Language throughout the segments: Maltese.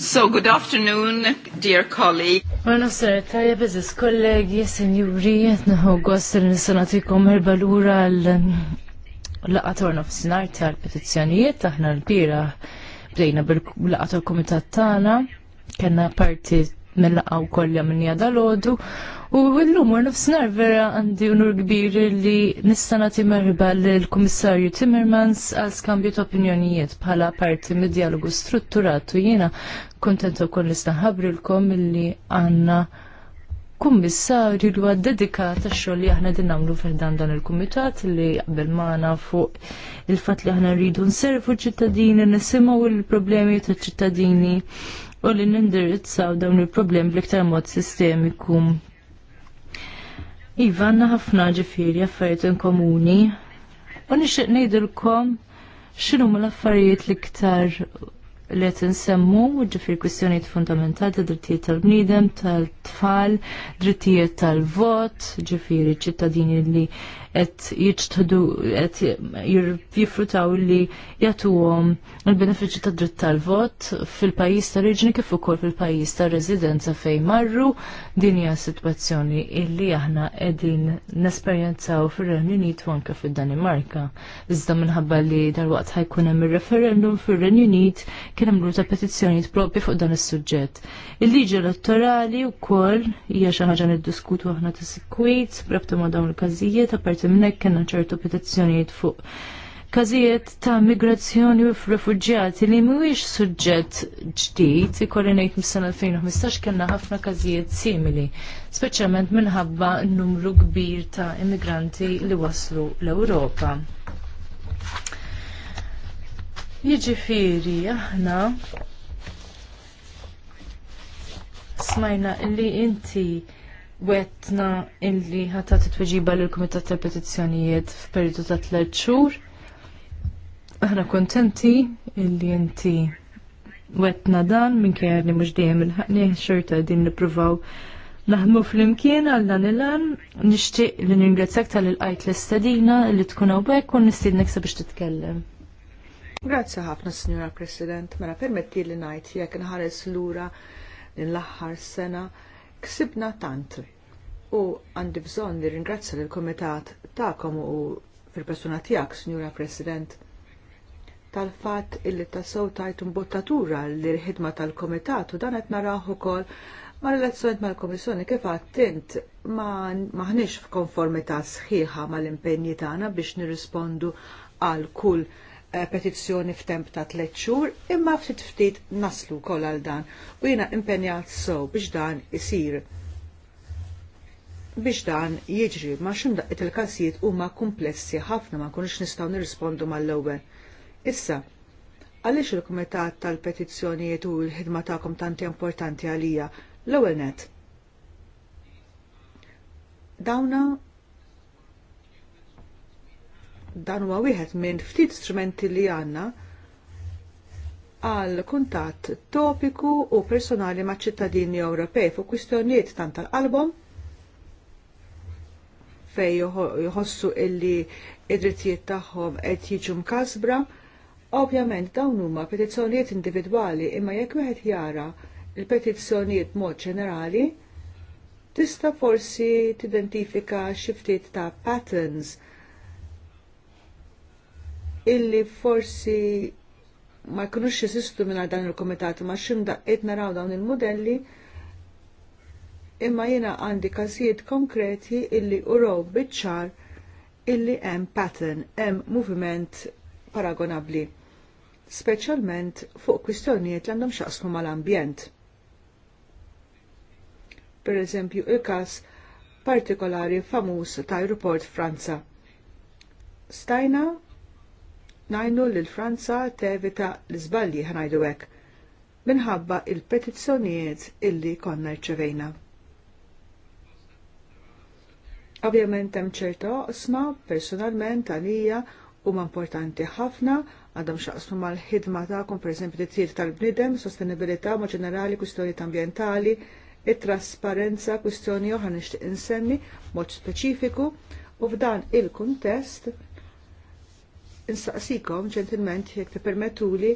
So, good afternoon, dear colleague. Għana sar, tajja bezis kollegi, senjuri, etnaħu għosser nisanatikom herbalura l-laqator nofsinar l petizjonijiet taħna l-bira bdejna bil-laqator komitat taħna kena parti mill-laqaw kollja minn jadalodu, u l-lum għar nofsinar vera għandi unur kbir li nistanati marba l-Komissarju Timmermans għal skambju ta' opinjonijiet bħala parti mid-dialogu strutturatu jiena Kontentu wkoll nista' kom illi għandna kummissarju li għad dedikat għax-xogħol li aħna din nagħmlu fiħdan dan il-kumitat li qabel magħna fuq il-fatt li aħna rridu nservu ċ-ċittadini, nisimgħu il-problemi ta' ċittadini u li nindirizzaw dawn il-problemi bl-iktar mod sistemiku. Iva, għanna ħafna ġifiri affarijiet komuni u nixtieq ngħidilkom x'inhuma l-affarijiet l-iktar li qed insemmu ġifir kwistjonijiet fundamentali ta' drittijiet tal-bniedem, tal-tfal, drittijiet tal-vot, ġifieri ċittadini li qed jiġtħdu et jiffrutaw li jagħtuhom il-benefiċċju ta' dritt tal-vot fil-pajjiż ta' reġni kif ukoll fil-pajjiż ta' residenza fejn marru din hija sitwazzjoni illi aħna qegħdin nesperjenzaw fir-Renju Unit u anke fid-Danimarka. Iżda minħabba li dalwaqt ħajkun hemm ir-referendum fir-Renju Unit kien hemm ta' petizzjonijiet propri fuq dan is-suġġett. Il-liġi elettorali wkoll hija xi ħaġa niddiskutu aħna tas sikwit b'rabta ma' dawn il-każijiet parti minnek kena ċertu petizzjonijiet fuq kazijiet ta' migrazzjoni u refugjati li mhuwiex suġġett ġdid ikolli ngħid mis-sena 2015 kena ħafna każijiet simili, speċjalment minħabba n-numru kbir ta' immigranti li waslu l-Ewropa. Jiġifieri aħna smajna li inti wetna illi ħatat it-tweġiba l-Komitat tal-Petizzjonijiet f'periodu ta' tliet xhur. Aħna kontenti illi inti wetna dan minkejja li mhux dejjem il-ħaqni xorta din nippruvaw naħdmu fl-imkien għal dan il-għan nixtieq li ningrazzjak tal-ilqajt l-istadina li tkun hawnhekk u nistiednek sabiex titkellem. Grazzi ħafna, Sinjura President. Mela permetti li ngħid jekk nħares lura l-aħħar sena ksibna tant u għandi bżonn li ringrazzja lill komitat tagħkom u fil-persuna tiegħek, Signora President, tal fatt illi tassew tajt bottatura li l-ħidma tal-komitat u dan qed kol ukoll ma' relazzjoniet mal-Komissjoni kif għattint ma maħniex f'konformità sħiħa mal-impenji tagħna biex nirrispondu għal kull Eh, petizzjoni f'temp ta' tliet xhur, imma ftit ftit naslu wkoll għal dan u jiena impenjat sew biex dan isir. Biex dan jiġri ma' x'imdaqqiet il-każijiet huma komplessi ħafna ma kunux nistgħu nirrispondu mal-ewwel. Issa, għaliex il-Kumitat tal-Petizzjonijiet u l-ħidma tagħkom tanti importanti għalija l-ewwel net. Dawna dan huwa wieħed minn ftit strumenti li għandna għal kuntatt topiku u personali ma' ċittadini Ewropej fuq kwistjonijiet tant tal-qalbhom fej jħossu illi id-drittijiet tagħhom qed jiġu mkasbra. Ovvjament dawn huma petizzjonijiet individwali imma jekk wieħed jara il-petizzjonijiet mod ġenerali, tista' forsi tidentifika xi ftit ta' patterns illi forsi ma jkunux jesistu minna dan il-komitat ma ximda etna raw dawn il-modelli imma jena għandi kasijiet konkreti illi uraw bitċar illi hemm pattern, hemm moviment paragonabli, speċjalment fuq kwistjonijiet li għandhom xaqsmu mal-ambjent. Per eżempju, il-kas partikolari famuż ta' aeroport Franza. Stajna najnu l franza tevita l izballi ħanajdu hekk minħabba il-petizzjonijiet illi konna rċevejna. Ovvjament hemm ċerta oqsma personalment għalija huma importanti ħafna għandhom xaqsmu mal-ħidma tagħkom pereżempju titjir tal-bnidem, sostenibilità ma' ġenerali, kwistjonijiet ambjentali, it-trasparenza, kwistjoni oħra nixtieq insemmi mod speċifiku u f'dan il-kuntest insaqsikom ġentilment jekk tippermettuli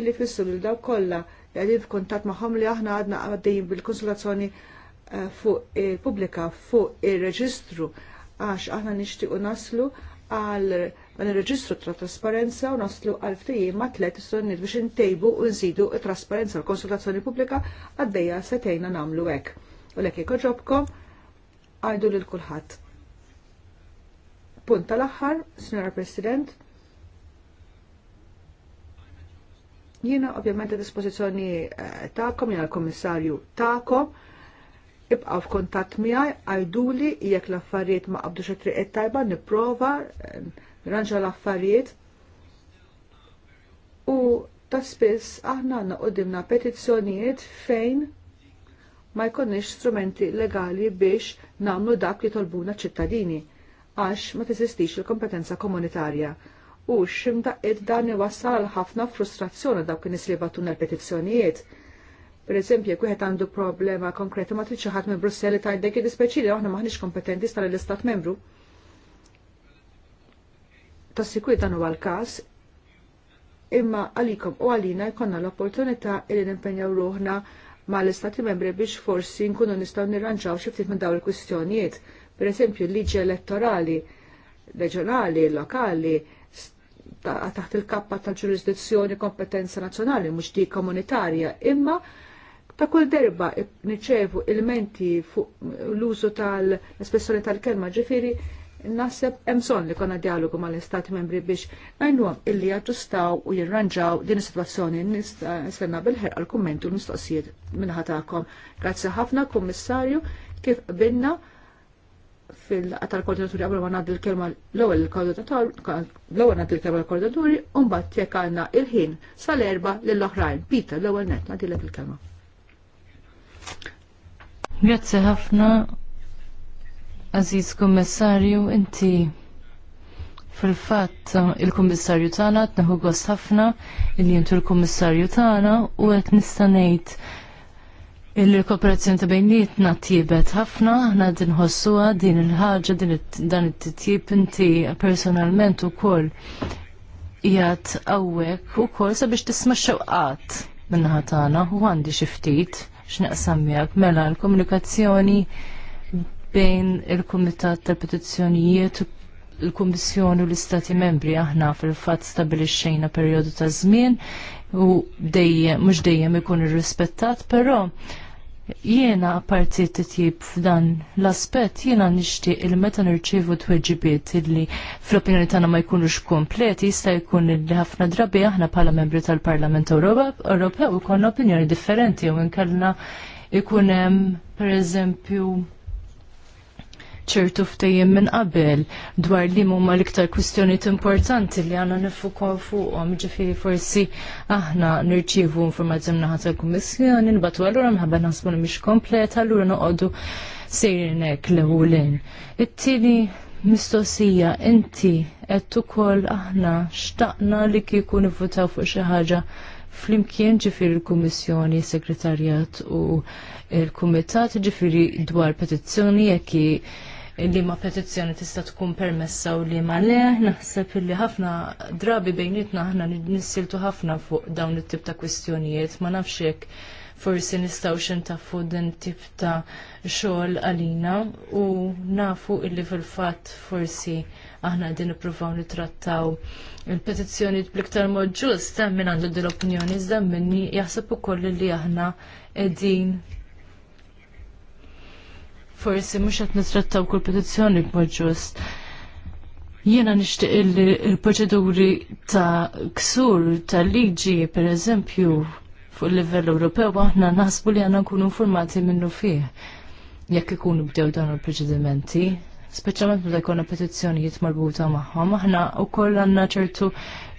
illi fissu l daw kollha li għadin f'kuntatt magħhom li aħna għadna għaddejn bil-konsulazzjoni eh, fuq il-pubblika fuq ir-reġistru għax aħna nixtiequ naslu għal għan il reġistru tra trasparenza u naslu għal ftehim ma' s-sonnit biex intejbu u nżidu trasparenza l konsultazzjoni pubblika għaddejja setejna nagħmlu hekk. U lek jekk ġobkom għajdu lil kulħadd. Punt tal-aħħar, Sinjora President, Jiena ovvjament a dispożizzjoni eh, tagħkom jiena l-Kummissarju tagħkom ibqa' f'kuntatt miegħi għajduli jekk l-affarijiet ma qabdux it triqet tajba nipprova eh, nranġa l-affarijiet u ta' spiss aħna għandna qudiemna petizzjonijiet fejn ma jkunniex strumenti legali biex nagħmlu dak li tolbuna ċittadini għax ma tiżistix il-kompetenza komunitarja u id dan wasal ħafna frustrazzjoni dawk in li batun petizzjonijiet Per eżempju, jekk wieħed għandu problema konkreta ma tridx ħadd minn Brusselli tgħidlek id-ispeċili aħna maħniex kompetenti tal-istat membru. Ta' Tassikwi dan huwa l-każ, imma għalikom u għalina jkollna l-opportunità li nimpenjaw ruħna mal istati membri biex forsi nkunu nistgħu nirranġaw xi ftit minn dawn il-kwistjonijiet. Per eżempju, l-liġi elettorali, reġjonali, lokali, taħt il-kappa tal-ġurisdizzjoni kompetenza nazzjonali mhux dik komunitarja, imma ta' kull derba niċevu il-menti fuq l-użu tal-espressjoni tal-kelma ġifiri hemm emson li konna dialogu ma l-Istati membri biex għajnuħam illi jaġustaw u jirranġaw din situazzjoni nistenna bil-ħer għal-kommentu l-mistoqsijiet minnaħatakom. Grazzi ħafna, kommissarju, kif binna fil-qatar koordinaturi għabru għanad il-kelma l-ewel l-ewel għanad il-kelma l-koordinaturi un-bat jek għanna il-ħin sal-erba l-oħrajn. Pita, l-ewel net, għadilek il-kelma. Grazie ħafna, Aziz Kommissarju, inti fil-fat il-Kommissarju tana, t-neħu ħafna, il jentu il-Kommissarju tana, u għet nistanejt Il-kooperazzjoni ta' bejnietna tibet ħafna, ħna din din il-ħaġa, din dan it-titjib inti personalment ukoll jgħat għawek u kol sabiex tisma xewqat minna ħatana u għandi xiftit x'naqsam mela l-komunikazzjoni bejn il-Kumitat tal-Petizzjonijiet il-Kummissjoni u l-Istati Membri aħna fil-fatt stabilixxejna perjodu ta' żmien u dejjem mhux dejjem ikun irrispettat, però Jiena parti t-tjib f'dan l-aspet jiena nixtieq il meta nirċievu tweġibiet illi fl-opinjoni tagħna ma jkunux kompleti jista' jkun li ħafna drabi aħna bħala membri tal-Parlament Ewropew konna opinjoni differenti u nkellna ikun hemm pereżempju ċertu ftejjem minn qabel dwar li mumma l-iktar kwistjonijiet importanti li għandna nifukaw fuqhom, ġifieri forsi aħna nirċievu informazzjoni naħa tal-Kummissjoni, nbatu allura mħabba naħsbu miex mhix kompleta, allura noqogħdu sejrin l-ewlen. It-tieni mistoqsija inti għettu ukoll aħna xtaqna li kieku nivvutaw fuq xi ħaġa flimkien ġifiri l-Kummissjoni, Segretarjat u l-Kumitat ġifiri dwar petizzjoni jekk li ma petizzjoni tista' tkun permessa u li ma le, naħseb li ħafna drabi bejnietna aħna nissiltu ħafna fuq dawn it-tip ta' kwistjonijiet, ma nafx hekk forsi nistaw xintafu din tip ta' xogħol għalina u nafu illi fil-fatt forsi aħna din ippruvaw nitrattaw il-petizzjoni bliktar mod ġust, eh, minn għandu din l-opinjoni, iżda minni jaħseb ukoll li aħna qegħdin forsi mhux qed nitrattaw kull petizzjoni b'mod ġust. Jiena nixtieq illi proċeduri ta' ksur tal-liġi pereżempju fuq il-livell Ewropew aħna naħsbu li għandna nkunu informati minnu fih jekk ikunu bdew dan il-proċedimenti speċjalment meta jkollna petizzjonijiet marbuta magħhom. Aħna wkoll għandna ċertu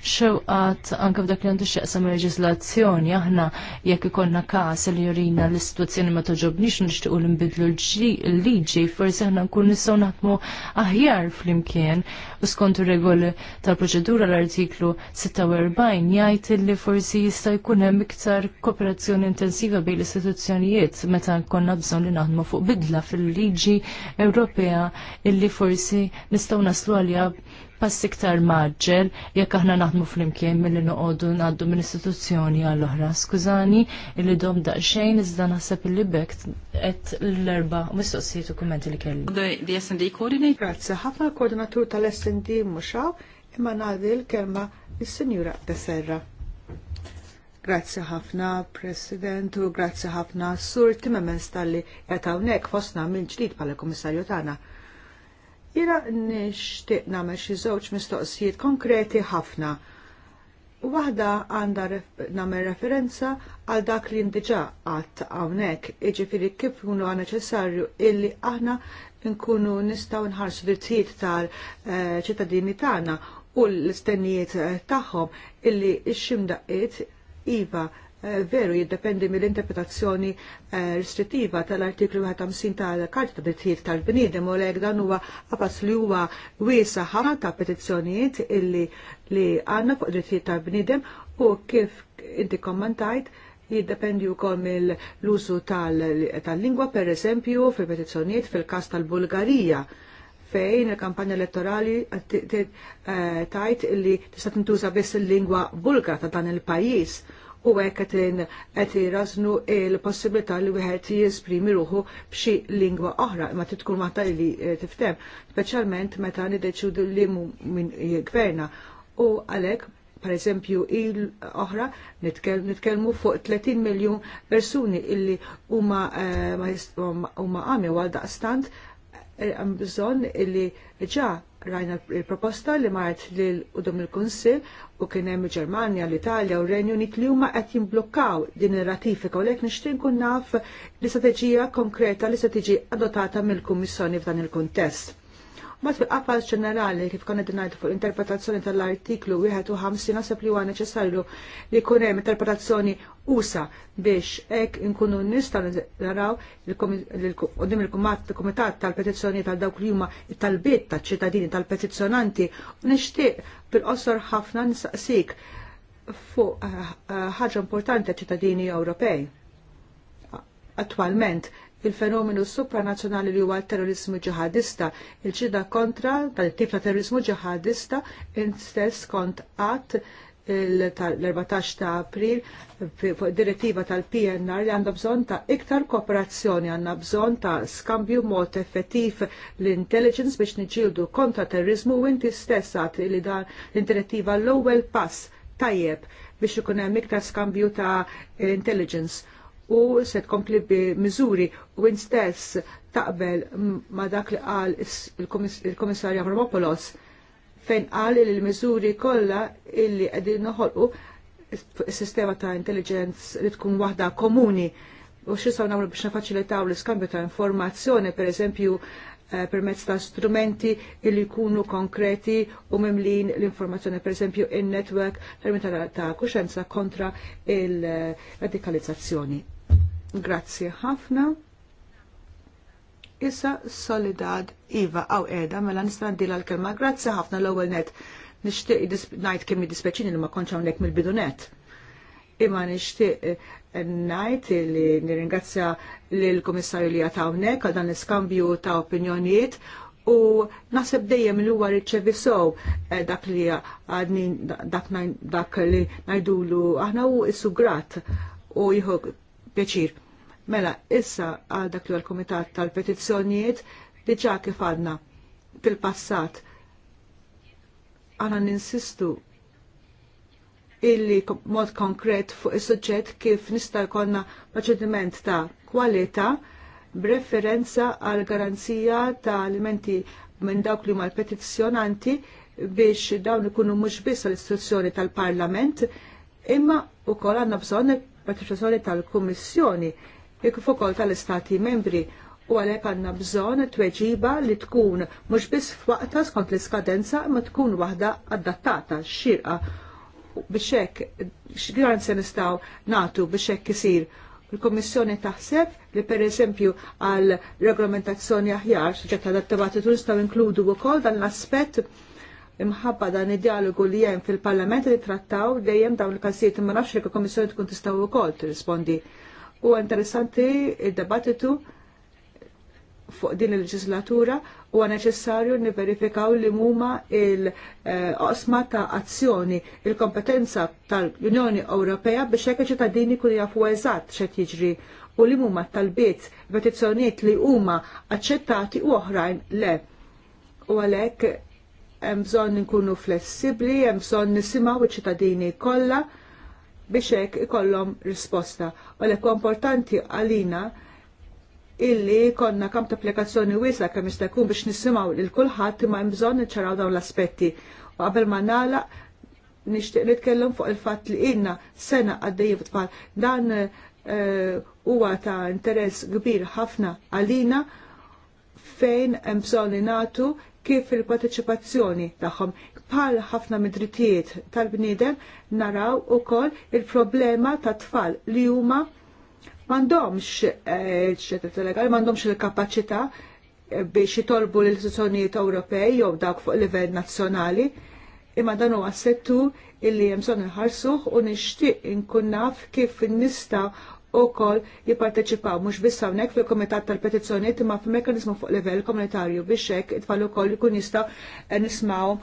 xewqat anke f'dak li għandu x'jaqsam leġislazzjoni aħna jekk ikollna każ li jurina l-istituzzjoni ma toġobniex nixtiequ li nbidlu l-liġi, forsi aħna nkun nistgħu naħdmu aħjar flimkien u skont ir-regoli tal-proċedura l-artiklu 46 jgħid li forsi jista' jkun hemm iktar kooperazzjoni intensiva bejn l-istituzzjonijiet meta konna bżonn li naħdmu fuq bidla fil-liġi Ewropea illi forsi nistgħu naslu għalja pass iktar maġġel jekk aħna naħdmu flimkien milli noqogħdu ngħaddu minn istituzzjoni għall oħra Skużani illi dom daqsxejn iżda naħseb illi bekt qed l-erba' mistoqsijiet u kummenti li kelli. The SD coordinator. Grazzi ħafna koordinatur tal-SD muxaw imma ngħaddi l-kelma is-Sinjura Deserra. Grazzi ħafna, President, u grazzi ħafna, Sur timmemens tal-li jatawnek fosna minn ġdid pala komissarju tagħna. Jena nishtiq namel xi żewġ mistoqsijiet konkreti ħafna. Waħda għandha ref namel referenza għal dak li ndiġa għat hawnhekk, jiġifieri kif kunu neċessarju illi aħna nkunu nistgħu nħarsu drittijiet tal-ċittadini tagħna u l-istennijiet tagħhom illi x-ximdaqiet iva Eh, veru jiddependi mill-interpretazzjoni eh, restrittiva tal-artiklu 51 tal-Karta ta' Drittijiet tal-Bniedem u lek dan huwa qapas li huwa wiesa ħafna ta' petizzjonijiet illi li għandna fuq drittijiet tal-bniedem u kif inti kommentajt jiddependi u mill l-użu tal-lingwa, per eżempju, fil petizzjonijiet fil-kas tal-Bulgarija, fejn il-kampanja elettorali eh, tajt li tista' tintuża biss il-lingwa bulgara ta' dan il-pajjiż u hekk qed irasnu l-possibilità li wieħed jesprimi ruħu b'xi lingwa oħra imma titkun maħta li tiftem, speċjalment meta niddeċidu li min jgverna. U għalhekk per eżempju il-oħra nitkellmu fuq 30 miljon persuni illi huma eh, huma għami għal daqstant eh, bżonn illi ġa rajna il-proposta li mart lil udom il-Kunsil u kien hemm il-Ġermanja, l-Italja u r-Renju Unit li huma qed jimblukkaw din ir-ratifika u lek nixtieq nkun naf l-istrateġija konkreta li se tiġi adottata mill-Kummissjoni f'dan il-kuntest. Mat fil qafas ġenerali kif konna dinajtu fuq interpretazzjoni tal-artiklu 51 naħseb li huwa neċessarju li jkun hemm interpretazzjoni usa biex hekk inkunu nistgħu naraw qudiem il-kumitat tal-petizzjoni tal dawk li huma tal-bit tal-ċittadini tal-petizzjonanti u nixtieq bil-qosor ħafna nisaqsik fuq eh, ħaġa importanti ċittadini Ewropej. Attualment il-fenomenu supranazzjonali li huwa terrorizmu ġihadista. Il-ġida kontra tal-tip ta' terrorizmu ġihadista instess kont għat l-14 ta' april fuq direttiva tal-PNR li għandha bżonn ta' iktar kooperazzjoni, għandha bżonn ta' skambju mod effettiv l-intelligence biex niġildu kontra terrorizmu u inti stess għat li dan l-direttiva l-ewwel pass tajjeb biex ikun hemm iktar skambju ta' intelligence u se tkompli bi miżuri u instess taqbel ma dak li qal il-Komissarju Avramopoulos fejn qal li l-miżuri kollha illi qegħdin noħolqu sistema ta' intelligence li tkun waħda komuni u x'isgħu nagħmlu biex nifaċilitaw l-iskambju ta' informazzjoni, pereżempju eh, permezz ta' strumenti illi jkunu konkreti u mimlin l-informazzjoni, pereżempju in-network permezz ta' kuxenza kontra il-radikalizzazzjoni. Grazzi ħafna. Issa Solidad Iva għaw edha mela nistandila l-kelma. Grazzi ħafna l-ewwel net. Nixtieq ngħid kemm dispeċini li ma konċ hawnhekk mill-bidunet. Imma nixtieq eh, najt li nirringrazzja lill-Kummissarju li għata hawnhekk għal dan l-iskambju ta' opinjonijiet u naħseb dejjem li huwa riċevi sow eh, dak li għadni dak li najdulu aħna u issu grat u jħu pjaċir. Mela, issa għal dak li għal-Komitat tal-Petizzjonijiet diġa kif għadna fil-passat għana ninsistu illi mod konkret fuq is-suġġett kif nista' jkollna proċediment ta' kwalità b'referenza għal garanzija ta' alimenti minn dawk li huma l-petizzjonanti biex dawn ikunu mhux biss l-istituzzjoni tal-Parlament imma wkoll għandna bżonn il-petizzjoni tal-Kummissjoni fuq ukoll tal-Istati membri u għalhekk għandna bżonn tweġiba li tkun mhux biss f'waqtha skont l-iskadenza ma tkun waħda adattata xirqa biex hekk se nistgħu nagħtu biex hekk isir il-Kommissjoni taħseb li per eżempju għal regolamentazzjoni aħjar suġġett adattivati attivati turistaw inkludu wkoll dan l-aspett imħabba dan id-dialogu li hemm fil-Parlament li trattaw dejjem dawn il-każijiet imma nafx li l-Kommissjoni tkun tistgħu wkoll tirrispondi. U interessanti il debattitu fuq din il-leġislatura huwa neċessarju verifikaw li huma il-qosma ta' azzjoni, il-kompetenza tal-Unjoni Ewropea biex hekk ċittadini kun jafu eżatt x'qed jiġri u li huma talbiet petizzjonijiet li huma aċċettati u oħrajn le. U għalhekk hemm bżonn nkunu flessibbli, hemm bżonn nisimgħu iċ-ċittadini kollha biex hekk ikollhom risposta. Għalhekk importanti għalina illi konna kam ta' applikazzjoni wisa kemm jista' jkun biex nisimgħu lil kulħadd imma hemm bżonn niċċaraw dawn l-aspetti. U qabel ma nagħlaq nixtieq nitkellem fuq il-fatt li ilna sena għaddejja tfal dan eh, huwa ta' interess kbir ħafna għalina fejn hemm bżonn nagħtu kif il-parteċipazzjoni tagħhom bħal ħafna midritiet tal-bniedem naraw ukoll il-problema ta' tfal li huma m'għandhomx eh, ċertu legali, m'għandhomx il-kapaċità eh, biex jitolbu l-istituzzjonijiet Ewropej jew dawk fuq livell nazzjonali imma dan huwa settu illi hemm bżonn inħarsuh u nixtieq inkun naf kif nista' wkoll jipparteċipaw mhux biss hawnhekk fil-Kumitat tal-Petizzjonijiet imma f'mekkaniżmu fuq livell komunitarju biex hekk it-tfal ukoll jkun jista' eh, nismaw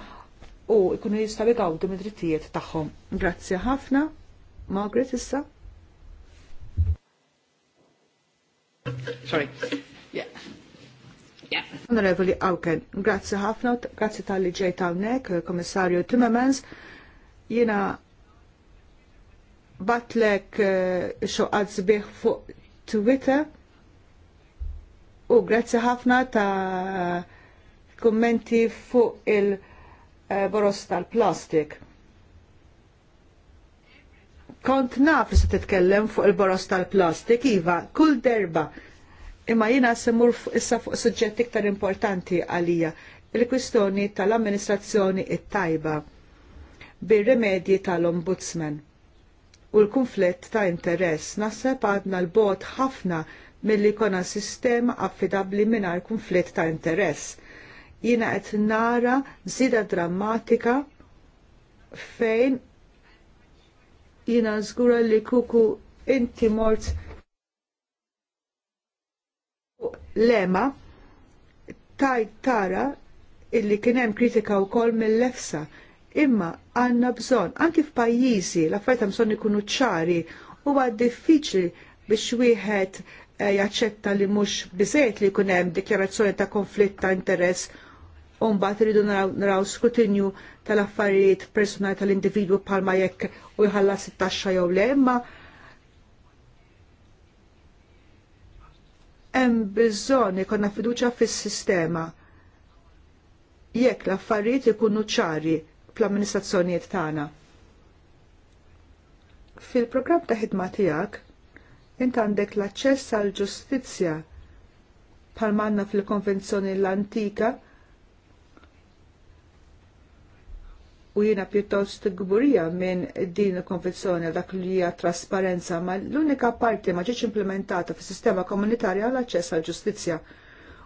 u jkunu jistaw jgawdu mid-drittijiet tagħhom. Grazzi ħafna. Margaret issa. Sorry. Yeah. Yeah. Onorevoli grazzi ħafna, grazzi tal-li tal-nek, Komissarju Timmermans. jina batlek eh, xoqad sbieħ fuq Twitter u grazzi ħafna ta' kommenti fuq il- Eh, boros tal-plastik. Kont naf li se titkellem fuq il-boros tal-plastik, iva, kull derba. Imma jina semur issa fuq suġġett iktar importanti għalija, il-kwistjoni tal-amministrazzjoni it-tajba bir-remedji tal-ombudsman u l-konflett ta' interess naħseb għadna l-bot ħafna milli jkollna sistema affidabbli mingħajr konflitt ta' interess jina qed nara żida drammatika fejn jina żgura li kuku inti mort lema tajt tara illi kien hemm kritika wkoll mill-lefsa imma għanna bżon, anki f'pajjiżi l-affarijiet bżonn ikunu ċari huwa diffiċli biex wieħed eh, jaċċetta li mhux biżejt li jkun hemm dikjarazzjoni ta' konflitt ta' interess u mbagħad iridu naraw skrutinju tal-affarijiet personali tal-individwu bħalma jekk u jħallas it-taxxa jew le, imma hemm bżonn ikonna fiduċja fis-sistema. Jekk l-affarijiet ikunu ċari fl-amministrazzjonijiet tagħna. Fil-programm ta' ħidma tiegħek int għandek l-aċċess għall ġustizzja bħal manna fil-konvenzjoni l-antika u jiena pjuttost gburija minn din il dak li hija trasparenza, ma l-unika parti ma ġietx implementata fis-sistema komunitarja għal aċċess għal ġustizzja.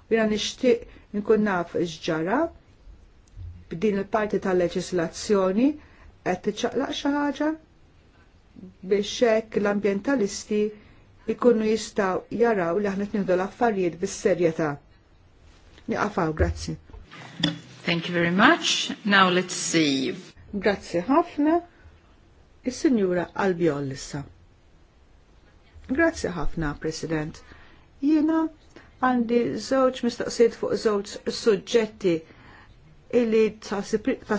U jiena nixtieq nkun naf x'ġara b'din il-parti tal-leġislazzjoni qed tiċċaqlaq xi ħaġa biex hekk l-ambjentalisti ikunu jistgħu jaraw li aħna tnieħdu l-affarijiet bis-serjetà. Niqafaw, grazzi. Thank you very much. Now let's see. Grazzi ħafna. Is-Sinjura Albiol Grazie Grazzi ħafna, President. Jena għandi żewġ mistaqsijiet fuq żewġ suġġetti illi ta'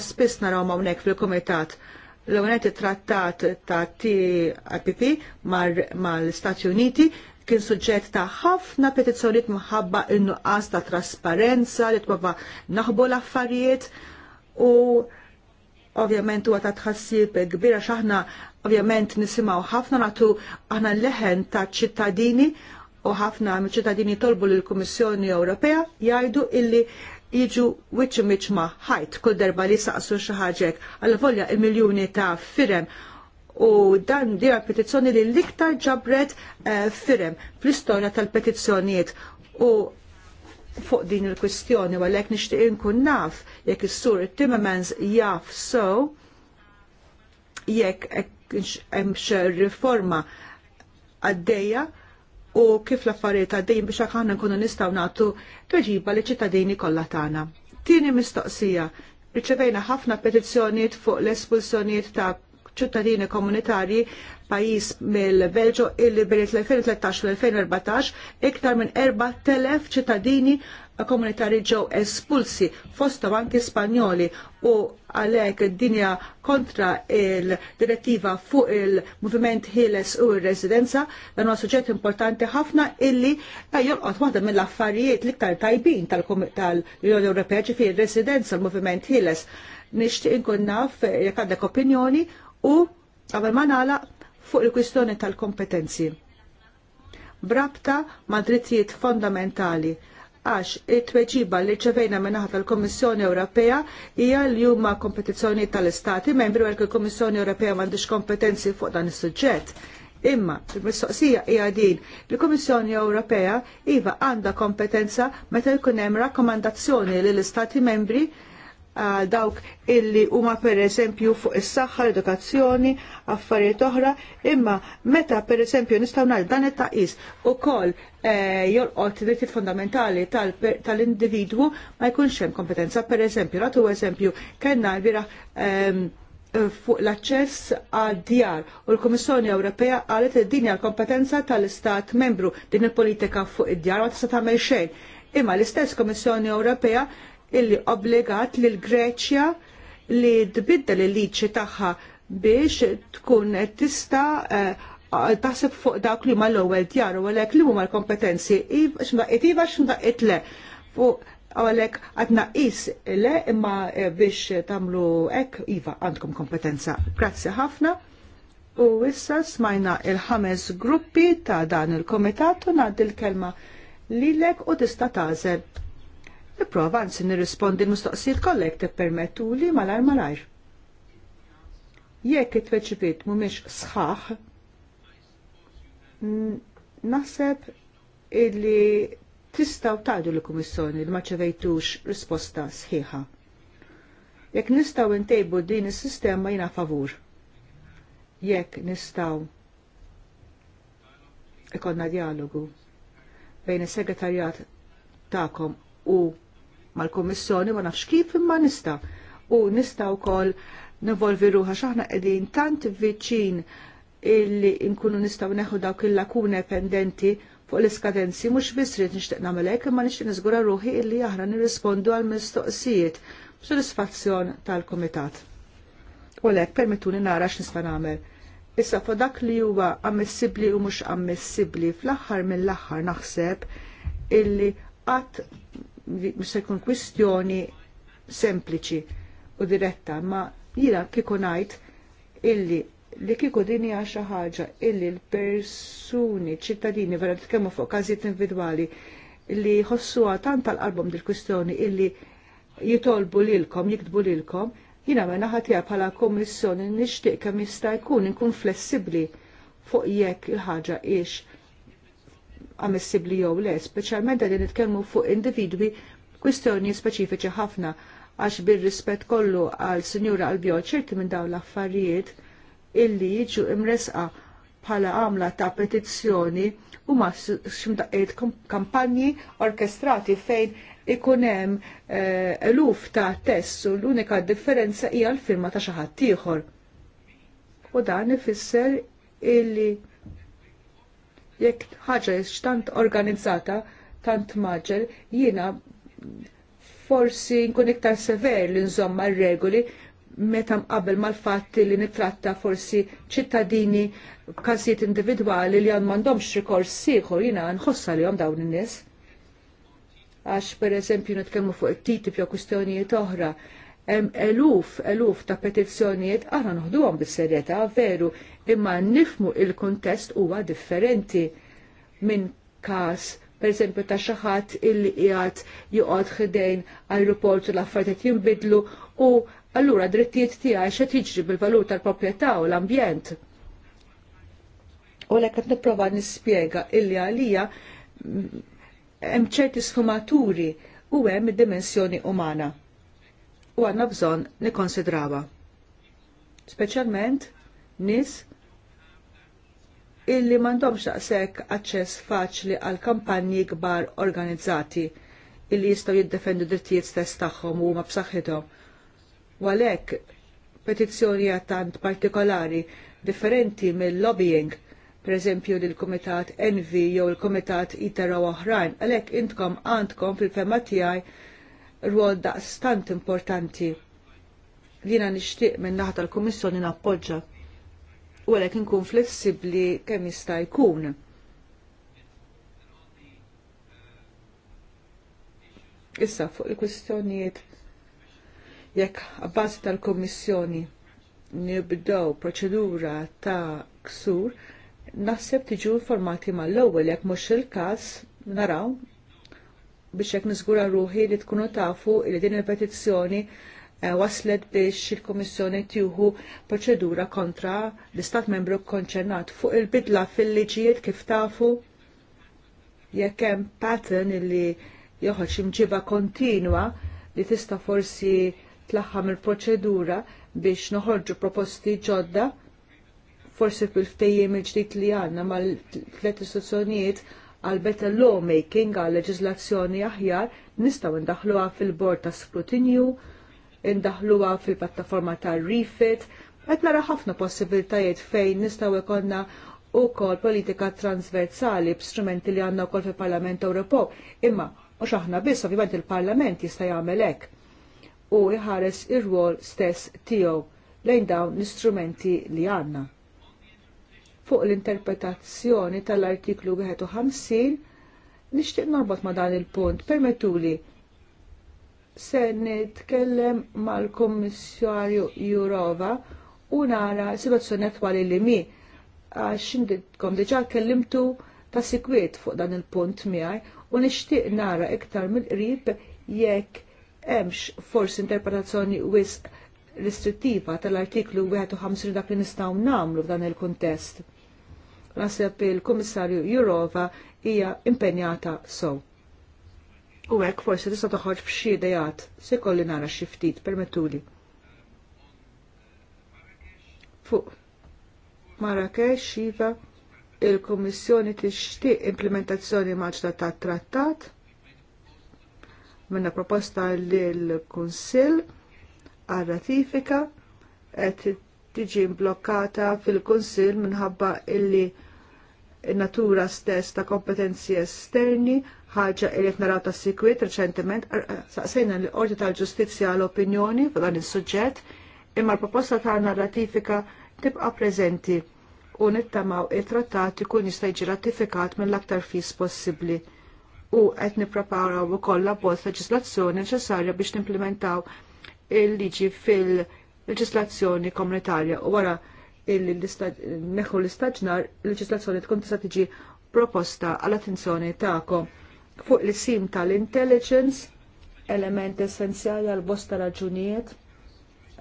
spiss naraw hawnhekk fil-Kumitat l-għonet trattat ta' TPP mal-Stati Uniti kien suġġett ta' ħafna petizzjoniet minħabba innu nuqqas ta' trasparenza li tbaba naħbu l-affarijiet u ovvjament huwa ta' tħassib kbira x'aħna ovvjament nisimgħu ħafna natu aħna leħen ta' ċittadini u ħafna ċittadini tolbu lill-Kummissjoni Ewropea jgħidu illi jiġu wiċċ miċma ħajt kull darba li saqsu xi ħaġek għal volja il-miljuni ta' firem u dan dira petizzjoni li l-iktar ġabret eh, firem fl-istorja tal-petizzjonijiet u fuq din il-kwistjoni għalhekk nixtieq inkun naf jekk is-sur Timmermans jaf so jekk hemmx riforma għaddejja u kif l-affarijiet għaddejjin biex aħna nkunu nistgħu nagħtu tweġiba li ċittadini kollha tagħna. Tieni mistoqsija riċevejna ħafna petizzjonijiet fuq l-espulsjonijiet ta' ċittadini komunitarji pajjiż mill-Belġo illi bejn 2013 u 2014 iktar minn 4,000 ċittadini komunitarji ġew espulsi fostom anki Spanjoli u għalhekk id-dinja kontra il-direttiva fuq il movement ħieles u il residenza dan huwa suġġett importanti ħafna illi jolqot waħda mill-affarijiet l-iktar tajbin tal-Unjoni Ewropea il residenza l movement ħieles nixtieq inkun naf jekk għandek opinjoni U għabel ma nalaq fuq il-kwistjoni tal-kompetenzi. Brabta ma' drittijiet fondamentali għax it-tweġiba li ċevejna minnaħat tal komissjoni Ewropea hija li huma kompetizzjoni tal-Istati membri għal il komissjoni Ewropea m'għandix kompetenzi fuq dan is-suġġett. Imma il-mistoqsija hija din il-Kummissjoni Ewropea iva għandha kompetenza meta jkun hemm rakkomandazzjoni lill istati membri għal dawk illi huma pereżempju fuq is-saħħa, l-edukazzjoni, affarijiet oħra, imma meta pereżempju nistgħu nagħmlu dan it-taqis ukoll e, jolqot drittijiet fondamentali tal-individwu ma jkunx hemm kompetenza. Pereżempju, ratu eżempju, kellna l bira ehm, fuq l-aċċess għad djar u l-Komissjoni Ewropea qalet li din hija l-kompetenza tal-Istat membru din il-politika fuq id-djar ma tista' tagħmel xejn. Imma l-istess Komissjoni Ewropea illi obbligat lil Greċja li tbiddel il-liċi tagħha biex tkun tista' eh, taħseb fuq dak li ma l-ewwel djar u għalhekk li huma l-kompetenzi x'mdaqqit iva x'mdaqqit iva, le. Fuq għalek għadna is le imma eh, biex tamlu ek iva għandkom kompetenza. Grazzi ħafna. U issa smajna il-ħames gruppi ta' dan il-komitat u nad il-kelma lilek u tista' tażel Nipprova anzi nirrispondi l-mistoqsijiet kollek permettu li malar malajr. Jekk it-tweċipiet mhumiex sħaħ, naħseb illi tistaw tgħidu l-Kummissjoni li ma ċevejtux risposta sħiħa. Jekk nistaw intejbu din is-sistema jina favur. Jekk nistaw ikonna dialogu bejn is-segretarjat tagħkom u mal-Kummissjoni ma nafx kif imma nista. U nista wkoll nivolvi ruħa x'aħna qegħdin tant viċin illi nkunu nistgħu neħu dawk il-lakune pendenti fuq l-iskadenzi mhux biss rid nixtieq nagħmel hekk imma nixtieq niżgura ruħi illi aħna nirrispondu għall mistoqsijiet b'sodisfazzjon tal-Kumitat. U lek permettuni nara x'nista' nagħmel. Issa fuq dak li huwa ammissibbli u mhux ammissibbli fl-aħħar mill-aħħar naħseb illi qatt se jkun kwistjoni sempliċi u diretta, ma jina kieku ngħid illi li kieku din hija xi ħaġa illi l-persuni ċittadini vera t-kemmu fuq każijiet individwali li jħossuha tant tal-qalbhom dil-kwistjoni illi jitolbu lilkom, jiktbu lilkom, jina mena ħatija bħala kommissjoni nixtieq kemm jista' jkun inkun flessibbli fuq jekk il-ħaġa ix ammissibli jew le, speċjalment qegħdin nitkellmu fuq individwi kwistjoni speċifiċi ħafna għax bil-rispet kollu għal Sinjura Albiol ċerti minn dawn l-affarijiet illi jiġu imresqa bħala għamla ta' petizzjoni u ma ximdaqqiet kampanji orkestrati fejn ikun hemm eh, eluf ta' test u l-unika differenza hija l-firma ta' xi ħadd ieħor. U dan ifisser illi jekk ħaġa tant organizzata, tant maġel, jiena forsi nkun iktar sever li nżomma regoli meta qabel mal-fatti li nitratta forsi ċittadini kasiet individwali li għan mandomx rikors sieħor jina nħossa li għom dawn in-nies. Għax per eżempju nitkellmu fuq it-titib jew kwistjonijiet oħra hemm eluf eluf ta' petizzjonijiet aħna noħduhom bis-serjetà veru imma nifmu il-kuntest huwa differenti minn każ pereżempju ta' xi ħadd illi qiegħed joqgħod ħdejn aeroport u l-affarijiet jinbidlu u allura drittijiet tiegħi xed jiġri bil-valur tal-proprjetà u l-ambjent. U lek qed nipprova nispjega illi għalija hemm ċerti sfumaturi u hemm id-dimensjoni umana u għanna bżon nikonsidrawa. Speċjalment nis illi mandom xaqsek aċċess faċli għal kampanji kbar organizzati illi jistgħu jiddefendu drittijiet stess tagħhom u huma b'saħħithom. U għalhekk petizzjoni partikolari differenti mill-lobbying, pereżempju lill kumitat Envi jew il-Kumitat Itero u oħrajn, għalhekk intkom għandkom fil femma tiegħi rwol daqstant importanti li na nixtieq minn naħta l-Kummissjoni nappoġġa u għalhekk inkun flessibbli kemm jista' jkun. Issa fuq il-kwistjonijiet jekk abbażi tal-Kummissjoni nibdew proċedura ta' ksur, naħseb tiġu informati mal-ewwel jekk mhux il-każ naraw biex jekk niżgura ruħi li tkunu tafu li din il-petizzjoni eh, waslet biex il-Komissjoni tieħu proċedura kontra l-Istat membru konċernat fuq il-bidla fil-liġijiet kif tafu jekk hemm pattern li joħroġ imġiba kontinwa li tista' forsi tlaħħam il-proċedura biex noħorġu proposti ġodda forsi fil ftejjem il-ġdid li għandna mal-tliet istituzzjonijiet għal better lawmaking għal leġislazzjoni aħjar nistgħu ndaħluha fil-bord ta' skrutinju, indaħluha fil-pattaforma ta' refit, qed nara ħafna possibiltajiet fejn nistgħu ikonna wkoll politika transversali b'strumenti li għandna wkoll fil-Parlament Ewropew, imma mhux aħna biss ovvjament il-Parlament jista' jagħmel hekk u iħares ir-rwol stess tiegħu lejn dawn l-istrumenti li għandna fuq l-interpretazzjoni tal-artiklu 51 nixtieq norbot ma dan il-punt. Permettuli se nitkellem mal-Kommissarju Jurova u nara situazzjoni attwali li mi għax inditkom diġa kellimtu ta' sikwiet fuq dan il-punt miħaj u nixtieq nara iktar mill-qrib jekk hemmx forsi interpretazzjoni wisq restrittiva tal-artiklu 51 dak li nistgħu nagħmlu f'dan il-kuntest. Nasib il-Kummissarju Jurova hija impenjata sew. U hekk forsi tista' toħroġ f'xi idejat se kolli nara xi ftit permettuli. Fuq Marrakesh iva il-Kummissjoni tixtieq implementazzjoni maġda tat-trattat minna proposta lill-Kunsill għal ratifika qed tiġi mblokkata fil-Kunsill minħabba illi natura stess ta' kompetenzi esterni, ħaġa li qed naraw ta' sikwit reċentement saqsejna l-Qorti tal-Ġustizzja l-opinjoni fuq dan is-suġġett, imma l-proposta tagħna ratifika tibqa' preżenti u nittamaw it-trattat ikun jista' jiġi ratifikat mill-aktar fis possibbli u qed nippreparaw ukoll abbozz leġislazzjoni neċessarja biex nimplementaw il-liġi fil-leġislazzjoni komunitarja u wara illi neħu l-istaġnar l-leġislazzjoni tkun tista' tiġi proposta għall-attenzjoni tagħkom fuq l-sim tal-intelligence, element essenzjali għal bosta raġunijiet,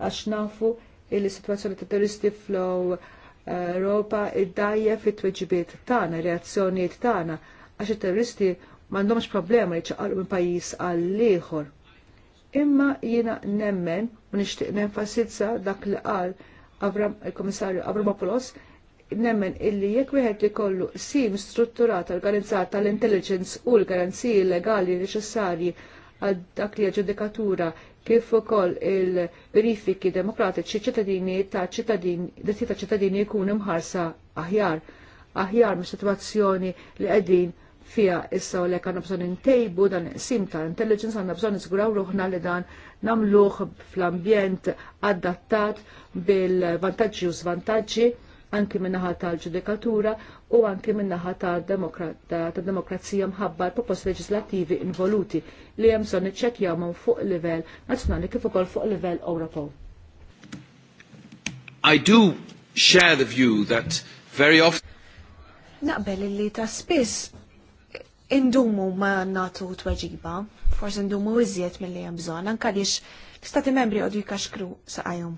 għax nafu il situazzjoni ta' terroristi flow eh, Europa id-dajja fit tweġibiet tagħna, reazzjonijiet tagħna, għax it-terroristi m'għandhomx problema jiċċaqalqu minn pajjiż għal ieħor. Imma jiena nemmen u nixtieq nenfasizza dak li qal il-Komissarju Avramopoulos nemmen illi jekk wieħed ikollu sim strutturata organizzata tal-intelligence u l-garanziji legali neċessarji għal dak li ġudikatura kif ukoll il-verifiki demokratiċi ċittadini ta' ċittadini ta' ċittadini jkunu mħarsa aħjar aħjar mis sitwazzjoni li qegħdin fija issa u lek għanna bżon intejbu dan sim ta' intelligence għanna bżon nizguraw ruħna li dan namluħ fl-ambjent adattat bil-vantagġi u svantagġi anki minnaħa tal-ġudikatura u anki minnaħa tal-demokrazija mħabba l-propost leġislativi involuti li jemżon iċċekjaw fuq livell nazzjonali kif ukoll fuq livell Ewropew. I do share the view that very often Naqbel li ta' spiss indumu ma natu tweġiba, forse indumu iżjed mill-li hemm bżonn, anke għaliex l-istati membri għodu jikaxkru saqajhom.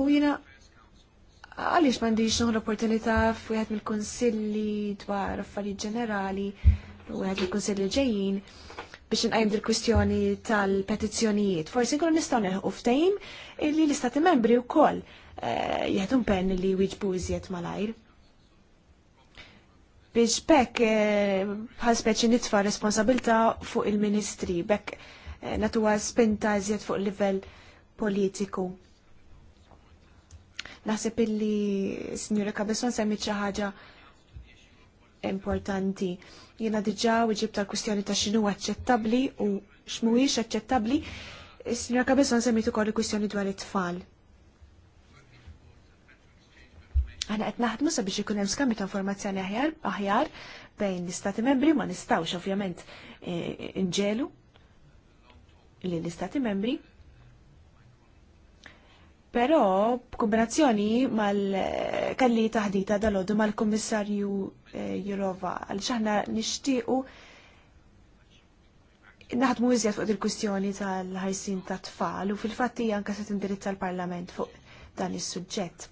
U jina għaliex m'għandix l opportunità f'wieħed mill-kunsilli dwar affarijiet ġenerali u wieħed mill-kunsilli ġejjin biex nqajm dil-kwistjoni tal-petizzjonijiet. Forsi nkunu nistgħu neħu ftehim li l-istati membri wkoll eh, jieħdu pen li jwiġbu iżjed malajr. Biex bekk eh, bħal speċi nitfa' responsabilta fuq il-ministri, bekk eh, natuwa spinta iżjed fuq livell politiku. Naħseb illi Sinjura Kabeson semmi xi ħaġa importanti Jiena diġà wieġib tal-kwistjoni ta' x'inhu aċċettabbli u x'mhuwiex aċċettabbli. Is-Sinjora Kabezon semmit ukoll il-kwistjoni dwar it-tfal. Aħna qed naħdmu sabiex ikun hemm skambju ta' informazzjoni aħjar aħjar bejn l-istati membri ma nistgħux ovvjament eh, nġelu li l-istati membri Però b'kombinazzjoni mal-kalli taħdita dal-ħodu mal-Kommissarju eh, Jurova, għal xaħna nishtiqu naħdmu iżjed fuq il-kustjoni tal-ħajsin ta' tfal u fil-fatti anka se tindirizza l-Parlament fuq dan is-suġġett.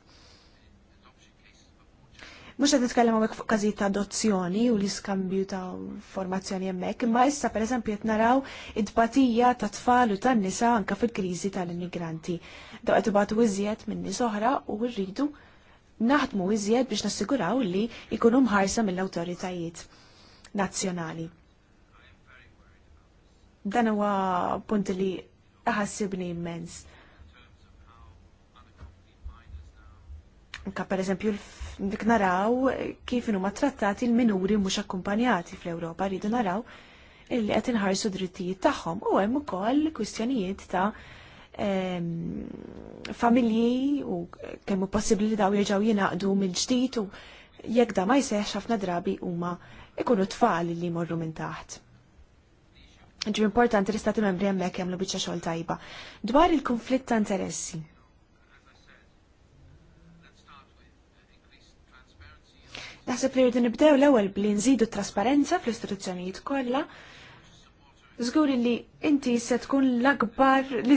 Mux għed nitkellem għamek fuq ta' adozzjoni u l-iskambju ta' formazzjoni jemmek, imma issa per eżempju jett naraw id-batija ta' tfal u ta' nisa anka fil-krizi tal-immigranti. Daw għed ibatu iżjed minn nis oħra u rridu naħdmu iżjed biex nassiguraw li ikunum mħarsa mill-autoritajiet nazzjonali. Dan huwa punt li ħassibni immens. Ka per eżempju, dik naraw kif huma trattati l-minuri mhux akkumpanjati fl-Ewropa rridu naraw illi qed inħarsu drittijiet tagħhom u hemm ukoll kwistjonijiet ta' familji u kemm hu possibbli li daw jerġgħu jingħaqdu mill-ġdid u jekk da ma jseħħ ħafna drabi huma ikunu tfal li jmorru minn taħt. Ġi importanti l-istati membri hemmhekk jagħmlu biċċa xogħol tajba. Dwar il-konflitt ta' interessi. Naħseb li jridu nibdew l-ewwel bli nżidu trasparenza fl-istituzzjonijiet kollha. Żgur li inti se tkun l-akbar li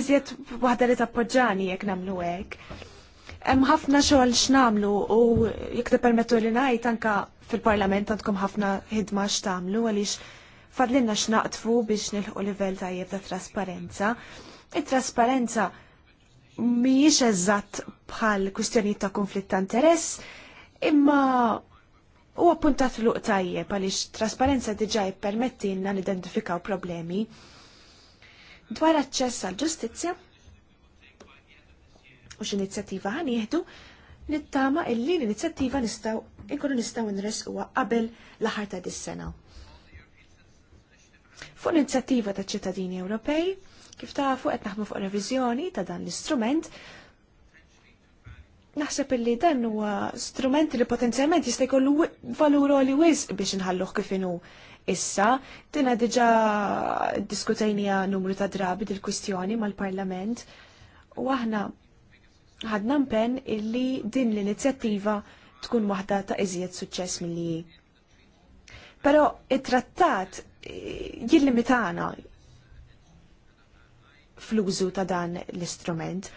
waħda li tappoġġani jekk nagħmlu hekk. Hemm ħafna xogħol x'namlu u jekk tippermettu li ngħid anke fil-Parlament għandkom ħafna ħidma x'tagħmlu għaliex fadlinna x'naqtfu biex nilħu livell tajjeb ta' trasparenza. It-trasparenza mhijiex eżatt bħal kwistjonijiet ta' konflitt ta' interess, imma U appuntat luq tajjeb għaliex trasparenza diġa jippermettilna nidentifikaw problemi. Dwar aċċess għal ġustizzja u x'inizjattiva għan jihdu, nittama illi l-inizjattiva nistaw inkunu nistaw nresquha qabel l-aħħar ta' dis-sena. Fuq l-inizjattiva ta' ċittadini Ewropej, kif tafu qed naħdmu fuq reviżjoni ta' dan l-istrument Naħseb illi dan huwa strumenti li potenzjalment jista' jkollu valur li wisq biex inħalluh kif inhu. Issa, tina diġa diskutejnija numru ta' drabi dil-kwistjoni mal-Parlament u aħna ħadna mpen illi din l-inizjattiva tkun waħda ta' iżjed suċċess milli. Però it-trattat eh, jillimitana fl-użu ta' dan l-istrument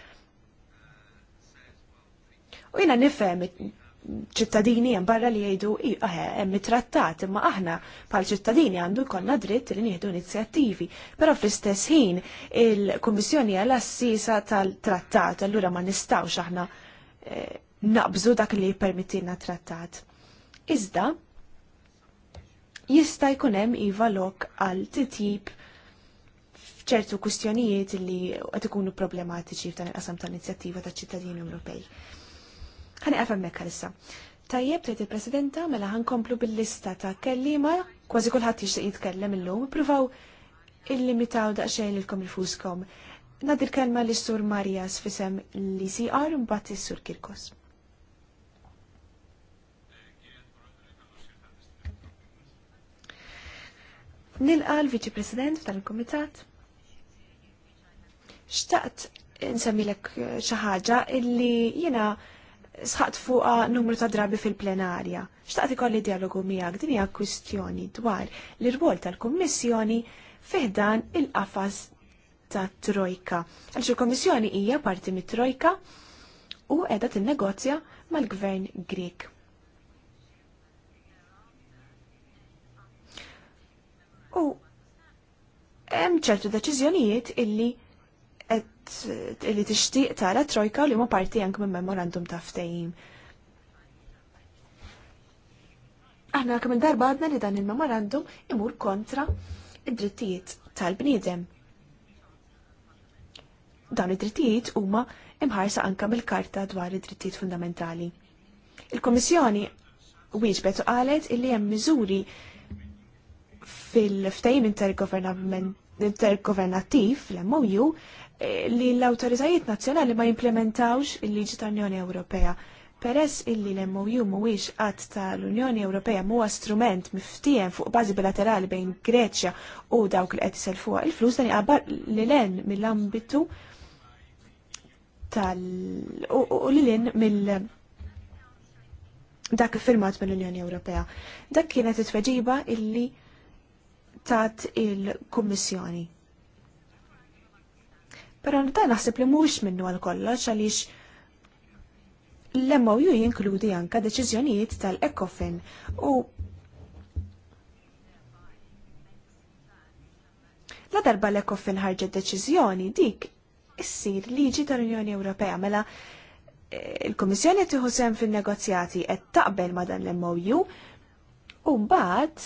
U jina nifhem ċittadini hemm barra li jgħidu hemm trattat imma aħna bħal ċittadini għandu jkollna dritt li nieħdu inizjattivi. Però fl-istess ħin il-Kummissjoni għal assisa tal-trattat allura ma nistgħux aħna eh, naqbżu dak li jippermittilna trattat. Iżda jista' jkun hemm iva lok għal titjib ċertu kwistjonijiet li qed ikunu problematiċi f'dan il-qasam tal-inizjattiva taċ-ċittadini Ewropej. Ħani għafem mekka issa. Tajjeb, tajt il-Presidenta, mela ħankomplu bil-lista ta' kellima, kważi kullħat jixtieq jitkellem illum, pruvaw il-limitaw daqsxejn lilkom il-fuskom. Nadir kelma li sur Marjas fisem l-ICR mbagħad is-Sur Kirkos. Nilqa l-Viċi President tal-Komitat. Xtaqt nsemmilek xi ħaġa illi jiena sħaqt fuqa numru ta' drabi fil-plenarja. Xtaqt ikolli dialogu miegħek din hija kwistjoni dwar l-irwol tal-Kummissjoni fiħdan il-qafas ta' Trojka. Għalx il-Kommissjoni hija parti mit-Trojka u qiegħda tinnegozja mal-Gvern Grek. U hemm ċertu deċiżjonijiet illi li tixtieq tara trojka li huma parti anke minn memorandum ta' ftehim. Aħna kemm darba għadna li dan il-memorandum imur kontra id-drittijiet tal-bniedem. Dan id-drittijiet huma imħarsa anke mill karta dwar id-drittijiet fundamentali. Il-Komissjoni wieġbet u qalet illi hemm miżuri fil-ftehim intergovernattiv l-MOU Eh, li l-autorizajiet nazzjonali ma jimplementawx il-liġi tal-Unjoni Ewropea. Peress illi l-MOU mhuwiex qatt tal-Unjoni Ewropea huwa strument miftiem fuq bażi bilaterali bejn Greċja u dawk li qed iselfuha il-flus dan jaqbar li len mill-ambitu tal u li len mill dak firmat mill-Unjoni Ewropea. Dak kienet it-tweġiba illi tat il-Kummissjoni Pero dan naħseb li mhuwiex minnu għal kollox għaliex l ju jinkludi anka deċiżjonijiet tal-ECOFIN u la darba l-ECOFIN ħarġet deċiżjoni dik issir liġi tal-Unjoni Ewropea mela eh, il-Komissjoni tieħu sehem fin-negozjati qed taqbel ma dan l-MOU u mbagħad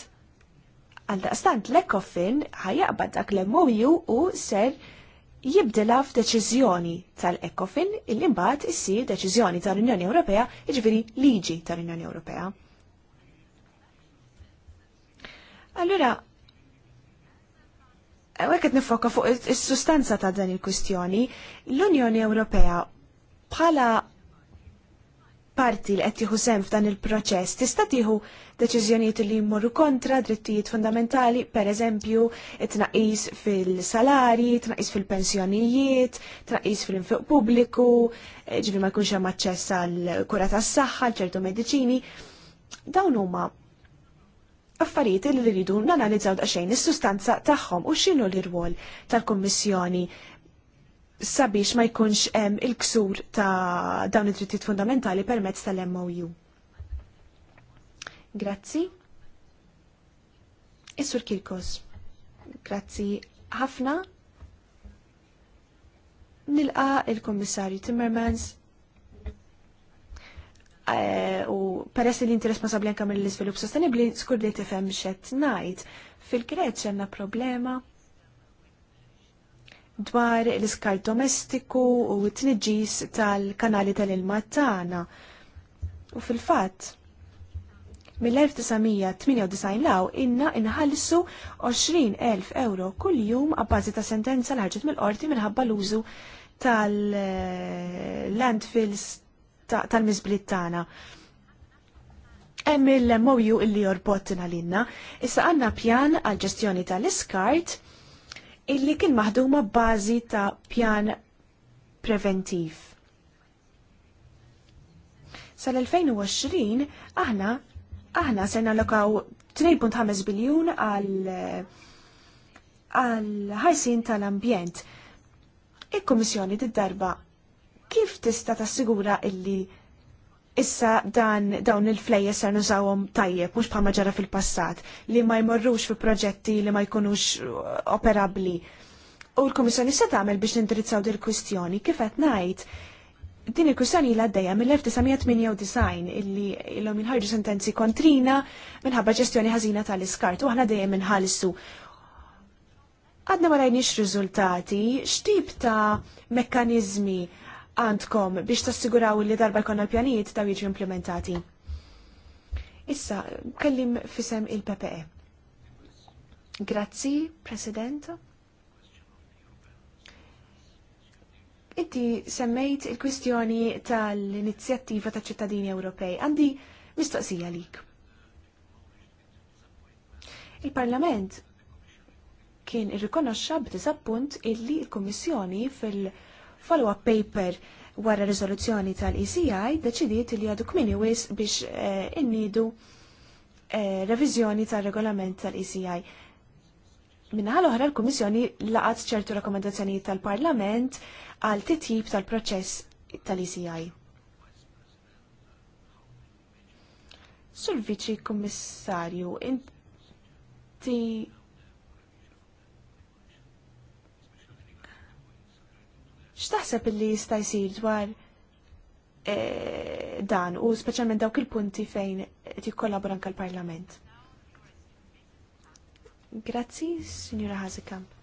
għal daqstant l-ECOFIN ħajjaqbad dak l-MOU u ser jibdela f'deċiżjoni tal-ECOFIN illi mbagħad issir deċiżjoni tal-Unjoni Ewropea, jiġifieri liġi tal-Unjoni Ewropea. Allura, għek qed nifoka fuq is-sustanza ta' dan il-kwistjoni, l-Unjoni Ewropea bħala parti li qed sem f'dan il-proċess tista' tieħu deċiżjonijiet li jmorru kontra drittijiet fundamentali, pereżempju tnaqis fil-salari, tnaqis fil-pensjonijiet, tnaqis fil infuq pubbliku, eh, ġifi ma jkunx hemm aċċess għal kura tas-saħħa, ċertu mediċini. Dawn huma affarijiet li rridu nanalizzaw daqsxejn is-sustanza tagħhom u x'inhu l-irwol tal-Kummissjoni sabiex ma jkunx hemm il-ksur ta' dawn id-drittijiet fundamentali permezz tal-MOU. Grazzi. Is-Sur Kirkos. Grazzi ħafna. Nilqa il-Kommissarju Timmermans eh, u peress li inti responsabbli anke mill-iżvilupp sostenibbli skur li tifhem x'qed ngħid. Fil-Greċja għandna problema dwar l iskar domestiku u t-nġis tal-kanali tal-ilma tagħna. U fil-fatt, mill-1998 law inna inħallsu 20.000 euro kull jum għabbażi ta' sentenza l ħarġet mill-qorti minħabba l-użu tal-landfills tal-mizblit tagħna. Hemm il-MOU illi jorbotna l-inna, issa għandna pjan għal ġestjoni tal-iskart illi kien maħduma bażi ta' pjan preventiv. Sal-2020 aħna aħna se nallokaw 3.5 biljun għal għal ħajsin tal-ambjent. il kummissjoni tid-darba kif tista' tassigura illi issa dan dawn il-flejje ser nużawhom tajjeb mhux bħalma ġara fil-passat li ma jmorrux fi proġetti li ma jkunux uh, operabbli. U l-Komissjoni se tagħmel biex nindirizzaw din il-kwistjoni kif qed ngħid din il-kwistjoni l għaddejja mill-1998 illi illum minħarġu sentenzi kontrina minħabba ġestjoni ħażina tal-iskart u aħna dejjem inħallsu. Għadna ma rajniex riżultati, x'tip ta' mekkaniżmi għandkom biex tassiguraw li darba jkollna l-pjanijiet daw jiġu implementati. Issa, kellim fisem il-PPE. Grazzi, President. Inti semmejt il-kwistjoni tal-inizjattiva ta' ċittadini Ewropej. Għandi mistoqsija lik. Il-Parlament kien irrikonoxxa b'disappunt illi l-Kummissjoni fil- follow-up paper wara riżoluzzjoni tal-ECI deċidiet li għadu kmini wis biex eh, innidu eh, revizjoni tal-regolament tal-ECI. Minnaħal oħra l-Kummissjoni laqat ċertu rakkomendazzjoni tal-Parlament għal titjib tal-proċess tal-ECI. Sur Viċi Kummissarju, inti x'taħseb illi jista' jsir dwar e, dan u speċjalment dawk il-punti fejn tikkollabora anke l-Parlament. Grazzi, Signora Hazekamp.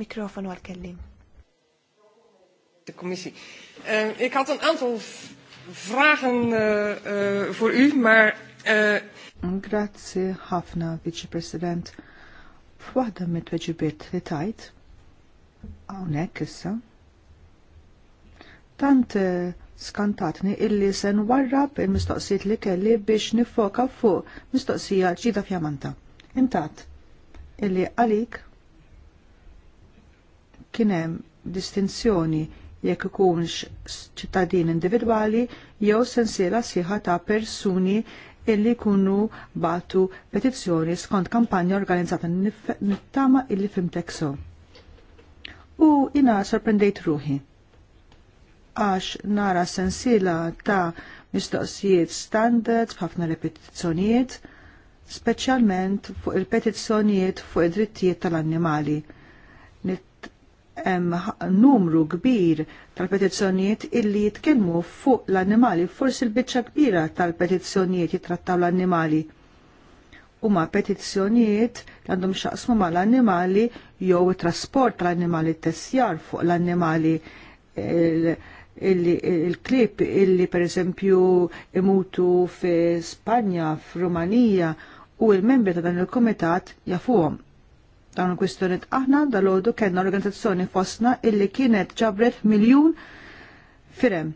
Mikrofon għal-kellim. De commissie. Uh, ik had een aantal vragen uh, uh, voor u, maar... Uh... Grazie, Hafna, vicepresident. F'waħda mit-tweġibiet li tajt, hawnhekk issa, tant eh, skantatni illi sen warrab il-mistoqsijiet li kelli biex nifoka fuq mistoqsija ġida fjamanta. Intat, illi għalik kienem distinzjoni jekk ikunx ċittadin individwali jew sensiela sieħa ta' persuni illi kunu batu petizzjoni skont kampanja organizzata nittama illi fimtekso. so. U jina sorprendejt ruħi għax nara sensila ta' mistoqsijiet standards b'ħafna repetizzjonijiet, speċjalment fuq il-petizzjonijiet fuq id-drittijiet tal-annimali. Il hemm numru kbir tal-petizzjonijiet illi jitkellmu fuq l-annimali, forsi l-biċċa kbira tal-petizzjonijiet jitrattaw l-annimali. Huma petizzjonijiet għandhom xaqsmu mal annimali jew it trasport l annimali tessjar fuq l-annimali il-klib illi pereżempju imutu fi Spanja, f'Rumanija u l membri ta' dan il kumitat jafuhom dawn il-kwistjoniet aħna dal kellna organizzazzjoni fostna illi kienet ġabret miljun firem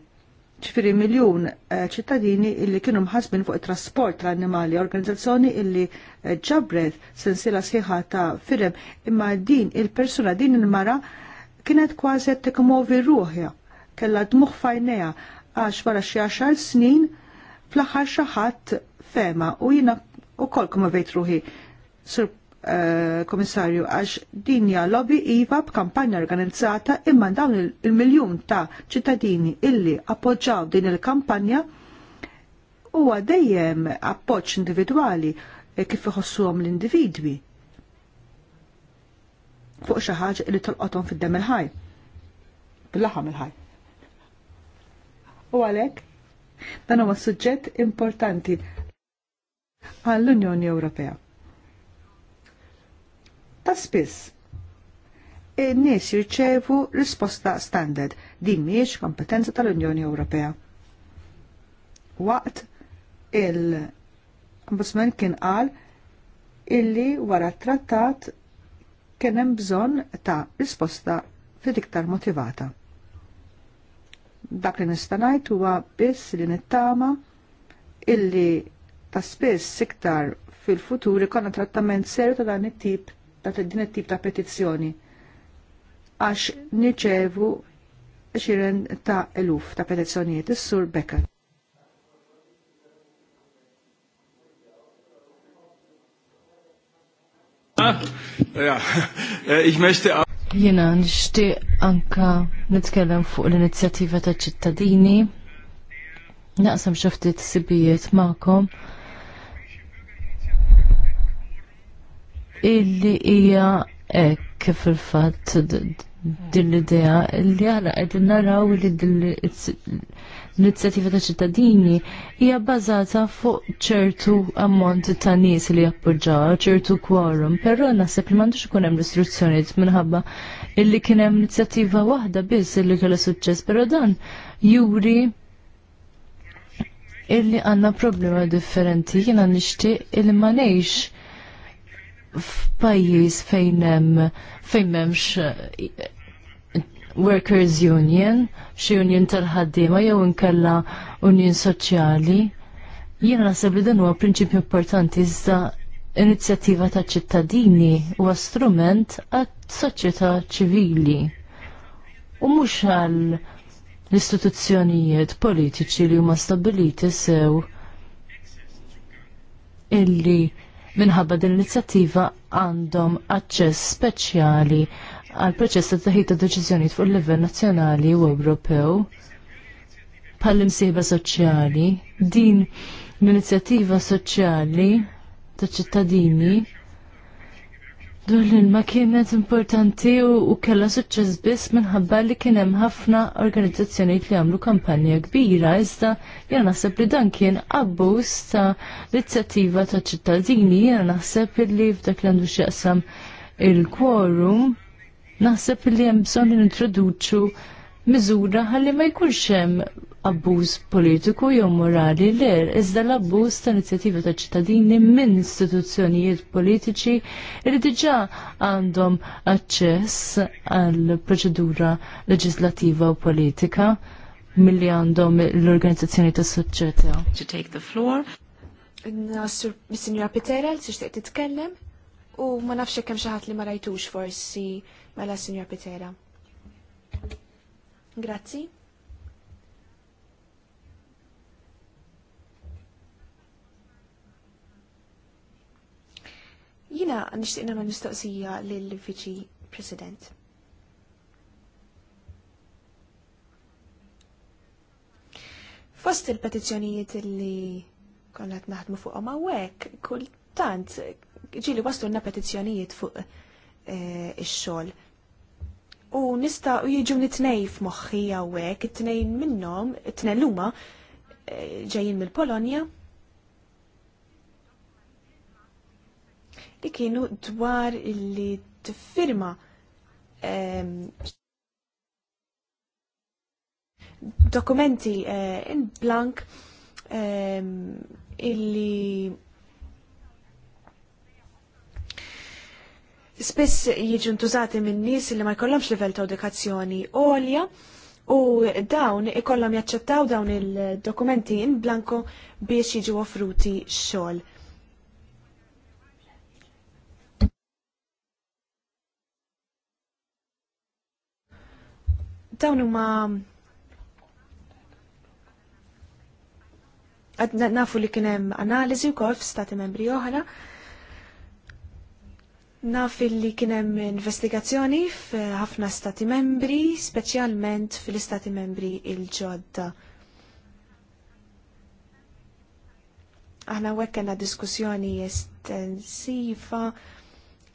ġifieri miljun eh, ċittadini illi kienu mħasbin fuq it-trasport tal-annimali, organizzazzjoni illi eh, ġabret sensila sħiħa ta' firem, imma din il-persuna, din il-mara, kienet kważi qed tikmovi ruħja, kella dmuħ fajneja, għax wara xi għaxar snin fl-aħħar xi ħadd fema u jiena ukoll kommovejt ruħi. Eh, komissarju, għax dinja lobby iva b'kampanja organizzata imma dawn il-miljun ta' ċittadini illi appoġġaw din il-kampanja huwa dejjem appoġġ individwali e kif iħossuhom l-individwi fuq xi ħaġa li tolqothom fid-dem il-ħaj. Bil-laħam il-ħaj. U għalhekk dan huwa suġġett importanti għall-Unjoni Ewropea ta' spiss. In-nies jirċevu risposta standard din mhijiex kompetenza tal-Unjoni Ewropea. Waqt il-Ombudsman kien qal illi wara t trattat kien hemm bżonn ta' risposta ftit iktar motivata. Dak li nista' ngħid huwa biss li nittama illi ta' spiss iktar fil-futur ikonna trattament seru ta' dan it-tip ta' din it-tip ta' petizzjoni għax niċevu xiren ta' eluf ta' petizzjonijiet is-sur Becker. Eh, Jena nishti anka nitkellem fuq l-inizjattiva ta' ċittadini. Naqsam xaftit sibijiet ma'kom. illi hija hekk fil-fatt din l-idea li għala qegħdin naraw li din l inizjativa ta' ċittadini hija bbażata fuq ċertu ammont ta' nies li jappoġġaw ċertu quorum, però naħseb li m'għandux ikun hemm restrizzjonijiet minħabba illi kien hemm inizjattiva waħda biss illi kellha suċċess, però dan juri illi għandna problema differenti jiena nixtieq illi ma ngħix f'pajjiż fejn hemm fejn m'hemmx eh, workers union, xi union tal-ħaddiema jew inkella union soċjali. Jiena naħseb li dan huwa prinċipju importanti iżda inizjattiva ta' ċittadini huwa strument għat-soċjetà ċivili u mhux għal l-istituzzjonijiet politiċi li huma stabiliti sew illi minħabba din l-inizjattiva għandhom aċċess speċjali għal proċess ta' taħid ta' deċiżjonijiet fuq il-livell nazzjonali u Ewropew bħall-imsieħba soċjali din l-inizjattiva soċjali ta' ċittadini Dur l-ilma kienet importanti u kella suċċess biss minħabba li kien hemm ħafna organizzazzjonijiet li għamlu kampanja kbira iżda jiena naħseb li dan kien abbuż ta' l-inizjattiva ta' ċittadini jiena naħseb li f'dak li għandu x'jaqsam il-quorum naħseb li hemm bżonn introduċu miżura ħalli ma jkunx hemm abbuż politiku jew morali le, iżda l-abbuż ta' inizjattiva ta' ċittadini minn istituzzjonijiet politiċi li diġà għandhom aċċess għal proċedura leġislativa u politika milli għandhom l-organizzazzjoni ta' soċjetà. To take the floor. Signora Pitera, tixtieq titkellem u ma nafx kemm xi ħadd li ma rajtux forsi mela Signora Pitera. Grazzi. Jina nishtiqna ma mistoqsija lil viċi President. Fost il-petizzjonijiet li konna naħdmu fuqhom hawnhekk, kultant ġili na petizzjonijiet fuq eh, ix-xogħol. U nista u jiġu nitnej f'moħħi hawnhekk, it-tnejn minnhom, it-tnelluma eh, ġejjin mill-Polonja, li kienu dwar li tiffirma ehm, dokumenti eh, in blank ehm, illi spess jiġu ntużati minn nies li ma jkollhomx livell ta' edukazzjoni għolja u dawn ikollhom jaċċettaw dawn il-dokumenti in blanko biex jiġu offruti xogħol. dawn huma nafu li kien hemm analiżi wkoll f'stati membri oħra. Naf li kien hemm investigazzjoni f'ħafna stati membri, speċjalment fil-istati membri il-ġodda. Aħna hekk kellna diskussjoni estensiva,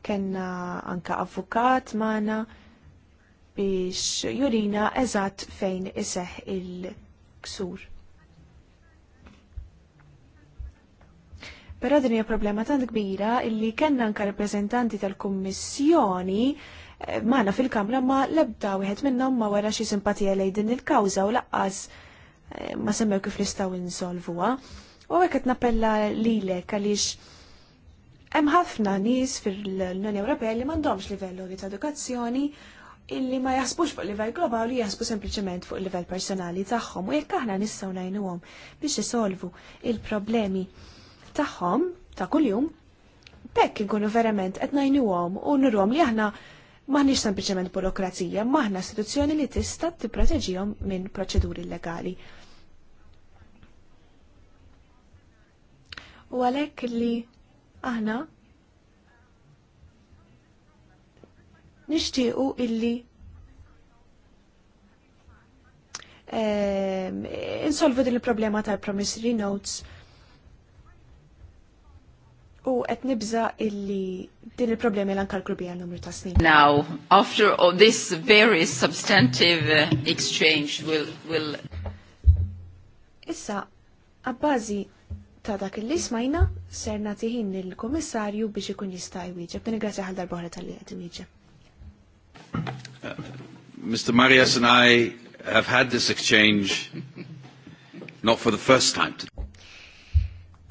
kellna anka avukat magħna biex jurina eżatt fejn iseħ il-ksur. Però din hija problema tant kbira illi kellna anke rappreżentanti tal-Kummissjoni eh, magħna fil-Kamra ma lebda wieħed minnhom ma wara xi simpatija lejn din il-kawża u laqqas eh, ma semmew kif nistgħu insolvuha. U hekk qed nappella lilek għaliex hemm ħafna nies fil-Unjoni Ewropea li m'għandhomx livell ta' edukazzjoni illi ma jaħsbux fuq livell globali jaħsbu sempliċement fuq livell personali tagħhom u jekk aħna nistgħu ngħinuhom biex isolvu il-problemi tagħhom ta' kuljum, bekk inkunu verament qed ngħinuhom u nurhom li aħna maħniex sempliċement burokrazija, maħna istituzzjoni li tista' tipproteġihom minn proċeduri legali. U għalhekk li aħna nixtiequ illi ehm, insolvu din il-problema tal-promissory notes u qed nibża illi din il-problemi l-ankalkru bija numru ta' snin. Now, after all this very substantive uh, exchange will... will... Issa, għabbażi ta' dak li smajna, ser natiħin il-komissarju biex ikun jista' jwieġeb. Ningrazja għal darbohra tal-li għed jwieġeb. Mr. Marias and I have had this exchange not for the first time.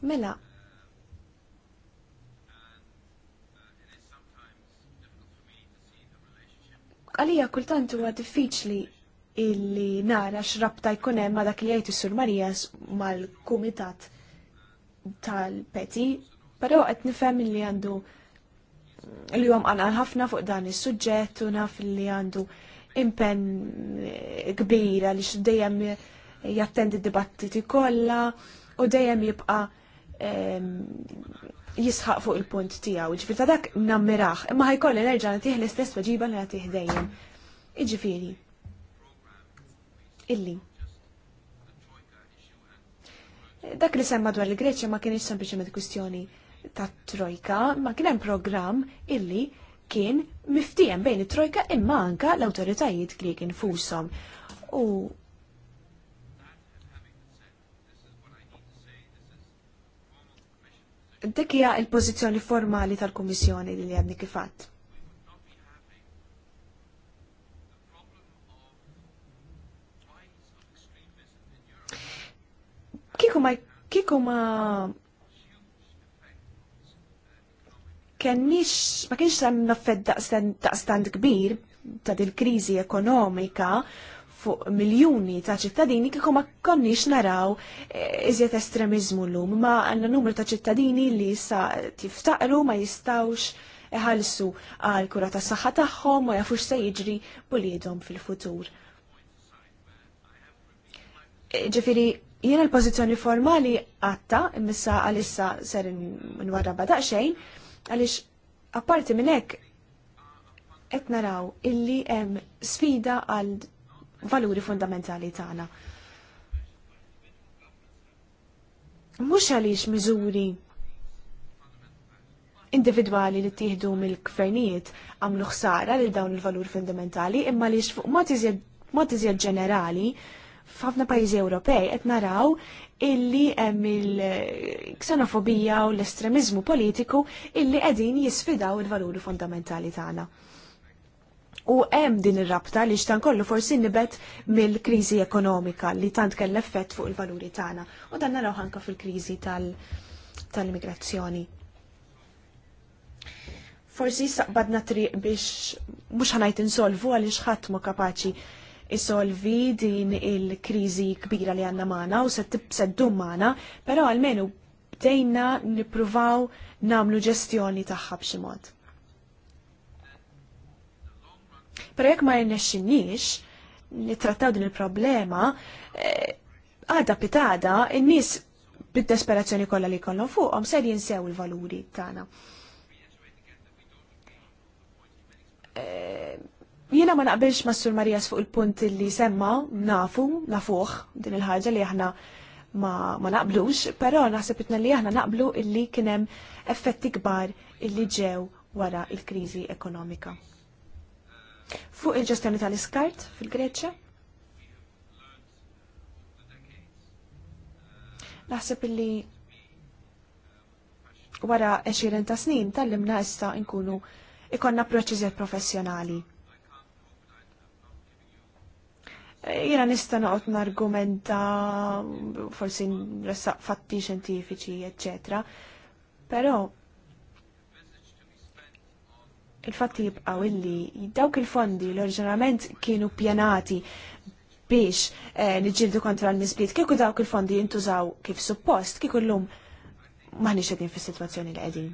Mela. Għalija kultant huwa diffiċli illi nara x-rabta jkunem ma' dak li jgħid sur Marijas mal-Kumitat tal-Peti, pero għet nifem li għandu l-jom għana ħafna fuq dan is-suġġett u naf li għandu impenn eh, kbira li x-dajem jattendi dibattiti kollha u dejjem jibqa ehm, jisħaq fuq il-punt tiegħu. Ġifieri ta' dak nammiraħ, imma ħajkolli nerġa' nagħtih l-istess weġiba li nagħtih dejjem. Iġifieri. Illi. Dak li semma dwar il-Greċja ma kienx sempliċement kwistjoni ta' trojka ma kien hemm programm illi kien miftijem bejn it-trojka imma anka l-awtoritajiet Grieg infushom. U Dik hija l-pożizzjoni formali tal-Kummissjoni li għandni kifatt. Kiku ma kiku ma kenniex, ma kienx sem noffed daqstant kbir ta' din krizi ekonomika fuq miljoni ta' ċittadini kieku ma konniex naraw eh, iżjed estremizmu l-lum, ma għanna numru ta' ċittadini li sa tiftaqru ma jistawx iħalsu għal kura ta' saħħa tagħhom u jafux se jiġri bulidhom fil-futur. Eh, ġifiri, jiena l-pożizzjoni formali għatta, imissa għalissa ser nwarra badaq xejn, Għaliex apparti minn hekk qed naraw illi hemm sfida għal valuri fundamentali tagħna. Mhux għaliex miżuri individwali li tieħdu mill-gvernijiet għamlu ħsara lil dawn il valuri fundamentali imma għaliex fuq mod iżjed ġenerali f'ħafna pajjiżi Ewropej qed naraw illi hemm il-ksenofobija u l-estremizmu politiku illi qegħdin jisfidaw il-valuri fondamentali tagħna. U hemm din ir-rabta li xtan kollu forsi nibet mill-kriżi ekonomika li tant kell effett fuq il-valuri tagħna. U dan naraw anke fil-kriżi tal-immigrazzjoni. forsi saqbadna triq biex mhux ħanajt insolvu għaliex ħadd ma kapaċi isolvi din il-krizi kbira li għanna maħna u se tibseddu maħna, pero għalmenu bdejna nipruvaw namlu ġestjoni taħħa mod. Pero jekk ma rinnexxinix, nittrattaw din il-problema, eh, għada pitada, in-nies bid-desperazzjoni kollha li jkollhom fuqhom ser jinsew il-valuri tagħna. Eh, Jiena ma naqbilx ma' Sur Marijas fuq il-punt li semma nafu, nafuħ, din il-ħagġa li aħna ma, ma naqblux, pero naħseb li aħna naqblu illi kienem effetti kbar illi ġew wara il-krizi ekonomika. Fuq il-ġestjoni tal-iskart fil-Greċja? Naħseb illi wara 20 ta' snin tal-limna issa nkunu ikonna proċiżiet professjonali jina nista noqgħod nargumenta forsi nressaq fatti xjentifiċi, eċċetera. Però il-fatti jibqaw illi dawk il-fondi l-oriġinament kienu pjanati biex eh, niġildu kontra l nisbiet kieku dawk il-fondi jintużaw kif suppost, kieku l-lum maħni xedin fi situazzjoni li għedin.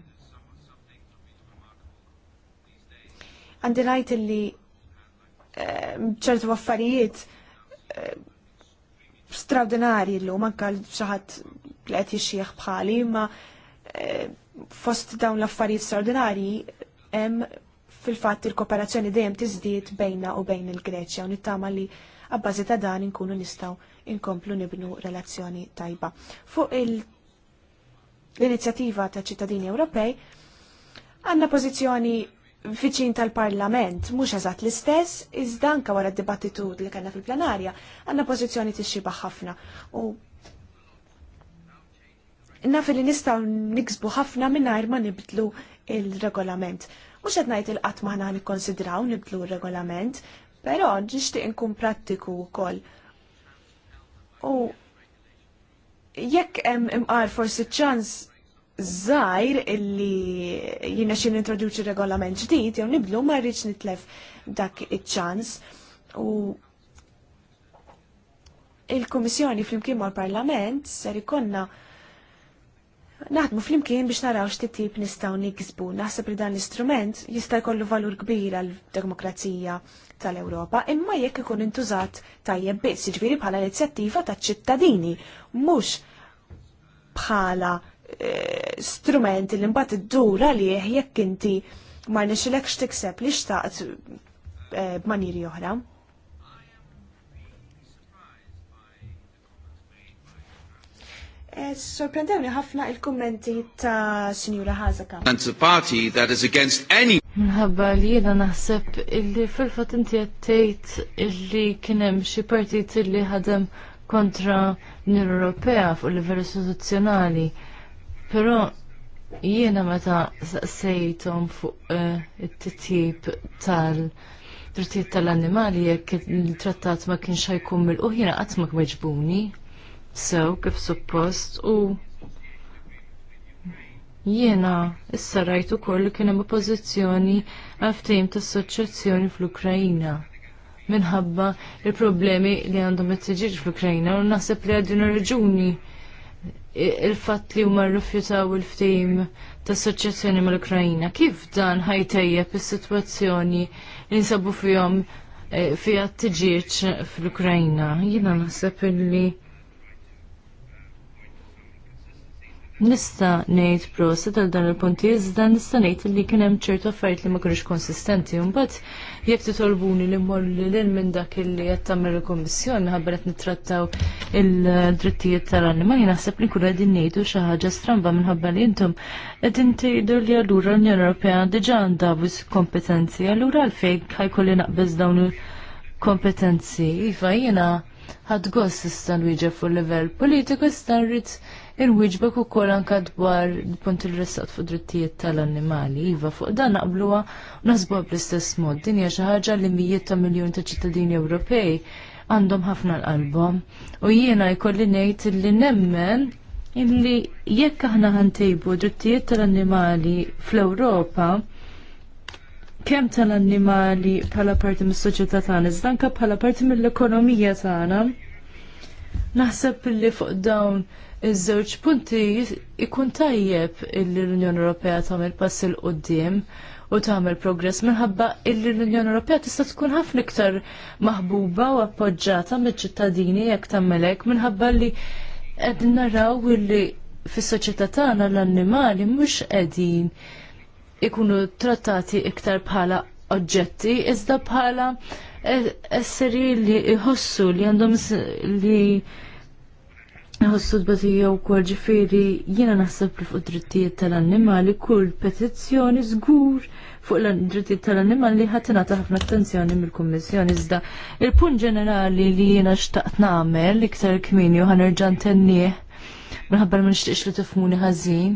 Għandi najt li Eh, ċertu affarijiet eh, straordinari l-lum, anka l-ċaħat l għet jixieħ bħali, ma eh, fost dawn l-affarijiet straordinari, hemm fil-fatt il-kooperazzjoni dejjem tiżdied bejna u bejn il-Greċja u nittama li għabbażi ta' dan inkunu nistaw inkomplu nibnu relazzjoni tajba. Fuq l-inizjattiva ta' ċittadini Ewropej, għanna pożizzjoni viċin tal-parlament, mux eżat l-istess, iżda anka wara d-dibattitu li kanna fil-plenarja, għanna pozizjoni t ħafna. U naf li nistaw niksbu ħafna minnajr ma nibdlu il-regolament. Mux għednajt il-qat maħna nikonsidraw nibdlu il-regolament, pero ġishti inkun prattiku u kol. U jekk imqar forsi ċans żgħir illi jiena xi nintroduċi regolament ġdid jew niblu ma rridx nitlef dak iċ-ċans u il-Kummissjoni flimkien mal-Parlament ser ikonna Naħdmu flimkien biex naraw x'tittib nistgħu nikisbu. Naħseb li dan l-istrument jista' jkollu valur kbir għal demokrazija tal-Ewropa, imma jekk ikun intużat tajjeb biss, jiġifieri bħala inizjattiva taċ-ċittadini, mhux bħala Eh, strument li mbagħad iddur għalih jekk inti ma nixilekx tikseb li xtaqt eh, b'manieri oħra. Eh, sorprendewni ħafna il-kummenti ta' Sinjura Ħazaka. And the party that is against any Minħabba li jena naħseb illi fil-fat inti għattejt illi kienem xi partit illi ħadem kontra l-Unjoni Ewropea fuq livell istituzzjonali. Però jiena meta saqsejthom fuq eh, it-titjib tal- drittijiet tal-annimali jekk il-trattat ma kienx ħajkun mill-qoħ jiena qatt ma kweġbuni sew kif suppost u Jiena, issa rajt ukoll li kien hemm oppożizzjoni għal tas-soċjazzjoni fl ukrajina minħabba il-problemi li għandhom it tiġir fl ukraina u naħseb li għadin raġuni il-fatt li huma rrifjutaw il-ftim ta' soċjazzjoni mal ukraina Kif dan ħajtejja is-sitwazzjoni li nsabu fihom eh, fija t-tġieċ fl ukraina Jiena naħseb li Nista ngħid prosa għal dan il-punti iżda nista ngħid li kien hemm ċertu affarijiet li ma kinux konsistenti. Mbagħad jekk titolbuni li mmorru lil minn dak li qed tagħmel il-Kummissjoni ħabret nittrattaw il-drittijiet tal jina naħseb li kura qegħdin ngħidu xi ħaġa stramba minħabba li intom qegħdin tgħidu li allura l-Unjoni Ewropea diġà għandha kompetenzi, allura għalfejn ħajkolli naqbeż dawn il-kompetenzi. Iva jiena ħadd gost issa nwieġeb fuq livell politiku istan rrid irwiġbek ukoll anke dwar punt il-ressaq fuq drittijiet tal-annimali. Iva, fuq dan naqbluha u naħsbuha bl-istess mod. Din hija xi ħaġa li mijiet ta' miljun ta' ċittadini Ewropej għandhom ħafna l-qalbhom. U jiena jkolli ngħid li nemmen illi jekk aħna ħantejbu drittijiet tal-annimali fl-Ewropa, kemm tal-annimali bħala parti mis-soċjetà tagħna, iżda anke bħala parti mill-ekonomija tagħna. Naħseb li fuq dawn iż-żewġ punti ikun tajjeb illi l-Unjoni Ewropea tagħmel pass il qudiem u tagħmel progress minħabba illi l-Unjoni Ewropea tista' tkun ħafna iktar maħbuba u appoġġjata mill-ċittadini jekk tagħmel hekk, minħabba li qegħdin naraw illi fis-soċjetà tagħna l-annimali mhux qegħdin ikunu trattati iktar bħala oġġetti iżda bħala e-, esseri li jħossu li għandhom li Għossu d-batija u kwa ġifiri jena naħseb li fuq drittijiet tal-annimali kull petizzjoni zgur fuq l-drittijiet tal-annimali li ħatina taħfna attenzjoni mill-Kommissjoni iżda. Il-punt ġenerali li jena xtaqt namel iktar kmini u ħanerġan tennieh minħabba ma nixtieqx li tifmuni ħażin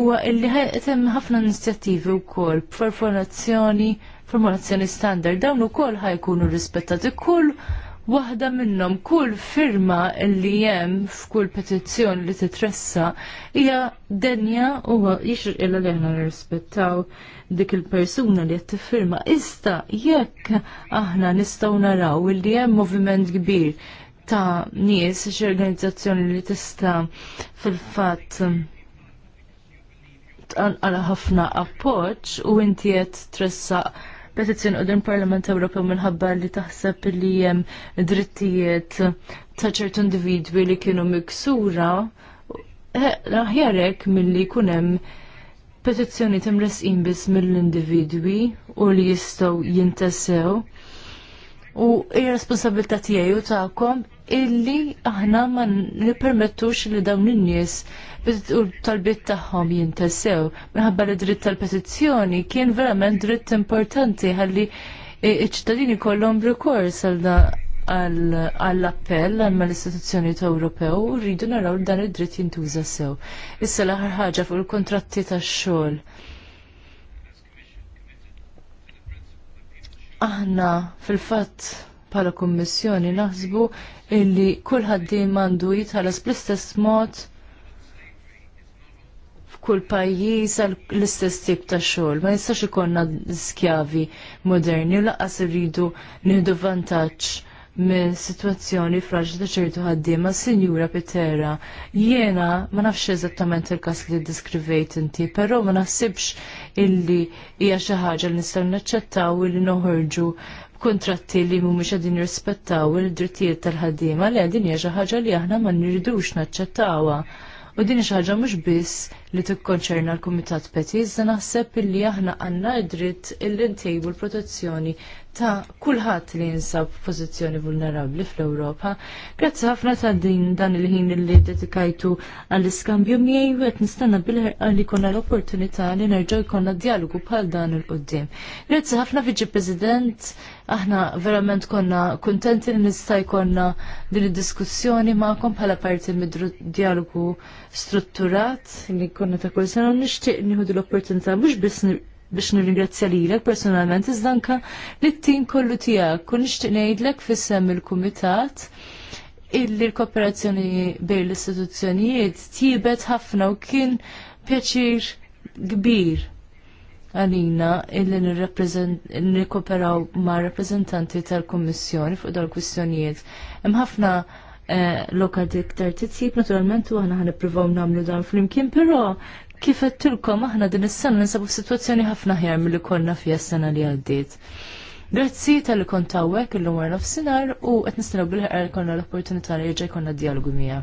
huwa illi hemm ħafna inizjattivi wkoll b'formulazzjoni formulazzjoni standard dawn ukoll ħajkunu rispettati kull waħda minnhom kull firma li hemm f'kull petizzjoni li titressa hija denja u illa li aħna nirrispettaw dik il-persuna li qed tiffirma. Issa jekk aħna nistgħu naraw li hemm moviment kbir ta' nies xi organizzazzjoni li tista' fil-fatt tqanqala ħafna appoġġ u inti qed tressa' u qudiem Parlament Ewropew minħabba li taħseb li hemm drittijiet ta' ċertu individwi li kienu miksura eh, aħjarek milli jkun hemm petizzjoni timresqin biss mill-individwi u li jistgħu jintesew u ir-responsabilità tiegħi u tagħkom illi aħna ma nippermettux li dawn in-nies u talbiet tagħhom jintessew. Minħabba li dritt tal-petizzjoni kien verament dritt importanti ħalli iċ-ċittadini kollhom rikors għall-appell għal mal-istituzzjoni ta' Ewropew u rridu naraw dan id-dritt jintuża sew. Issa l-aħħar ħaġa fuq il-kontratti tax-xogħol. aħna fil-fatt bħala kummissjoni naħsbu illi kull ħaddiem għandu jitħallas bl-istess mod f'kull pajjiż għal l-istess tip ta' xogħol. Ma jistax ikollna skjavi moderni u laqas irridu nieħdu vantaġġ minn situazzjoni fraġli ċertu ħaddiema, Sinjura Pitera, jiena ma nafx eżattament il-kas li diskrivejt inti, però ma naħsibx illi hija xi ħaġa li nistgħu naċċettaw illi noħorġu kontratti li mhumiex qegħdin jirrispettaw il-drittijiet tal-ħaddiema li għadin hija xi ħaġa li aħna ma nirridux naċċettawha. U din xi ħaġa mhux biss li tikkonċerna l-Kumitat Petiz, naħseb illi aħna għandna id dritt illi ntejbu l-protezzjoni ta' kulħadd li jinsab f'pożizzjoni vulnerabbli fl-Ewropa. Grazzi ħafna ta' din dan il-ħin li dedikajtu għall-iskambju miegħi qed nistenna bil-ħerqa li jkollna l-opportunità li nerġgħu jkollna dialogu bħal dan il-qudiem. Grazzi ħafna Viċi President, aħna verament konna kuntenti li nista' jkollna din id-diskussjoni magħkom bħala parti mid-dialogu strutturat li konna ta' kull sena u nixtieq nieħu l-opportunità mhux biss biex nirringrazzja lilek personalment iżda anke t tim kollu tiegħek u nixtieq ngħidlek fis il-kumitat illi l-kooperazzjoni bejn l-istituzzjonijiet tibet ħafna u kien pjaċir kbir għalina illi nirkoperaw ma' rappresentanti tal-Kommissjoni fuq dal-kwistjonijiet. Hemm ħafna eh, lokal diktar titsib, naturalment u għana ħan nipprovaw namlu dan flimkien, però Kif għedtilkom aħna din is-sena ninsabu f'sitwazzjoni ħafna ħjar milli konna fija s-sena li għaddiet. Grazzi tal-li kont hawnhekk illum wara nofsinhar u qed nistennew bil ħar konna l-opportunità li jerġa' jkollna dialogu mija.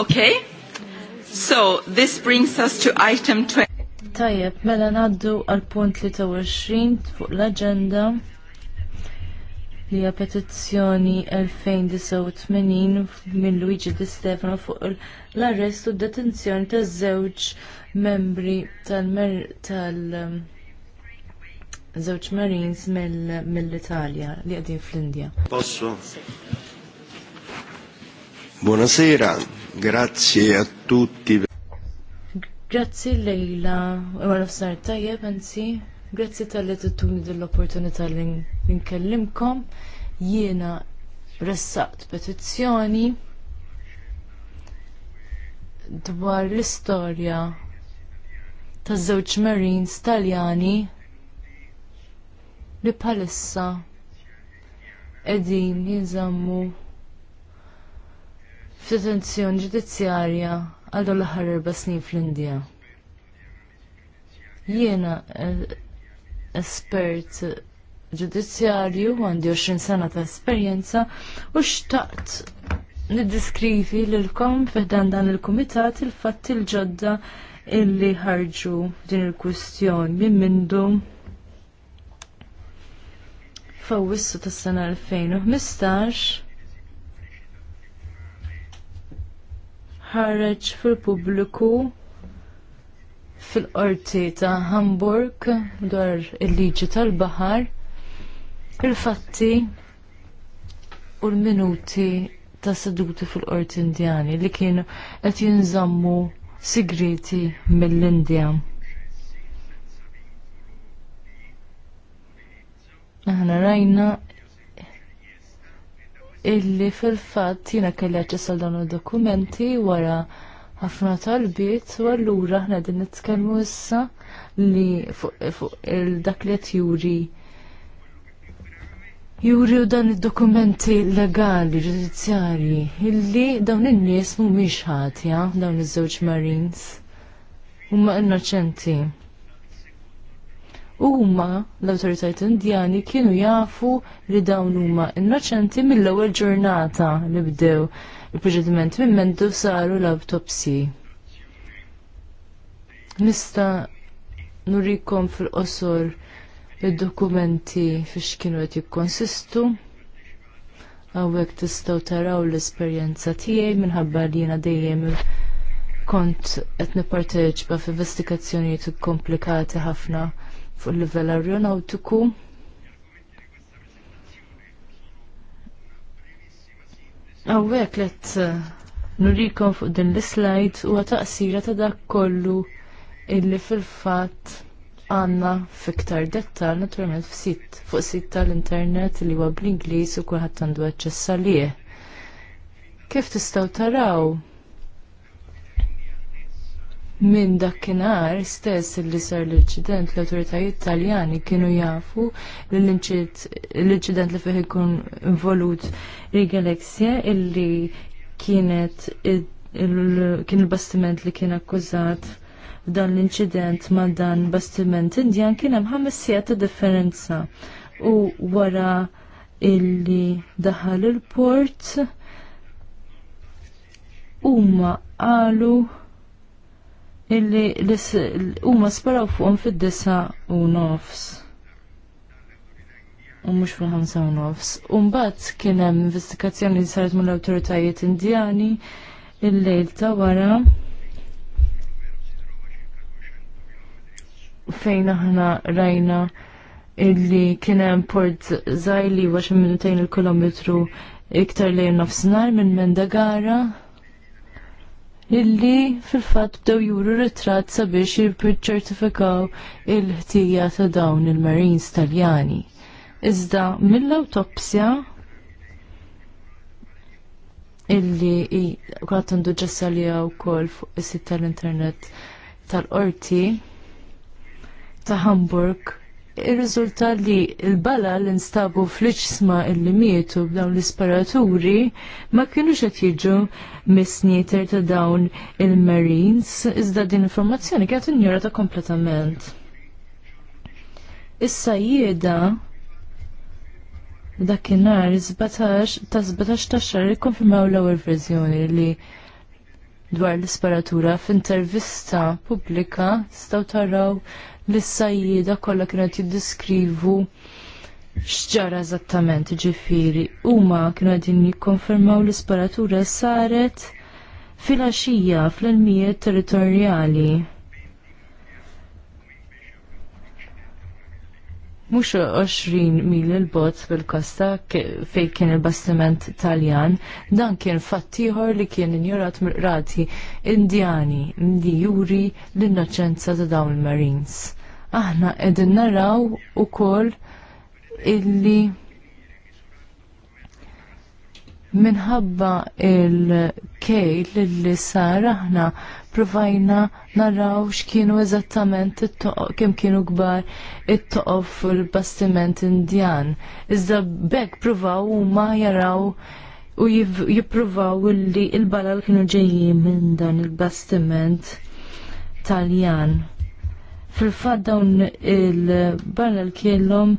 Okay, so this brings us to item 20. Tajjeb, mela naddu għal punt li ta' 23 fuq l-agenda li għa petizjoni 2089 minn Luigi Di Stefano fuq l-arrest u detenzjoni ta' żewġ membri tal-żewġ um, Marines mill-Italja li qegħdin fl-Indja. Posso? Buonasera, grazie a tutti. Grazzi Lejla, u għal tajjeb, anzi, pensi. Grazie li t-tuni dell-opportunità li nkellimkom. Jiena ressaqt petizzjoni dwar l-istorja taż żewġ Marines Taljani li bħalissa qegħdin jinżammu f'detenzjoni ġudizzjarja għal dawn l-aħħar erba' snin fl-Indja. Jiena eh, espert ġudizzjarju għandi 20 sena ta' esperjenza u xtaqt niddiskrivi lilkom fiħdan dan il-kumitat il-fatt il-ġodda illi ħarġu din il-kwistjoni minn mindu fawissu tas-sena 2015 ħareġ fil-pubbliku fil-qorti ta' Hamburg dwar il-liġi tal-baħar il-fatti u l-minuti ta' seduti fil-qorti indjani li kienu qed jinżammu sigriti mill-Indja. Aħna rajna illi fil-fatt jiena kelli għacċessal għal dawn id-dokumenti wara ħafna talbiet u allura aħna din nitkellmu issa li fuq dak li juri juri u dan id-dokumenti legali ġudizzjarji illi dawn in-nies mhumiex ħatja ah, dawn iż-żewġ Marines huma innoċenti huma l-awtoritajiet indjani kienu jafu li dawn huma innoċenti mill-ewwel ġurnata li bdew il-proċediment minn mendu saru l-autopsi. Nista nurikom fil-qosor id-dokumenti fiex kienu qed jikkonsistu. Hawnhekk tistgħu taraw l-esperjenza tiegħi minħabba li jiena dejjem kont qed nipparteċipa f'investigazzjonijiet komplikati ħafna fuq il-livell aeronautiku. Għawek let eh, nurikom fuq din l-slide u għataqsira ta' dak kollu illi fil-fat għanna fiktar dettal naturalment f'sit fuq sit tal-internet li huwa bl-Ingliż u kulħadd għandu aċċess għalih. Kif tistgħu taraw minn dakkinhar stess li sar l-inċident l autoritajiet Taljani kienu jafu l-inċident li fih ikun involut Rigalexia illi kienet kien il-bastiment li kien akkużat f'dan l-inċident ma' dan bastiment indjan kien hemm ħames sigħat ta' differenza u wara illi daħal il-port huma qalu illi huma sparaw fuqhom fid-disa u nofs. U mhux fil-ħamsa u nofs. U mbagħad kien hemm investigazzjoni li saret mill-awtoritajiet Indiani il-lejl ta' wara fejn aħna rajna illi kienem port Zajli għax minutajn il-kilometru iktar lejn nofsinar minn Mendagara illi fil-fatt bdew juru ritratt sabiex jirċertifikaw il-ħtija ta' dawn il-Marines Taljani. Iżda mill-autopsja illi għat għandu ġessalija u kol fuq is-sit tal-internet tal-qorti ta' Hamburg il-rizulta li l-bala li instabu fl-ġisma il mietu b'dawn l-isparaturi ma kienu qed jiġu misnieter ta' dawn il-Marines iżda din informazzjoni kienet injorata kompletament. Issa jieda dakinhar 17 ta' 17 ta' li ikkonfirmaw l-ewwel verżjoni li dwar l-isparatura f'intervista pubblika staw taraw li s-sajjida kollha kienu jiddiskrivu x'ġara eżattament ġifieri. Huma kienu qegħdin jikkonfermaw l-isparatura saret fil-għaxija fl-ilmijiet territorjali mux 20 mil il-bot fil-kosta fej kien il-bastiment taljan, dan kien fattiħor li kien injurat mirqrati indjani li juri l-innoċenza ta' dawn il-Marines. Aħna edin naraw u koll illi minħabba il-kejl li sar aħna provajna naraw x'kienu eżattament kemm kienu kbar it-toqof fil-bastiment indjan. Iżda bekk provaw huma jaraw u jippruvaw li il-bala li kienu ġejjin minn dan il-bastiment taljan. Fil-fatt dawn il-bala li kienhom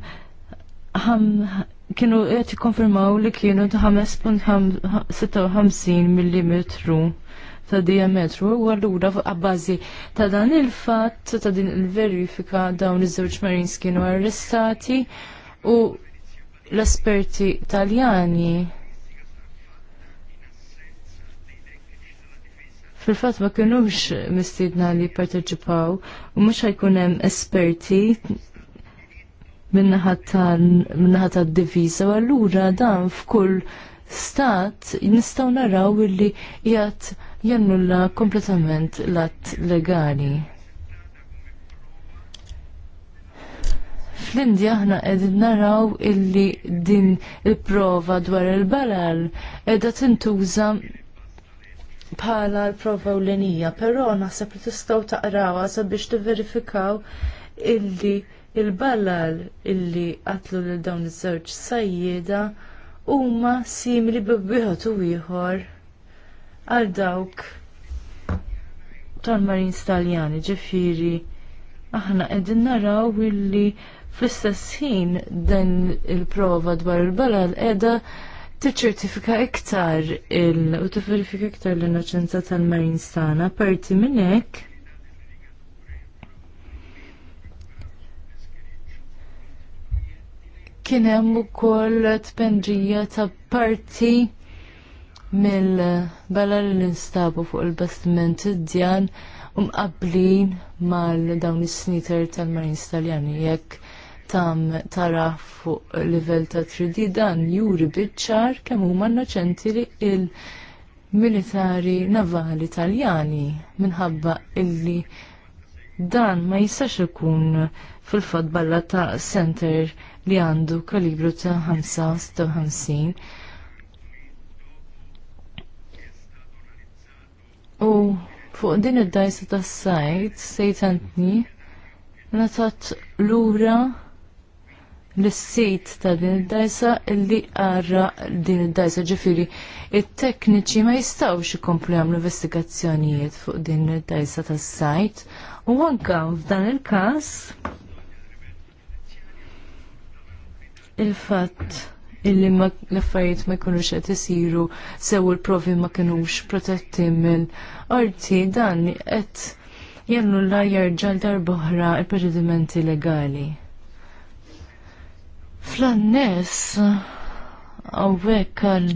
kienu qed konfirmaw li kienu ta' 5.56 mm ta' diametru u allura għabbażi ta' dan il-fatt ta' din il-verifika dawn iż-żewġ marins kienu arrestati u l-esperti taljani fil-fat ma kienux mistidna li parteċipaw u mux ħajkunem hemm esperti minnaħat tad-divisa u allura dan f'kull stat nistgħu naraw illi jgħat jannulla kompletament l-att legali. Fl-Indja ħna qegħdin naraw illi din il-prova dwar il-balal qiegħda tintuża bħala l-prova ewlenija, però naħseb li tistgħu taqrawha sabiex tiverifikaw illi il balal illi qatlu lil dawn iż-żewġ sajjieda huma simili bi wieħed u ieħor għal dawk tal-Marin Staljani, ġifiri, aħna qegħdin naraw illi fl-istess ħin dan il-prova dwar il edha qiegħda tiċċertifika iktar il u tifverifika iktar l-innoċenza tal-Marin Stana, parti minn hekk. Kien hemm ukoll tpenġija ta' parti mill-bella li instabu fuq il-bastiment id-djan umqablin mal dawn is-sniter tal-Marin Staljani jekk tam tara fuq livell ta' 3D dan juri bitċar kemm huma naċenti li il-militari navali Taljani minħabba illi dan ma jistax ikun fil fadballa ta' center li għandu kalibru ta' 55 U fuq din id-dajsa tas-sajt sejtantni natat lura l-sit ta' din id-dajsa li għarra din id-dajsa ġifiri il-tekniċi ma jistawx ikomplu jagħmlu investigazzjonijiet fuq din id-dajsa tas sajt u anka f'dan il-każ il-fatt illi l-affarijiet ma jkunux qed isiru sew il-provi ma kinux protetti mill arti dan qed l la ġal darbohra il-proċedimenti legali. Fl-annes għawek għal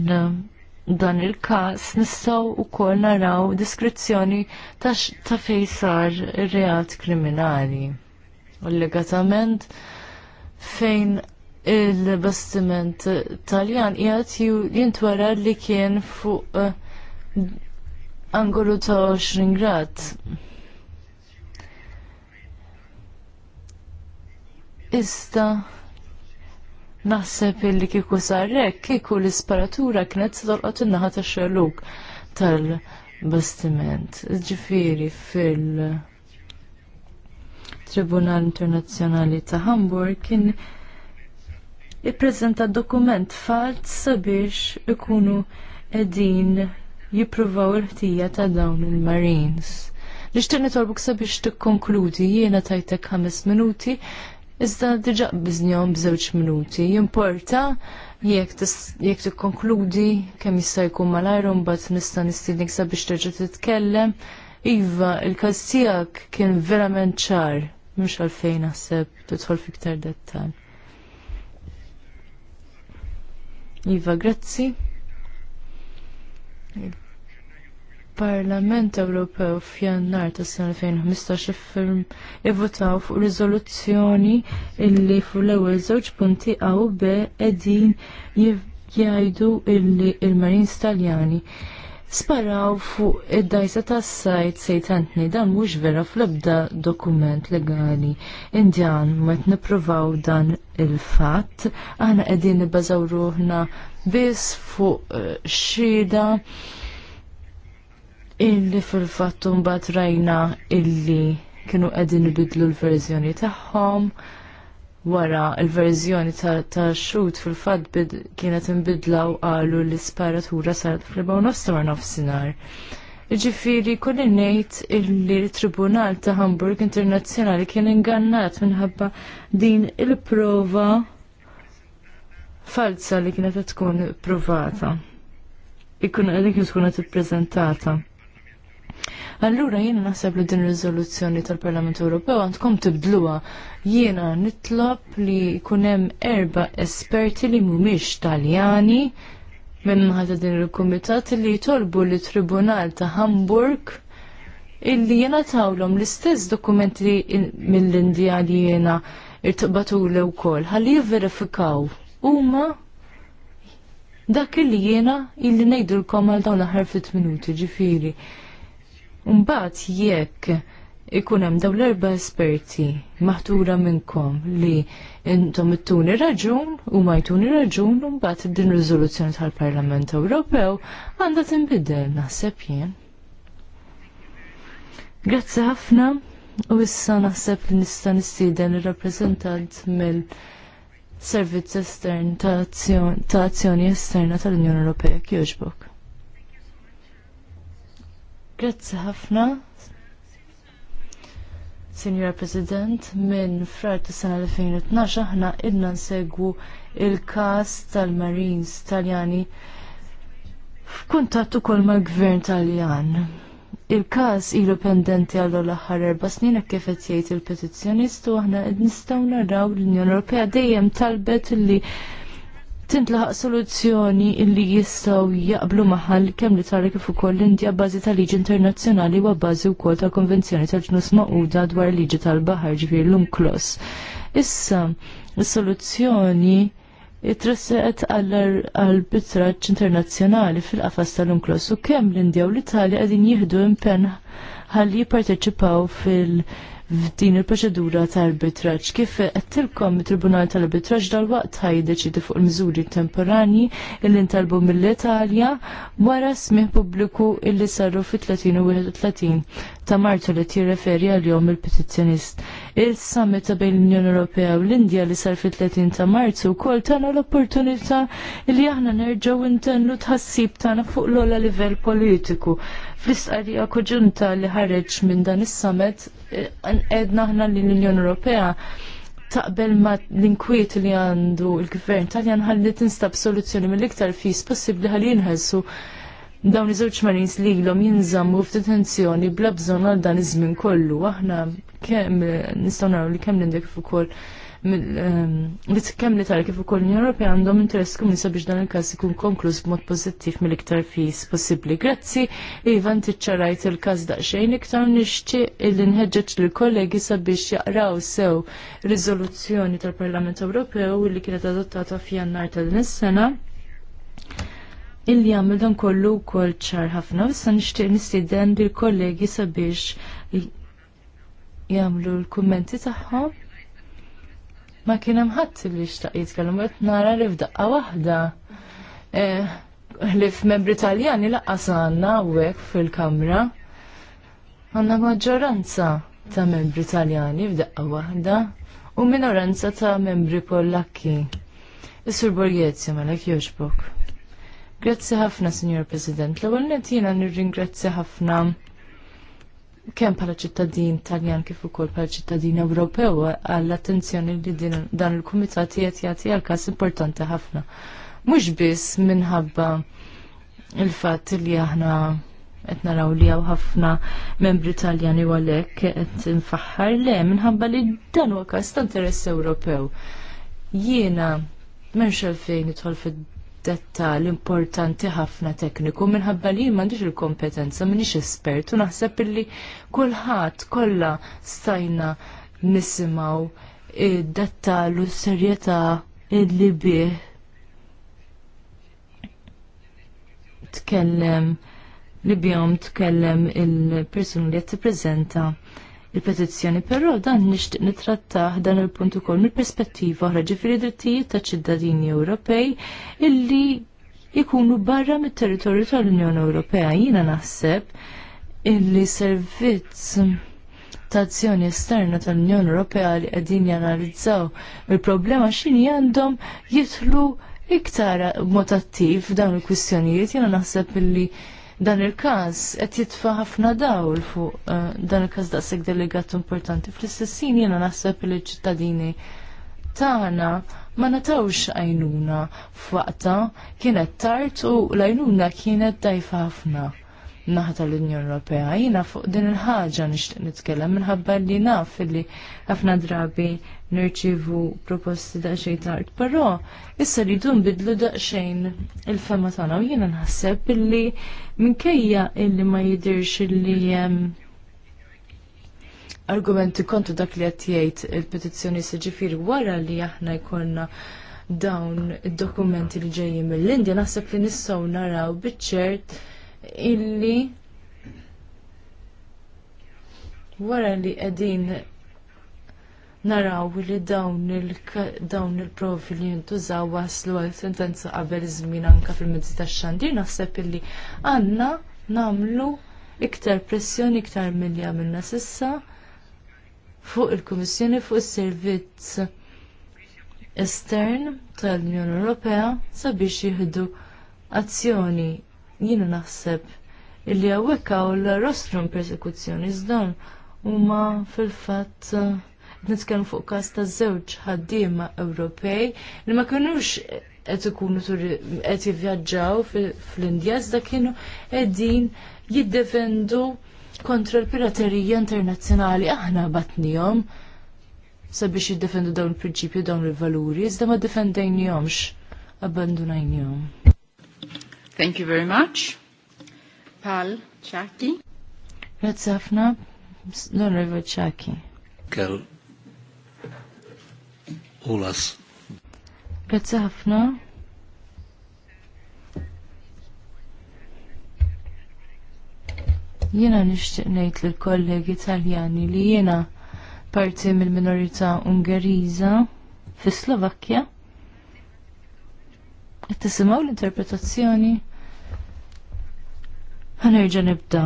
dan il-kas nistaw u kol naraw diskrizzjoni ta', ta fejsar reat kriminali. U legatament fejn il-bastiment taljan jgħat jintwara li kien fuq eh, angolu ta' 20 grad. Ista naħseb illi kiku sarrek, kiku l-isparatura kienet s-dolqot il naħat ta' xeluk tal-bastiment. Ġifiri fil- Tribunal Internazzjonali ta' Hamburg kien ippreżenta dokument fals sabiex ikunu qegħdin jippruvaw il-ħtija ta' dawn il-Marines. Nixtieq nitolbuk sabiex tikkonkludi jiena tajtek ħames minuti iżda diġa' biżnihom b'żewġ minuti. Jimporta jekk tikkonkludi kemm jista' jkun malajr mbagħad nista' nistiednik sabiex terġa' titkellem. Iva, il-każ tiegħek kien verament ċar mux għalfejn naħseb tidħol fiktar dettal. Iva, grazzi. Parlament Ewropew f'jannar ta' sena 2015 iffirm ivvotaw fuq riżoluzzjoni illi fuq l-ewwel żewġ punti A u B qegħdin jgħidu illi il marines Taljani sparaw fuq id-dajsa tas sajt sejtantni dan mhux vera fl-ebda dokument legali. Indjan met niprovaw dan il-fatt, aħna qegħdin nibbażaw ruħna biss fuq eh, xhieda illi fil-fatt mbagħad rajna illi kienu qegħdin ibidlu l-verżjoni tagħhom wara il-verżjoni ta' xut fil-fatt kienet imbidla u qalu l-isparatura sarat fl-4 nofsinhar nofsinhar. Ġifiri, kulli nejt illi l-Tribunal ta' Hamburg Internazzjonali kien ingannat minħabba din il-prova falsa li kienet tkun provata. Ikkun għalik tkun prezentata. Allura jiena naħseb li din riżoluzzjoni tal-Parlament Ewropew għandkom tibdluha. Jiena nitlob li jkun hemm erba esperti li mhumiex Taljani ħadd din il-kumitat li jtolbu li tribunal ta' Hamburg illi jiena tawlom l-istess dokumenti mill-Indija li jiena irtibatu l wkoll ħalli jivverifikaw huma dak illi jiena illi ngħidulkom għal dawn l aħħar minuti ġifieri. Umbat jekk ikun hemm dawn l-erba' esperti maħtura minnkom li intom ittuni raġun u ma jtuni raġun u mbagħad din riżoluzzjoni tal-Parlament Ewropew għandha tinbidel naħseb jien. Grazzi ħafna u issa naħseb li nista' nistieden ir-rappreżentant mill servizz estern ta' azzjoni esterna tal-Unjoni Ewropea kjoġbok. Grazzi ħafna. Signora President, minn frar ta' sena 2012 aħna idna nsegwu il-kas tal-Marines Taljani F'kuntat ukoll mal-Gvern Taljan. Il-kas ilu pendenti għallu l-aħħar erba' snin kif qed jgħid il-petizzjonist u aħna qed nistgħu naraw l-Unjoni Ewropea dejjem talbet li tintlaħaq soluzzjoni illi jistgħu jaqblu maħal kemm li tara kif ukoll l-Indja bażi ta' liġi internazzjonali u bażi wkoll ta' konvenzjoni tal-ġnus maquda dwar liġi tal-baħar ġifir l-unklos. Issa, soluzzjoni it-trasseqet għall bitraċ internazzjonali fil-qafas tal-unklos u kemm l-Indja u l-Italja qegħdin jieħdu impenn ħalli jiparteċipaw fil- f'din il-proċedura ta' arbitraġġ. Kif tilkom it-Tribunal tal-Arbitraġġ dal-waqt ħajdeċidi fuq il-miżuri temporani illi ntalbu mill-Italja wara smih pubbliku illi sarru fit-30 ta' Martu li tirreferi għal-jom il-petizzjonist. Il-summit ta' bejn l-Unjoni Ewropea u l-Indja li sar fit-30 ta' Marzu wkoll tagħna l-opportunità li aħna nerġgħu intennu tħassib tagħna fuq l-ola livell politiku Fl-istqarrija koġunta li ħareġ minn dan is-summit, eh, edna aħna li l-Unjoni Ewropea taqbel ma l-inkwiet li għandu l gvern Taljan ħalli tinstab soluzzjoni mill-iktar fis possibbli ħalli jinħelsu dawn iż-żewġ marins li ilhom jinżammu f'detenzjoni bla bżonn għal dan iż-żmien kollu. Aħna kemm eh, nistgħu naraw li kemm l-indek ukoll li ehm, t-kem li tara kif ukoll l-Unjoni Ewropea għandhom interess komuni sabiex dan il-każ ikun konkluż b'mod pożittiv mill-iktar fis possibbli. Grazzi, Ivan tiċċarajt il-każ daqsxejn iktar nixtieq illi nħeġġeġ lill kollegi sabiex jaqraw sew riżoluzzjoni tal-Parlament Ewropew li kienet adottata f'jannar tal is sena illi għamil dan kollu kol ċar ħafna, issa nishtiq nistiden l kollegi sabiex jagħmlu l-kummenti tagħhom ma kien hemm ħadd li xtaq jitkellem qed nara li f'daqqa waħda. Eh, li f'membri Taljani laqqas għandna hawnhekk fil-Kamra. Għandna maġġoranza ta' membri Taljani f'daqqa waħda u minoranza ta' membri Pollakki. Is-Sur Borgezzi malek jogħġbok. Grazzi ħafna, Signor President. L-ewwel nett jiena nirringrazzja ħafna kemm bħala ċittadin Taljan kif ukoll bħala ċittadin Ewropew għall-attenzjoni li din dan il-kumitat qed jagħti għal każ importanti ħafna. Mhux biss minħabba il fat li aħna qed naraw li hawn ħafna membri Taljani u għalhekk qed nfaħħar le minħabba li dan huwa każ ta' interess Ewropew. Jiena m'hemmx għalfejn idħol fid detta l importanti ħafna tekniku minħabba li m'għandix il-kompetenza m'iniex espert u naħseb illi kulħadd kollha stajna nisimgħu id-dettal u s-serjetà illi bih tkellem li bjom tkellem il-persuni li jett prezenta il-petizzjoni, però dan nixtieq nittrattah dan il-punt ukoll mill-perspettiva oħra ġifieri drittijiet ta' ċittadini Ewropej illi jkunu barra mit-territorju tal-Unjoni Ewropea. Jiena naħseb illi servizz ta' azzjoni esterna tal-Unjoni Ewropea li qegħdin janalizzaw il-problema x'inhi għandhom jidħlu iktar mod attiv f'dawn il-kwistjonijiet jiena naħseb illi dan il-każ qed jitfa' ħafna dawl fuq eh, dan il-każ daqshekk delegat importanti. Fl-istessin jiena naħseb li ċittadini tagħna ma natawx għajnuna f'waqta kienet tard u l-għajnuna kienet dajfa ħafna naħa tal unjoni Ewropea. Jiena fuq din il-ħaġa nixtieq nitkellem minħabba li naf illi ħafna drabi nirċivu proposti da xejn tard, però issa rridu nbidlu da daqsxejn il-fema tagħna u jiena nħasseb illi minkejja illi ma jidirx illi ehm, argumenti kontu dak li qed jgħid il-petizzjoni ġifieri wara li aħna jkollna dawn id-dokumenti li ġejjin mill-Indja naħseb li nistgħu naraw biċ-ċert illi wara li qegħdin naraw li dawn il-provi li jintużaw waslu għal sentenza qabel iż-żmien anka fil-mezzi tax-xandir naħseb illi għandna nagħmlu iktar pressjoni iktar milli għamilna sissa fuq il-Kummissjoni fuq is-servizz estern tal-Unjoni Ewropea sabiex jieħdu azzjoni jiena naħseb illi hawnhekk hawn l-rostrum persekuzzjoni żdan huma fil-fatt nitkellmu fuq każ ta' żewġ ħaddiema Ewropej li ma kinux qed ikunu qed jivvjaġġaw fl-Indja iżda kienu qegħdin jiddefendu kontra l-piraterija internazzjonali aħna batnihom sabiex jiddefendu dawn il-prinċipju dawn il-valuri iżda ma defendejnihomx abbandunajnihom. Thank you very much. Pal Chaki. Grazie ħafna, l-Onorevole Chaki. Kell Ulas. Grazzi ħafna. Jiena nixtieq ngħid lill kollegi Taljani li jiena parti mill-minorità Ungeriża fis-Slovakkja. Qed tisimgħu l-interpretazzjoni? Ħanerġa' nibda.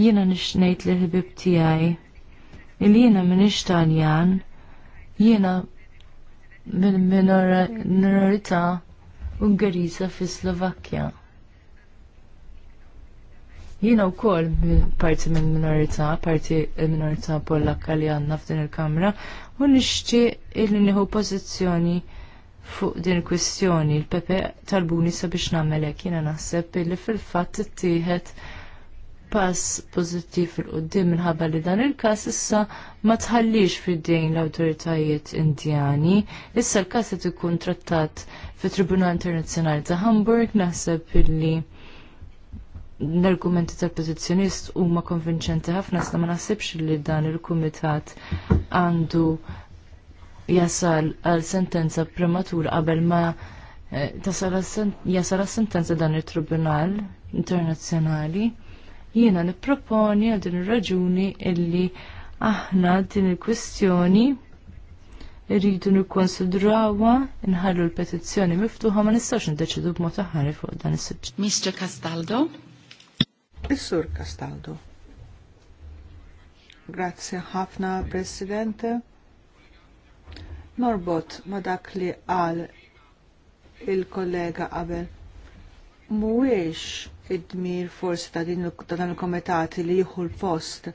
Jiena nixtieq ngħid li ħbib tiegħi li jiena m'iniex Taljan Jiena mill-minorità Ungeriża fi Slovakkja. Jiena wkoll parti minn minorità, parti minorità Pollakka li għandna f'din il-Kamra, u nixtieq illi nieħu pożizzjoni fuq din il-kwistjoni. Il-Pepe talbuni sabiex nagħmel hekk jiena naħseb illi fil-fatt ittieħed pass pożittiv il-qoddim minħabba li dan il-każ issa ma tħallix fid-dejn l-awtoritajiet indjani. Issa l-każ qed ikun trattat fit-Tribunal Internazzjonali ta' Hamburg naħseb illi l-argumenti tal-pozizjonist huma konvinċenti ħafna sta ma naħsibx li dan il-kumitat għandu jasal għal sentenza prematur qabel ma eh, jasal għal sentenza dan il-Tribunal Internazzjonali jiena nipproponi għal din ir-raġuni illi aħna din il-kwistjoni rridu nikkonsidrawha nħallu l-petizzjoni miftuħa ma nistax niddeċidu b'mod aħħar fuq dan is-suġġett. Mr. Castaldo. Is-Sur Castaldo. Grazzi ħafna, President. Norbot ma dak li qal il-kollega qabel. Mhuwiex id-dmir forsi ta' din dan il-komitati li jieħu l-post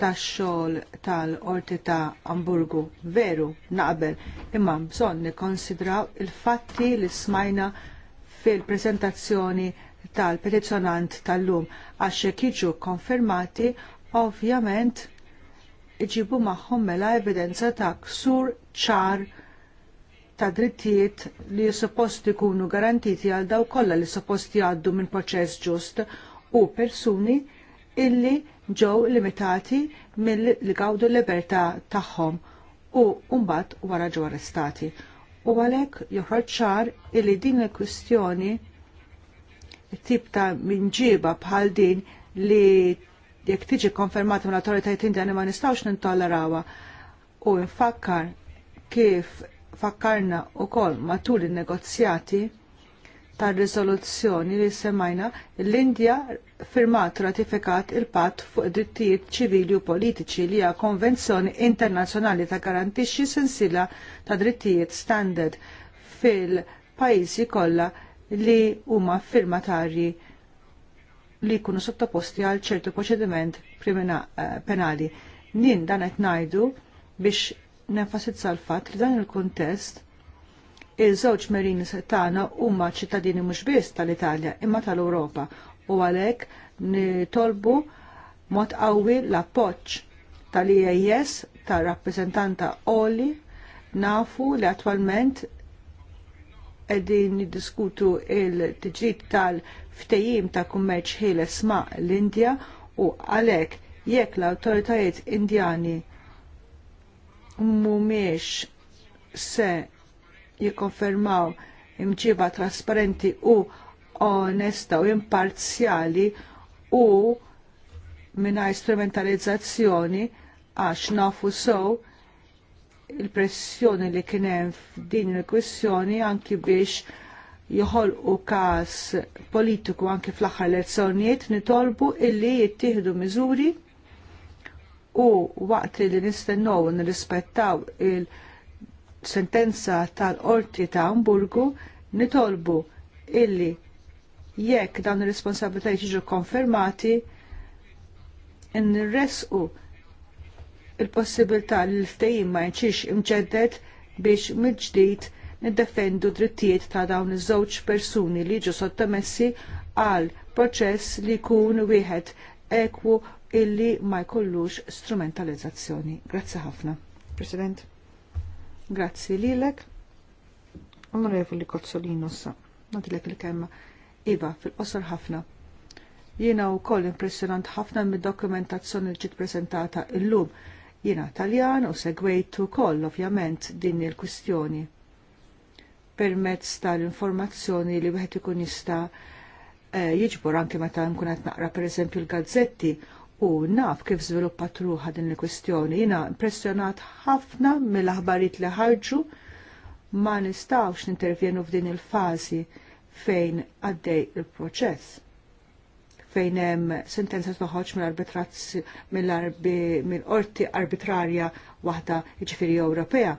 tax xogħol tal-Qorti ta' Amburgu. Veru, naqbel, imma bżonn nikkonsidraw il-fatti li smajna fil-preżentazzjoni tal-petizzjonant tal-lum għax jiġu konfermati ovvjament iġibu magħhom mela evidenza ta' ksur ċar ta' drittijiet li suppost ikunu garantiti għal daw kollha li suppost jgħaddu minn proċess ġust u persuni illi ġew limitati mill-li gawdu libertà tagħhom u mbagħad wara ġew arrestati. U għalhekk joħroġ ċar illi din il-kwistjoni tip ta' minġiba bħal din li jekk tiġi konfermata mill-autoritajiet indjani ma nistgħux nintollerawha u nfakkar kif fakkarna wkoll matul in-negozjati tar riżoluzzjoni li semajna l-Indja firmat ratifikat il-patt fuq drittijiet ċivili u politiċi li hija konvenzjoni internazzjonali ta' garantixxi sensila ta' drittijiet standard fil-pajjiżi kollha li huma firmatarji li jkunu sottoposti għal ċertu proċediment eh, penali. Nien dan qed ngħidu biex nenfasizza l fat li dan il-kuntest il żewġ merini tagħna huma ċittadini mhux biss tal-Italja imma tal-Ewropa u għalhekk nitolbu mod qawwi l-appoġġ tal-IAS tar-rappreżentanta Oli nafu li attwalment qegħdin niddiskutu il-tiġrid tal-ftejim ta' kummerċ ħieles ma' l-Indja u għalhekk jekk l-awtoritajiet Indjani mumiex se jikonfermaw imġiba trasparenti u onesta u imparzjali u minna strumentalizzazzjoni għax nafu sow il-pressjoni li kienem f'din il-kwissjoni anki biex jħol u kas politiku anki fl-axar elezzjonijiet nitolbu illi jittieħdu miżuri u waqt li nistennow nirrispettaw il-sentenza tal-qorti ta' Hamburgu nitolbu illi jekk dawn ir-responsabilitajiet jiġu konfermati nirresqu il-possibilità li l-ftehim ma jċix imġeddet biex mill-ġdid niddefendu drittijiet ta' dawn iż-żewġ persuni li jiġu sottomessi għal proċess li jkun wieħed ekwu illi ma jkollux strumentalizzazzjoni. Grazzi ħafna. President. Grazzi lilek. Onorevoli Kozzolino sa. Nadilek il-kemma. Iva, fil-qosor ħafna. Jiena u koll impressionant ħafna mid-dokumentazzjoni li ġiet prezentata illum. Jiena Taljan u segwejtu koll ovvjament din il-kwistjoni permezz tal-informazzjoni li wieħed ikun jista' eh, jiġbor anke meta nkun qed naqra pereżempju l-gazzetti u naf kif żviluppat ruħa din il-kwistjoni. Jiena impressjonat ħafna mill-aħbarijiet li ħarġu ma nistawx nintervjenu f'din il-fażi fejn għaddej il-proċess fejn hemm sentenza toħroġ mill-arbitrazzi mill-qorti arbitrarja waħda jiġifieri Ewropea.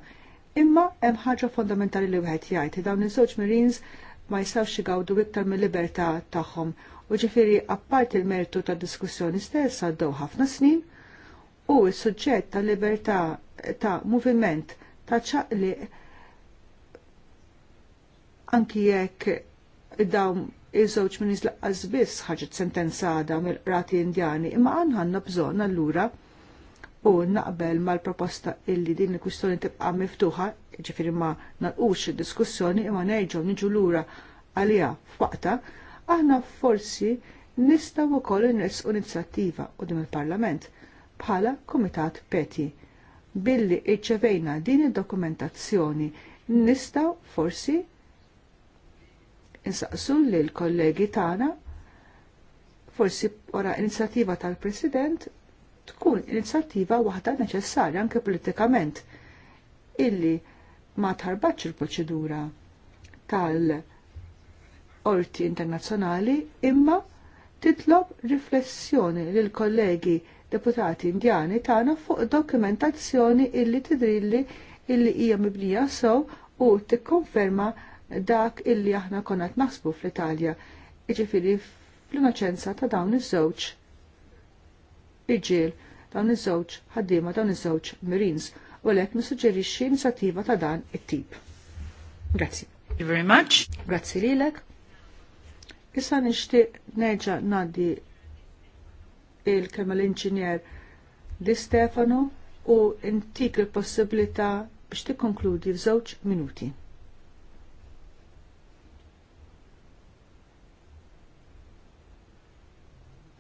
Imma hemm ħaġa fondamentali li wieħed jgħid dawn iż-żewġ Marines ma jistgħux jgawdu iktar mill-libertà tagħhom U ġifiri apparti il-mertu ta' diskussjoni stess għaddew ħafna snin u s-suġġett ta' libertà ta' moviment ta' ċaqli anki jekk dawn iż-żewġ minn iżlaqqas biss ħaġet sentenzada mill-qrati indjani imma għanħanna bżonn allura u naqbel mal-proposta illi din il-kwistjoni tibqa' miftuħa, ġifieri ma naqqux id-diskussjoni imma nerġgħu niġu lura għaliha f'waqta aħna forsi nistaw ukoll un inizjattiva qudiem il-Parlament bħala Kumitat Peti. Billi irċevejna din id-dokumentazzjoni nistaw forsi insaqsu l kollegi tagħna forsi ora inizjattiva tal-President tkun inizjattiva waħda neċessarja anke politikament illi ma tħarbatx il-proċedura tal-President orti internazzjonali imma titlob riflessjoni lil kollegi deputati indjani tagħna fuq dokumentazzjoni illi tidrilli illi hija mibnija sew u tikkonferma dak illi aħna konna naħsbu fl-Italja. Iġifieri fl-innoċenza ta' dawn iż-żewġ iġiel dawn iż-żewġ ħaddiema dawn iż-żewġ Marines u lek nisuġġerixxi inizjattiva ta' dan it-tip. Grazzi. Thank you very much. Grazzi lilek. Issa nixtieq neġa' ngħaddi il-kemm l-inġinier Di Stefano u intik il-possibilità biex tikkonkludi f'żewġ minuti.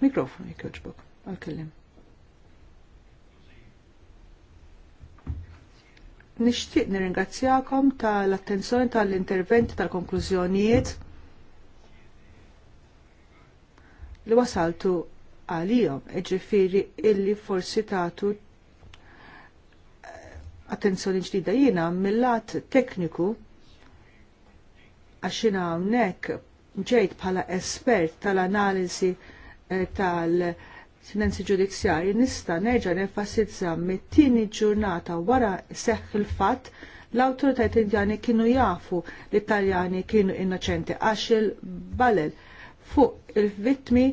Mikrofon jikjoġbok, għal-kellim. Nishtiq nirringrazzjakom tal-attenzjoni tal-interventi tal-konklużjonijiet. tal attenzjoni tal tal konklużjonijiet li wasaltu għalihom, ġifiri illi forsi tagħtu eh, attenzjoni ġdida jina mill-lat tekniku għaxina jiena hawnhekk ġejt bħala espert tal-analiżi eh, tal sinenzi ġudizzjarji nista' nerġa' nenfasizza mit-tieni ġurnata wara seħħ il-fatt l-autoritajt indjani kienu jafu l-Italjani kienu innoċenti għax il-balel fuq il-vittmi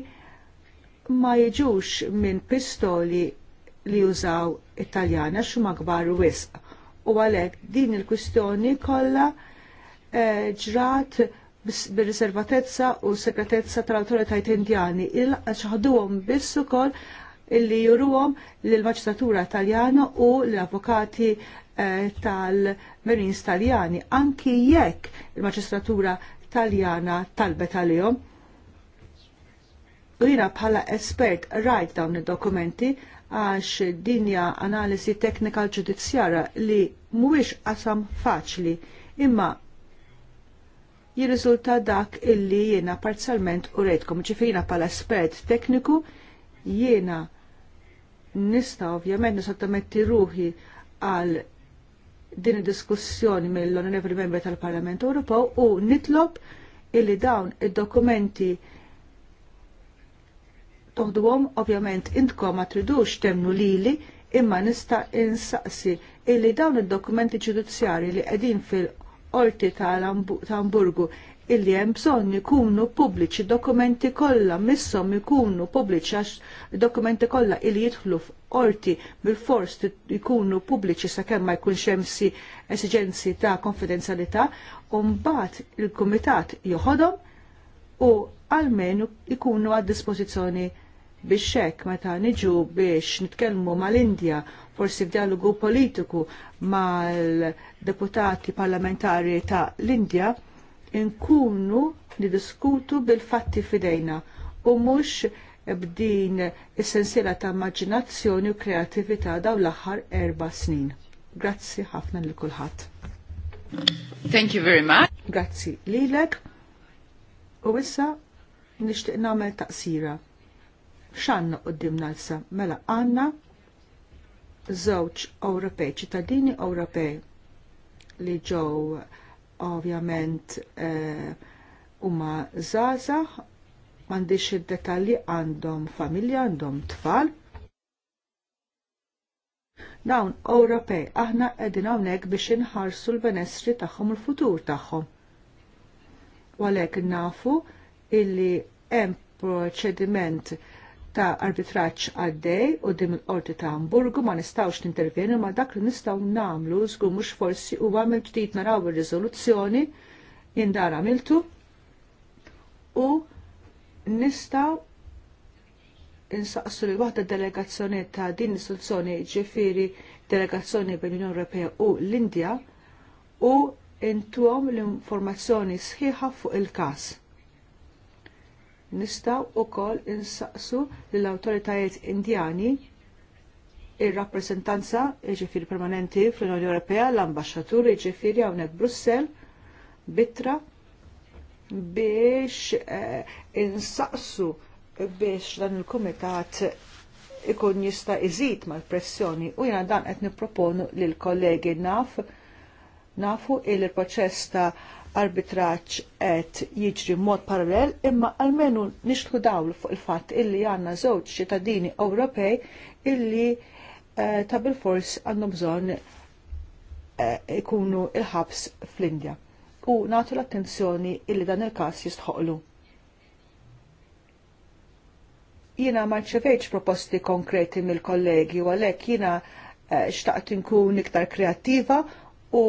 ma jiġux minn pistoli li jużaw italjana xuma kbar wisq. U għalek din il-kwistjoni kollha eh, ġrat bir-riservatezza u segretezza tal-autoritajt indjani il-ċaħduhom biss ukoll illi juruhom lill-maġistratura taljana u l-avukati eh, tal-Marines taljani anki jekk il-maġistratura taljana talbet għalihom U jina bħala espert rajt dawn id-dokumenti għax dinja analisi teknika ġudizzjara li mhuwiex qasam faċli imma jirriżulta dak illi jiena parzialment u rejtkom. Ġifina bħala espert tekniku jiena nista ovvjament nisottometti ruħi għal din id-diskussjoni mill-Onorevoli Membri tal-Parlament Ewropew u nitlob illi dawn id-dokumenti il toħduhom ovvjament intkom ma tridux temnu lili imma nista' insaqsi illi dawn id-dokumenti ġudizzjarji li qegħdin fil-qorti ta' Hamburgu illi hemm bżonn ikunu pubbliċi dokumenti kollha misshom ikunu pubbliċi għax dokumenti kollha illi jidħlu f'qorti bil-fors ikunu pubbliċi sakemm ma jkunx hemm esiġenzi ta' konfidenzjalità u mbagħad il-kumitat joħodhom u għalmen ikunu għad dispożizzjoni biex hekk meta niġu biex nitkellmu mal-Indja forsi f'dialogu politiku mal-deputati parlamentari ta' l-Indja inkunu nidiskutu bil-fatti fidejna u mhux b'din is ta' immaginazzjoni u kreatività dawn l-aħħar erba' snin. Grazzi ħafna lil kulħadd. Thank you very much. Grazzi lilek. U issa nixtieq nagħmel taqsira xanna qoddimna l-sa mela għanna żewġ Ewropej, ċittadini Ewropej li ġew ovvjament eh, huma e, żgħażagħ m'għandix id-detalji għandhom familja, għandhom tfal. Dawn Ewropej aħna qegħdin hawnhekk biex inħarsu l-benessri tagħhom l-futur tagħhom. U għalhekk nafu illi hemm proċediment ta' arbitraċ għaddej u dim il-qorti ta' Hamburgu ma nistawx nintervjenu ma dak li nistaw namlu żgur mhux forsi u għamil ġdid naraw ir-riżoluzzjoni jindar għamiltu u nistaw insaqsu li waħda delegazzjoni ta' din l-istituzzjoni ġifiri delegazzjoni l unjoni Ewropea u l-Indja u intuhom l-informazzjoni sħiħa fuq il-każ Nistaw u kol insaqsu l-autoritajiet indjani il-rappresentanza ġifiri permanenti fl-Unjoni Ewropea, l-ambasċatur ġifiri għawnek Brussel, bitra biex eh, insaqsu biex dan il-komitat ikun jista iżid mal-pressjoni u jena dan qed nipproponu lil kollegi naf nafu il proċess ta' arbitraċ qed jiġri mod parallel imma almenu nixtħu dawl fuq il-fatt illi għanna żewġ ċittadini Ewropej illi eh, ta' bil-fors għandhom bżonn eh, ikunu il-ħabs fl-Indja u nagħtu l-attenzjoni illi dan il-każ jistħoqlu. Jiena ma rċevejtx proposti konkreti mill-kollegi u għalhekk jiena eh, xtaqt inkun iktar kreattiva u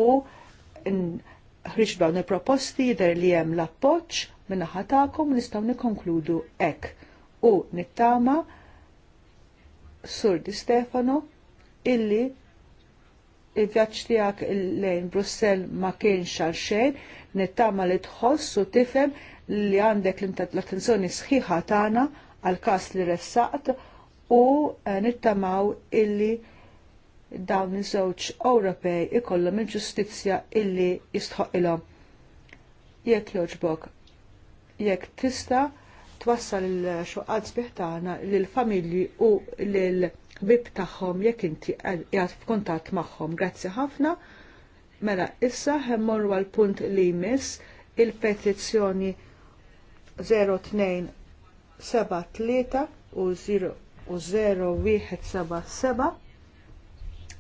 ħriġ dawn il-proposti jidher li hemm l-appoġġ minnaħa tagħkom nistgħu nikkonkludu hekk u nittama Sur Di Stefano illi il-vjaġġ tiegħek lejn Brussell ma kienx għal nittama li tħoss u tifhem li għandek l-attenzjoni sħiħa tagħna għal każ li ressaqt u eh, nittamaw illi dawn iż-żewġ Ewropej ikollhom il-ġustizzja illi jistħoqilhom. Jekk jogħġbok, jekk tista' twassal il-xoqqat sbieħ tagħna lill-familji u lill-bib tagħhom jekk inti qiegħed f'kuntatt magħhom. Grazzi ħafna. Mela issa morru għal punt li jmiss il-petizzjoni 0273 u 0 u 0177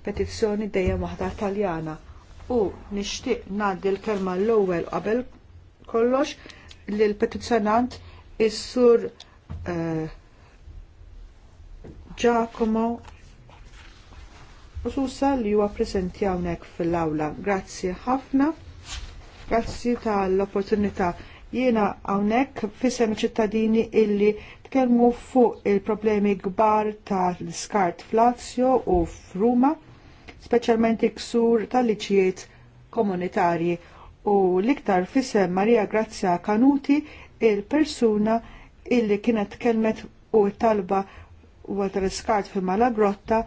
petizzjoni dejjem waħda Taljana. U nixtieq ngħaddi l-kelma l-ewwel qabel kollox lil petizzjonant is-sur eh, Giacomo Ususa li huwa preżenti hawnhekk fil-awla. Grazzi ħafna. Grazzi tal-opportunità jiena għawnek fissem ċittadini illi tkellmu fuq il-problemi kbar tal-skart flazzjo u f'Ruma speċjalment iksur tal-liċijiet komunitarji u l-iktar fisem Marija Grazia Kanuti il-persuna illi kienet kelmet u talba Walter Skart fi Mala Grotta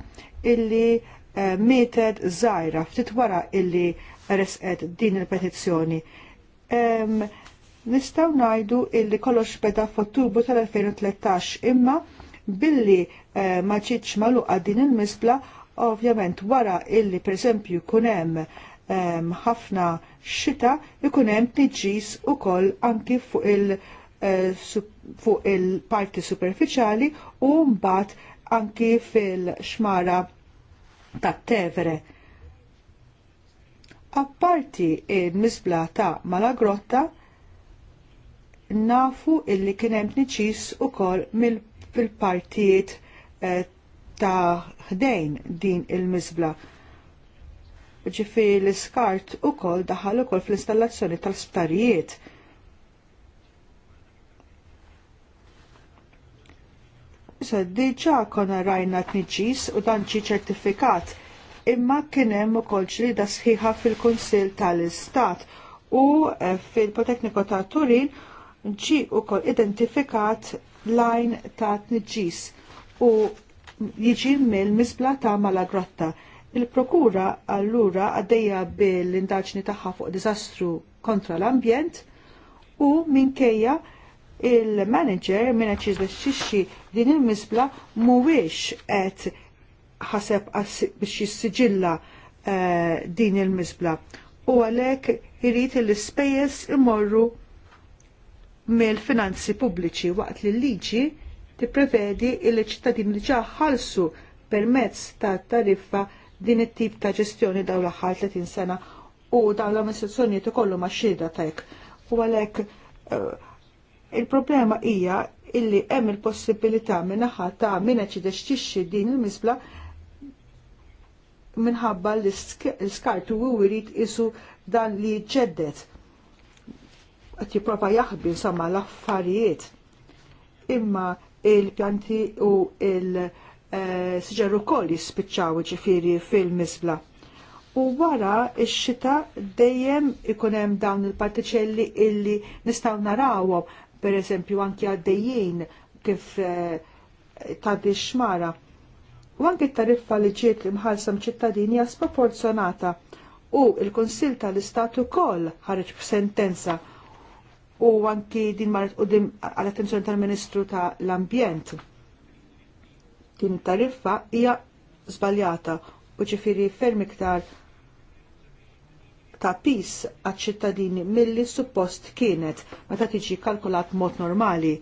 illi eh, meted zaħira ftit wara illi resqed din il-petizzjoni. Um, nistaw najdu illi kollox beda f'Ottubu tal-2013 imma billi eh, ma ċitx maluqa din il-misbla Ovvjament wara illi pereżempju jkun hemm ehm, ħafna xita ikun hemm u ukoll anki fuq il- eh, fuq il-parti superficiali u mbagħad anki fil-xmara tat-tevere. Apparti il-misbla ta' Malagrotta, nafu illi kien hemm niċis mil, fil partijiet eh, ta' ħdejn din il-mizbla. Ġifiri l-iskart u kol daħal u kol fl-installazzjoni tal-sptarijiet. Issa diġa konna rajna tniġis u dan ċertifikat imma kien hemm ukoll ġlieda sħiħa fil-Kunsill tal-Istat u eh, fil-Potekniku ta' Turin ġi wkoll identifikat lajn ta' tniġis u jiġi mill-misbla ta' Malagrotta. Il-prokura allura għaddejja bil indagġni tagħha fuq diżastru kontra l-ambjent u minkejja il-manager minna ċiżbexxixxi din il-misbla mhuwiex qed ħaseb biex jissiġilla eh, din il-misbla. U għalhekk irid il ispejjeż imorru mill-finanzi pubbliċi waqt li l-liġi tipprevedi il ċittadini li ġa ħalsu permezz ta' tariffa din it-tip ta' ġestjoni dawn l-aħħar 30 sena u dawn l-amministrazzjonijiet ikollu ma' ta' jek. U għalhekk uh, il-problema hija illi hemm il-possibilità minaħa ta' min qed din il-misbla minħabba l-skartu u jrid isu dan li ġeddet. Qed jipprova jaħbi insomma l-affarijiet. Imma il-pjanti u il-sġerru eh, koll jispiċċaw ġifiri fil-misbla. U wara il xita dejjem ikunem dawn il-partiċelli illi nistaw narawhom, per eżempju anki għaddejjien kif eh, tabi xmara. U anki tariffa li ġiet li mħalsam ċittadini hija sproporzjonata u il-Konsil tal-Istatu koll ħareġ b'sentenza sentenza u anki din marret u din għal-attenzjoni tal-Ministru tal ambjent Din tariffa hija zbaljata u ċifiri ferm iktar ta' pis għad ċittadini milli suppost kienet meta tiġi kalkulat mod normali.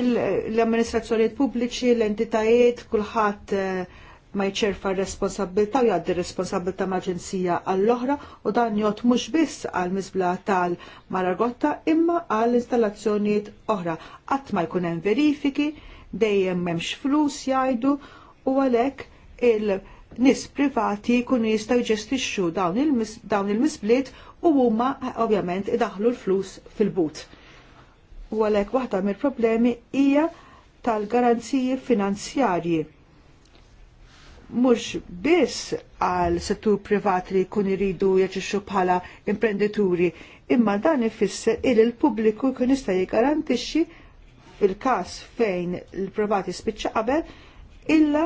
l-amministrazzjoniet pubbliċi, l-entitajiet, kulħadd uh, ma jċerfa responsabilta u jgħaddi responsabilta maġenzija għall-oħra u dan jgħot mux biss għal mizbla tal-maragotta imma għal installazzjoniet oħra. Qatt ma jkun hemm verifiki, dejjem memx flus jgħidu u għalhekk il-nis privati jkunu jista' jġestixxu dawn il-misbliet u huma ovvjament idaħlu l-flus fil-but. U għalhekk waħda mill-problemi hija tal-garanziji finanzjarji mhux biss għal settur privat li jkun iridu jaċixxu bħala imprendituri, imma dan ifisser il il-pubbliku jkun jista' jiggarantixxi fil-każ fejn il-privati spiċċa qabel illa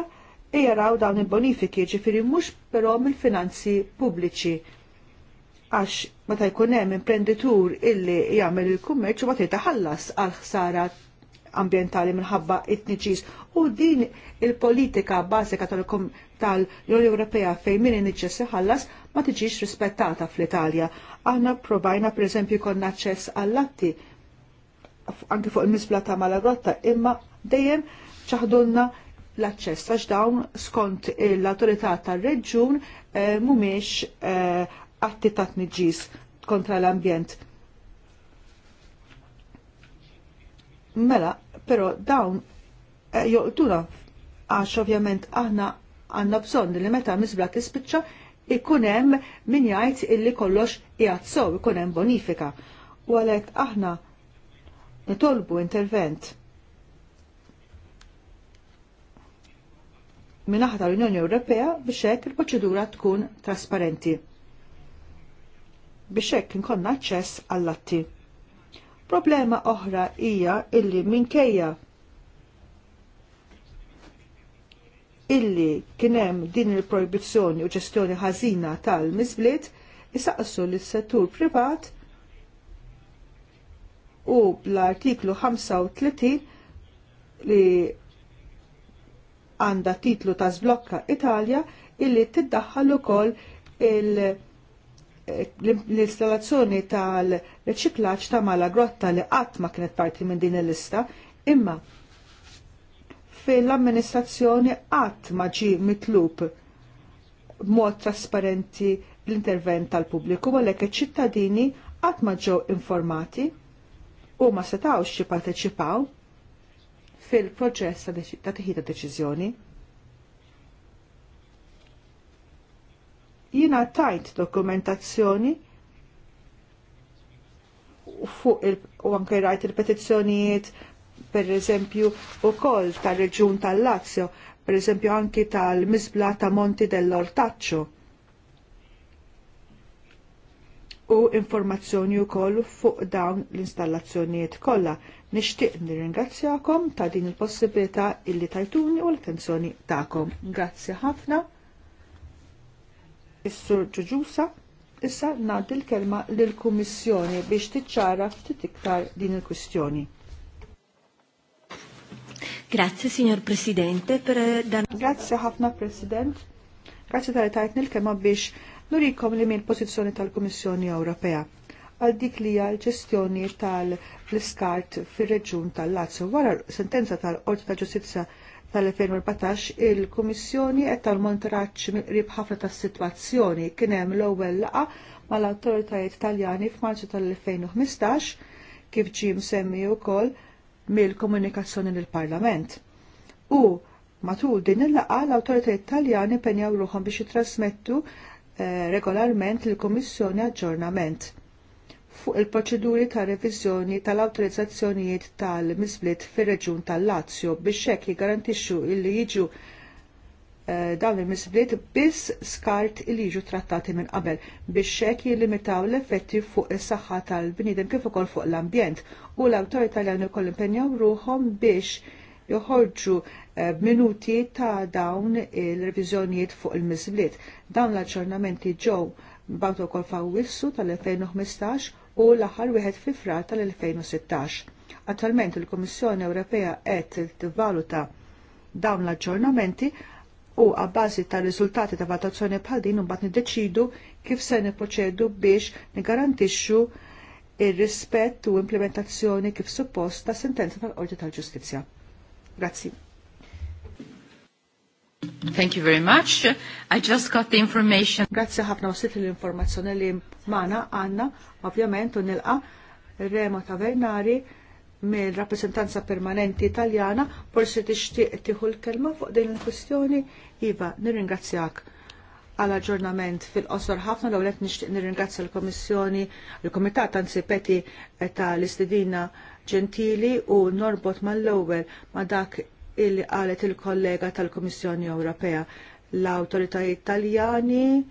jaraw dawn il-bonifiki ġifiri mhux però mill-finanzi pubbliċi għax meta jkun hemm imprenditur illi jagħmel il-kummerċ u ma tgħid ħallas għal ħsara ambjentali minħabba it-tniġis. U din il-politika bażika tal-Unjoni Ewropea fejn min in-niġġes iħallas ma tiġix rispettata fl-Italja. Aħna provajna pereżempju konna aċċess għall latti anki fuq il-misbla ta' Malagrotta, imma dejjem ċaħdulna l-aċċess għax dawn skont l-autorità tar-reġjun eh, mhumiex eh, atti ta' tniġis kontra l-ambjent. Mela, però dawn eh, joqtuna għax ovvjament aħna għanna bżonn li meta mizbla tispiċċa ikun hemm min jgħid illi kollox qiegħed sew hemm bonifika. U għalhekk aħna nitolbu intervent minn aħna l-Unjoni Ewropea biex hekk il-proċedura tkun trasparenti. Biex hekk inkonna aċċess għall-atti. Problema oħra hija illi minkejja illi kienem din il-proibizzjoni u ġestjoni ħażina tal-miżbliet, isaqsu l-settur privat u bl-artiklu 35 li għanda titlu ta' zblokka Italja illi tiddaħħal ukoll il- l-installazzjoni tal-reċiklaċ ta' mala grotta li qatt ma kienet parti minn din il-lista, imma fil-amministrazzjoni qatt ma ġi mitlub b'mod trasparenti l-intervent tal-pubbliku għalhekk iċ-ċittadini qatt ma ġew informati u ma setawx jipparteċipaw fil-proċess ta' tiħita deċiżjoni. Jiena tajt dokumentazzjoni fuq il u anke rajt il-petizzjonijiet per eżempju u koll tal-reġun tal-Lazio, per eżempju anki tal-Misbla ta' Monti dell'Ortaccio. U informazzjoni u koll fuq dawn l-installazzjonijiet kollha. Nixtieq nirringrazzjakom ta' din il-possibilità illi tajtuni u l-attenzjoni tagħkom. Grazzi ħafna is-Sur Ġuġusa, issa nagħti l-kelma lill-Kummissjoni biex tiċċara ftit iktar din il-kwistjoni. Grazie, signor Presidente, per eh, dan... Grazie, ħafna, President. Grazie tal tajtni l-kelma biex nurikom li min pozizjoni tal-Kommissjoni Ewropea għal dik li għal ġestjoni tal-iskart fir reġjun tal-Lazio. Wara sentenza tal-Qorti ta' Ġustizja tal-2014 il-Kummissjoni qed tal-monitoraġġ mill-qrib ħafna tas-sitwazzjoni kien hemm l-ewwel laqgħa mal-awtoritajiet Taljani f'Marzu tal-2015 kif ġie msemmi wkoll mill-komunikazzjoni lill-Parlament. U matul din il-laqgħa l-awtoritajiet Taljani penjaw ruħhom biex jitrasmettu eh, regolarment lill kummissjoni aġġornament fuq il-proċeduri ta' reviżjoni tal-awtorizzazzjonijiet tal-misblit fir-reġjun tal-Lazio biex hekk jiggarantixxu li jiġu eh, dawn il-misbliet biss skart il jiġu trattati minn qabel biex hekk jillimitaw l-effetti fuq is-saħħa tal-bniedem kif ukoll fuq l-ambjent u l-awtorità li jkoll impenjaw ruhom biex joħorġu eh, minuti ta' dawn il-reviżjonijiet fuq il-misbliet. Dawn l-aġġornamenti ġew bagħtu wkoll fawissu tal-2015 u l-aħħar wieħed fi frar tal-2016. Attualment il-Kummissjoni Ewropea qed tivvaluta dawn l-aġġornamenti u għabbażi tal-riżultati ta' valutazzjoni bħal din imbagħad niddeċidu kif se niproċedu biex nigarantixxu ir-rispett u implementazzjoni kif suppost ta' sentenza tal-Qorti tal-Ġustizzja. Grazzi. Thank you very much. I just got the information. Grazie ħafna wsit l-informazzjoni li mana għanna, ovvjament, u nilqa Remo Tavernari mill rappresentanza permanenti italjana, forsi tixtieq tieħu l-kelma fuq din il kwestjoni Iva, nirringrazzjak għal aġġornament fil-qosor ħafna l qed nixtieq nirringrazzja l-Komissjoni, l-Komitat Ansipeti ta' l-Istedina Ġentili u norbot mal lowel ma' dak illi qalet il-kollega tal-Komissjoni Ewropea l-autoritajiet Taljani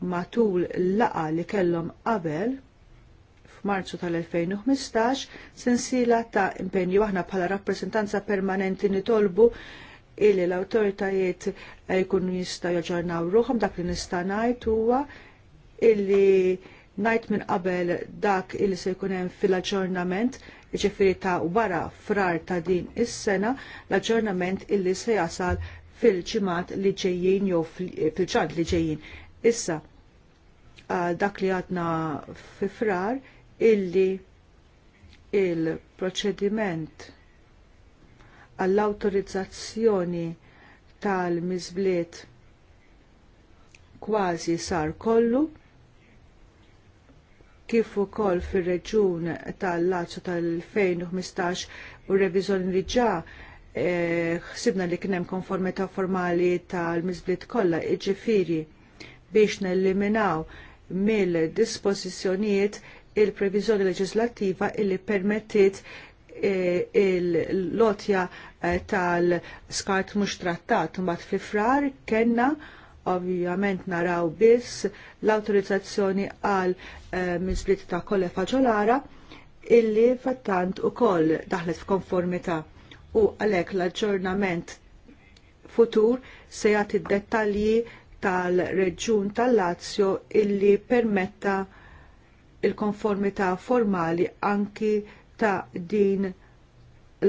matul laqa li kellhom qabel f'Marzu tal-2015 sensiela ta' impenju aħna bħala rappresentanza permanenti nitolbu illi l-autoritajiet jkunu jista' jaġġornaw ruhom dak li nista' ngħid huwa illi ngħid minn qabel dak illi se jkun hemm fil-aġġornament ġifiri ta' wara frar ta' din is-sena l-aġġornament illi se jasal fil-ġimat li ġejjin jew fil-ġant li ġejjin. Issa, dak li għadna fi frar illi il-proċediment għall awtorizzazzjoni tal-mizbliet kważi sar kollu kif ukoll fir reġjun tal-Lazzu tal-2015 u reviżjoni li ġa eh, ħsibna li kien hemm konformità formali tal-miżbliet kollha, jiġifieri biex nelliminaw mill-dispożizzjonijiet il-previżjoni leġislattiva illi permettiet eh, il-lotja eh, tal-skart mhux trattat mbagħad fi frar kellna ovvjament naraw biss l-autorizzazzjoni għal eh, mizlit ta' kolle ġolara illi fattant u koll daħlet f'konformità u għalek l-aġġornament futur se jagħti dettalji tal-reġjun tal-Lazio illi permetta il-konformità formali anki ta' din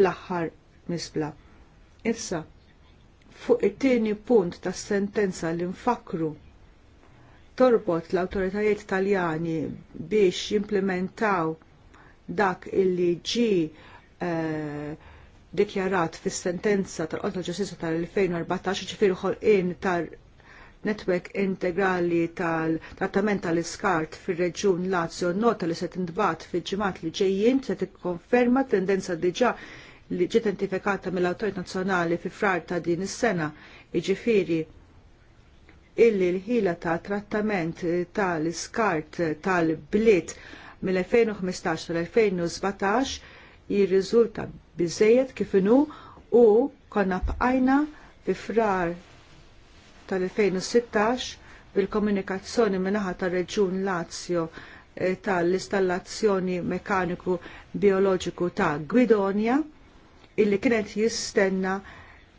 l-aħħar misbla. Issa, Fuq it-tieni punt tas-sentenza li nfakru torbot l-autoritajiet taljani biex jimplementaw dak illi ġi eh, dikjarat fis sentenza tal-Qorta Ġustizja tal-2014 ġifieri ħolqien tar netwerk integrali tal-trattament tal-iskart fir-reġjun Lazio nota li se tintbat fil-ġimgħat li ġejjin se tikkonferma tendenza diġà li ġiet identifikata mill-Awtorit Nazzjonali fi frar ta' din is-sena, jiġifieri illi l-ħila ta' trattament tal-iskart tal-bliet mill-2015 tal-2017 jirriżulta biżejjed kif inhu u konna bqajna fi frar tal-2016 bil-komunikazzjoni minnaħa tar reġjun Lazio eh, tal-installazzjoni mekaniku bioloġiku ta' Guidonia illi kienet jistenna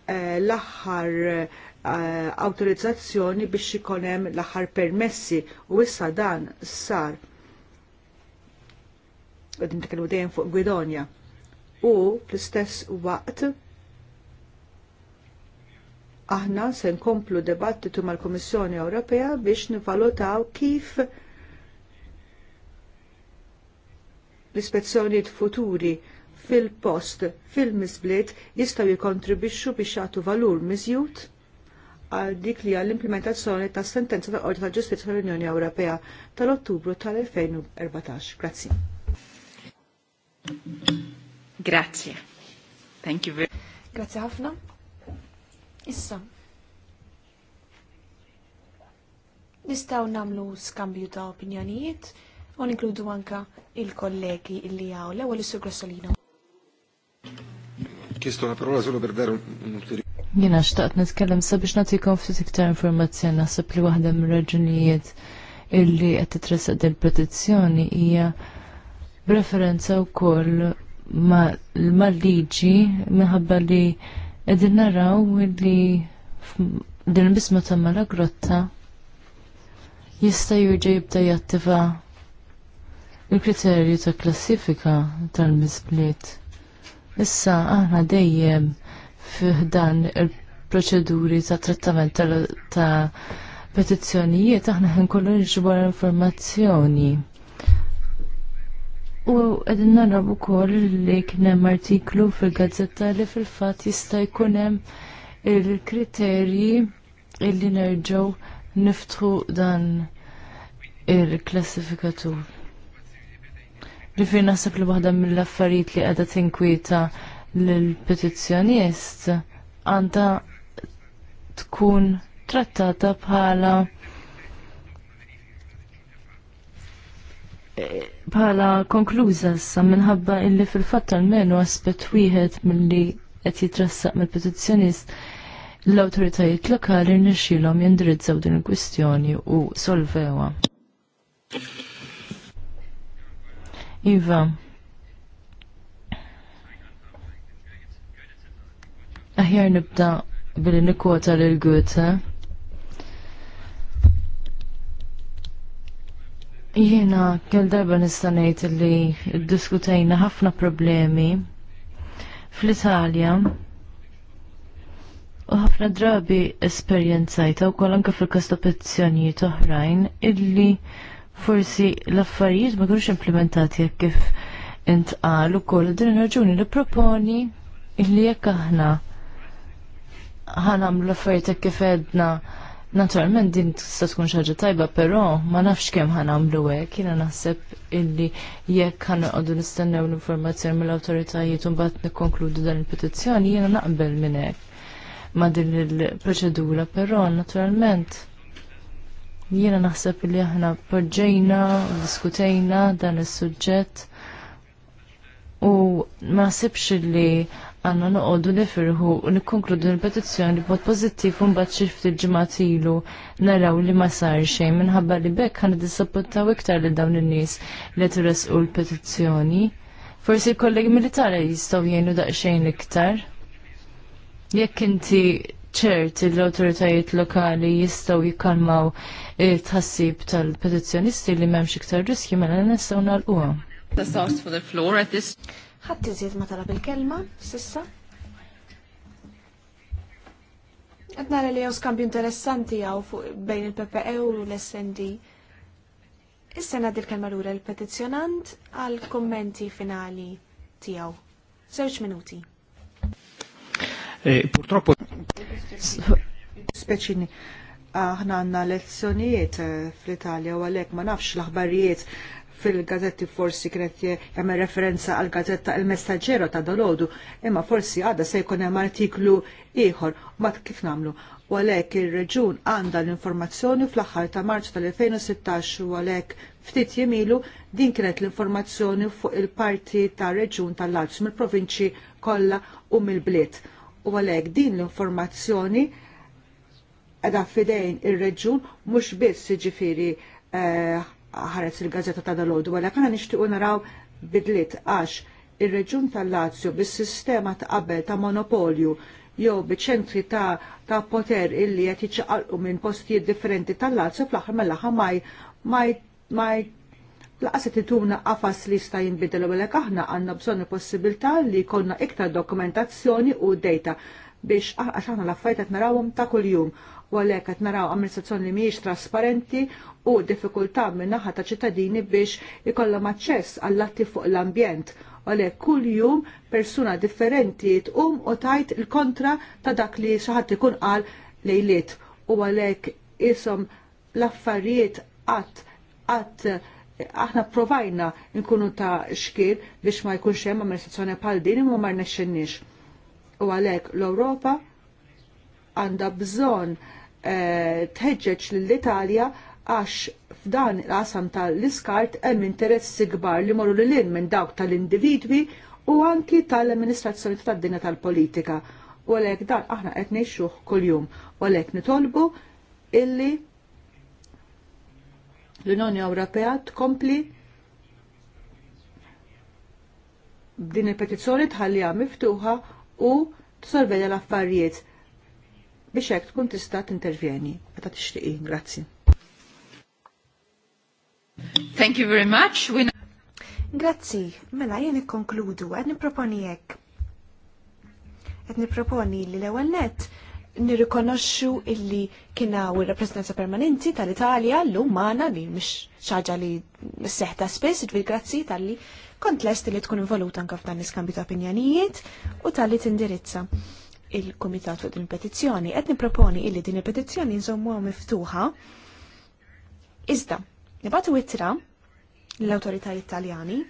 eh, l-aħħar eh, awtorizzazzjoni biex ikun hemm l-aħħar permessi u issa dan sar qegħdin nitkellmu dejjem fuq Gwidonja. U fl-istess waqt aħna se nkomplu debattitu mal-Kummissjoni Ewropea biex nivalutaw kif l-ispezzjonijiet futuri fil-post, fil misblit jistaw jikontribixxu biex jagħtu valur miżjud għal dik li għall-implementazzjoni ta' sentenza ta' Qorti ta' Ġustizja tal-Unjoni Ewropea tal-Ottubru tal-2014. Grazzi. Grazie. Thank you very much. Grazie ħafna. Issa. Nistaw namlu skambju ta' opinjonijiet u ninkludu anka il-kollegi illi għaw l-ewwel is-Sur Grossolino chiesto la parola solo per dare un, ulteriore. Jina xtaqt nitkellem sabiex natikom ftit iktar informazzjoni naħseb li waħda mir-raġunijiet illi qed titresaq del protezzjoni hija b'referenza wkoll ma' liġi minħabba li qegħdin naraw illi din bisma ta' mala grotta jista' jirġa' jibda jattiva il-kriterju ta' klassifika tal-misbliet. Issa aħna dejjem fiħdan il-proċeduri ta' trattament ta' petizzjonijiet aħna ħin kollu nġibu informazzjoni. U għedin narrab ukoll li kienem artiklu fil-gazzetta li fil-fat jista' kunem il-kriterji illi nerġaw niftħu dan il-klassifikatur. Rifir nasab naħseb li waħda mill-affarijiet li qiegħda tinkwita lill-petizzjonist għandha tkun trattata bħala eh, bħala konkluża sa minħabba illi fil-fatt menu aspett wieħed milli qed jitrassaq mill-petizzjonist l-awtoritajiet lokali nixxilhom jindirizzaw din il-kwistjoni u solvewa. Iva. Aħjar nibda billi nikwota lil Goethe. Jiena kell darba nista' ngħid li ddiskutejna ħafna problemi fl-Italja u ħafna drabi esperjenzajta u kol anka fil-kas ta' petizzjonijiet oħrajn illi forsi l-affarijiet ma kienux implementati jekk kif intqal ukoll din ir-raġuni li proponi illi jekk aħna ħanam l-affarijiet jekk kif għedna Naturalment din tista' tkun xaġa tajba, però ma nafx kemm ħanamlu hekk, jiena naħseb illi jekk ħanqogħdu nistennew l-informazzjoni mill-awtoritajiet u mbagħad nikkonkludu dan il-petizzjoni jiena naqbel minn hekk ma' din il-proċedura, però naturalment Jiena naħseb li aħna u diskutejna dan is-suġġett u ma naħsibx li għanna noqodu nifirħu u nikkonkludu l-petizzjoni b'mod pożittiv u mbagħad xi ftit ġimgħa tilu naraw li ma sar xejn minħabba li bekk ħan dissappuntaw iktar lil dawn in-nies li qed iresqu l-petizzjoni. Forsi l-kollegi militari jistgħu jgħinu daqsxejn iktar. Jekk inti ċert l awtoritajiet lokali jistgħu jikkalmaw tħassib tal-petizzjonisti li m'hemmx iktar riski mela nistgħu nagħlquha. Ħadd iżjed ma talab il-kelma s'issa. Qed nara li jew skambju interessanti għaw fuq bejn il-PPE u l-SND. Issa ngħaddi l-kelma lura l-petizzjonant għal kummenti finali tiegħu. Żewġ minuti. E, purtroppo. Speċini, aħna għanna lezzjonijiet eh, fl-Italja u għalek ma nafx l-aħbarijiet fil-gazzetti forsi kienet jagħmel referenza għal gazetta il messagġero ta' dalodu, imma forsi għadda se jkun hemm artiklu ieħor, ma kif namlu U għalek il reġun għanda l-informazzjoni fl-aħħar ta' Marzu tal-2016 u għalhekk ftit jemilu din kienet l-informazzjoni fuq il-parti ta' reġun tal-Lazio mill-provinċi kollha u mill-bliet u għalhekk din l-informazzjoni edha fidejn ir-reġun mhux biss jiġifieri eh, ħares il-gazzetta ta' dalodu, għalek għana nixtiequ naraw bidliet għax ir-reġun tal-Lazio bis-sistema ta' qabel ta' monopolju jew biċentri ta', ta poter illi qed jiċċaqalqu minn postijiet differenti tal-Lazio fl-aħħar mill-aħħar laqas qed ituna qafas li jista' jinbidel u għalek aħna għandna bżonn il-possibilità li jkollna iktar dokumentazzjoni u data biex għax aħna l-affarijiet qed narawhom ta' kuljum u għalhekk qed naraw amministrazzjoni li mhijiex trasparenti u diffikultà min-naħa ta' ċittadini biex ikollhom aċċess għall-atti fuq l-ambjent għalek kull jum persuna differenti tqum u tajt il-kontra ta' dak li xaħat ikun qal lejliet u għalek isom l-affarijiet għat għat aħna provajna nkunu ta' xkir biex ma jkunx hemm amministrazzjoni bħal din imma ma rnexxinniex. U għalhekk l-Ewropa għandha bżonn eh, tħeġġeġ lill-Italja għax f'dan l-qasam tal-iskart hemm interessi kbar li morru lil minn dawk tal-individwi u anki tal-amministrazzjoni tad-dinja tal-politika. U għalhekk dan aħna qed ngħixuh kuljum. U għalhekk nitolbu illi l-Unjoni Ewropea tkompli b'din il-petizzjoni tħallija miftuħa u tsorveja l-affarijiet biex hekk tkun tista' tintervjeni meta tixtiqi. Grazzi. Thank you very much. We... Grazzi, mela jien ikkonkludu qed niproponi hekk. Qed niproponi li l-ewwel nirrikonoxxu illi u il-rappresentanza permanenti tal-Italja l-lum li mx xaġa li s-seħta spess, ġvil grazzi tal-li kont lest li tkun involuta anka f'dan l-iskambju ta' opinjonijiet u tal-li tindirizza il-Komitat fuq din il-petizzjoni. Qed nipproponi illi din il-petizzjoni nżommuha miftuħa. Iżda, nibatu ittra l-autorità Italjani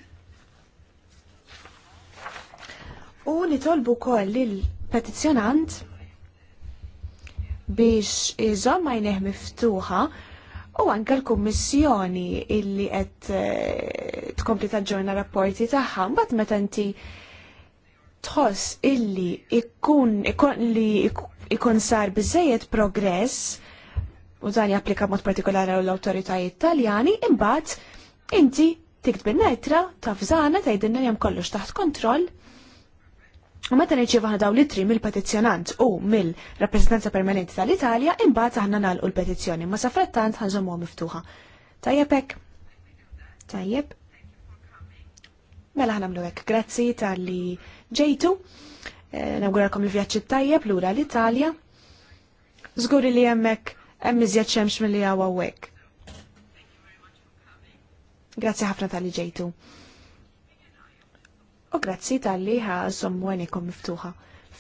u nitolbu koll il-petizzjonant biex iżomma jneħ miftuħa u anke l-kummissjoni illi qed eh, tkompli taġġorna rapporti tagħha mbagħad meta inti tħoss illi ikun li ikun sar biżejjed progress u dan japplika mod partikolari l awtoritajiet Taljani imbagħad inti tiktbin netra tafżana tgħidilna hemm kollox taħt kontroll U meta nirċievu aħna dawn litri mill-petizzjonant u mill-rappreżentanza permanenti tal-Italja, imbagħad aħna nagħlqu l-petizzjoni, ma safrattant ħanżommuha miftuħa. Tajjeb hekk. Tajjeb. Mela ħnamlu hekk. Grazzi tal-li ġejtu. Eh, nawguralkom il-vjaġġ tajjeb lura l-Italja. Żguri li hemmhekk hemm iżjed xemx milli hawnhekk. Grazzi ħafna tal-li ġejtu u grazzi tal-li ħazom għanikom miftuħa.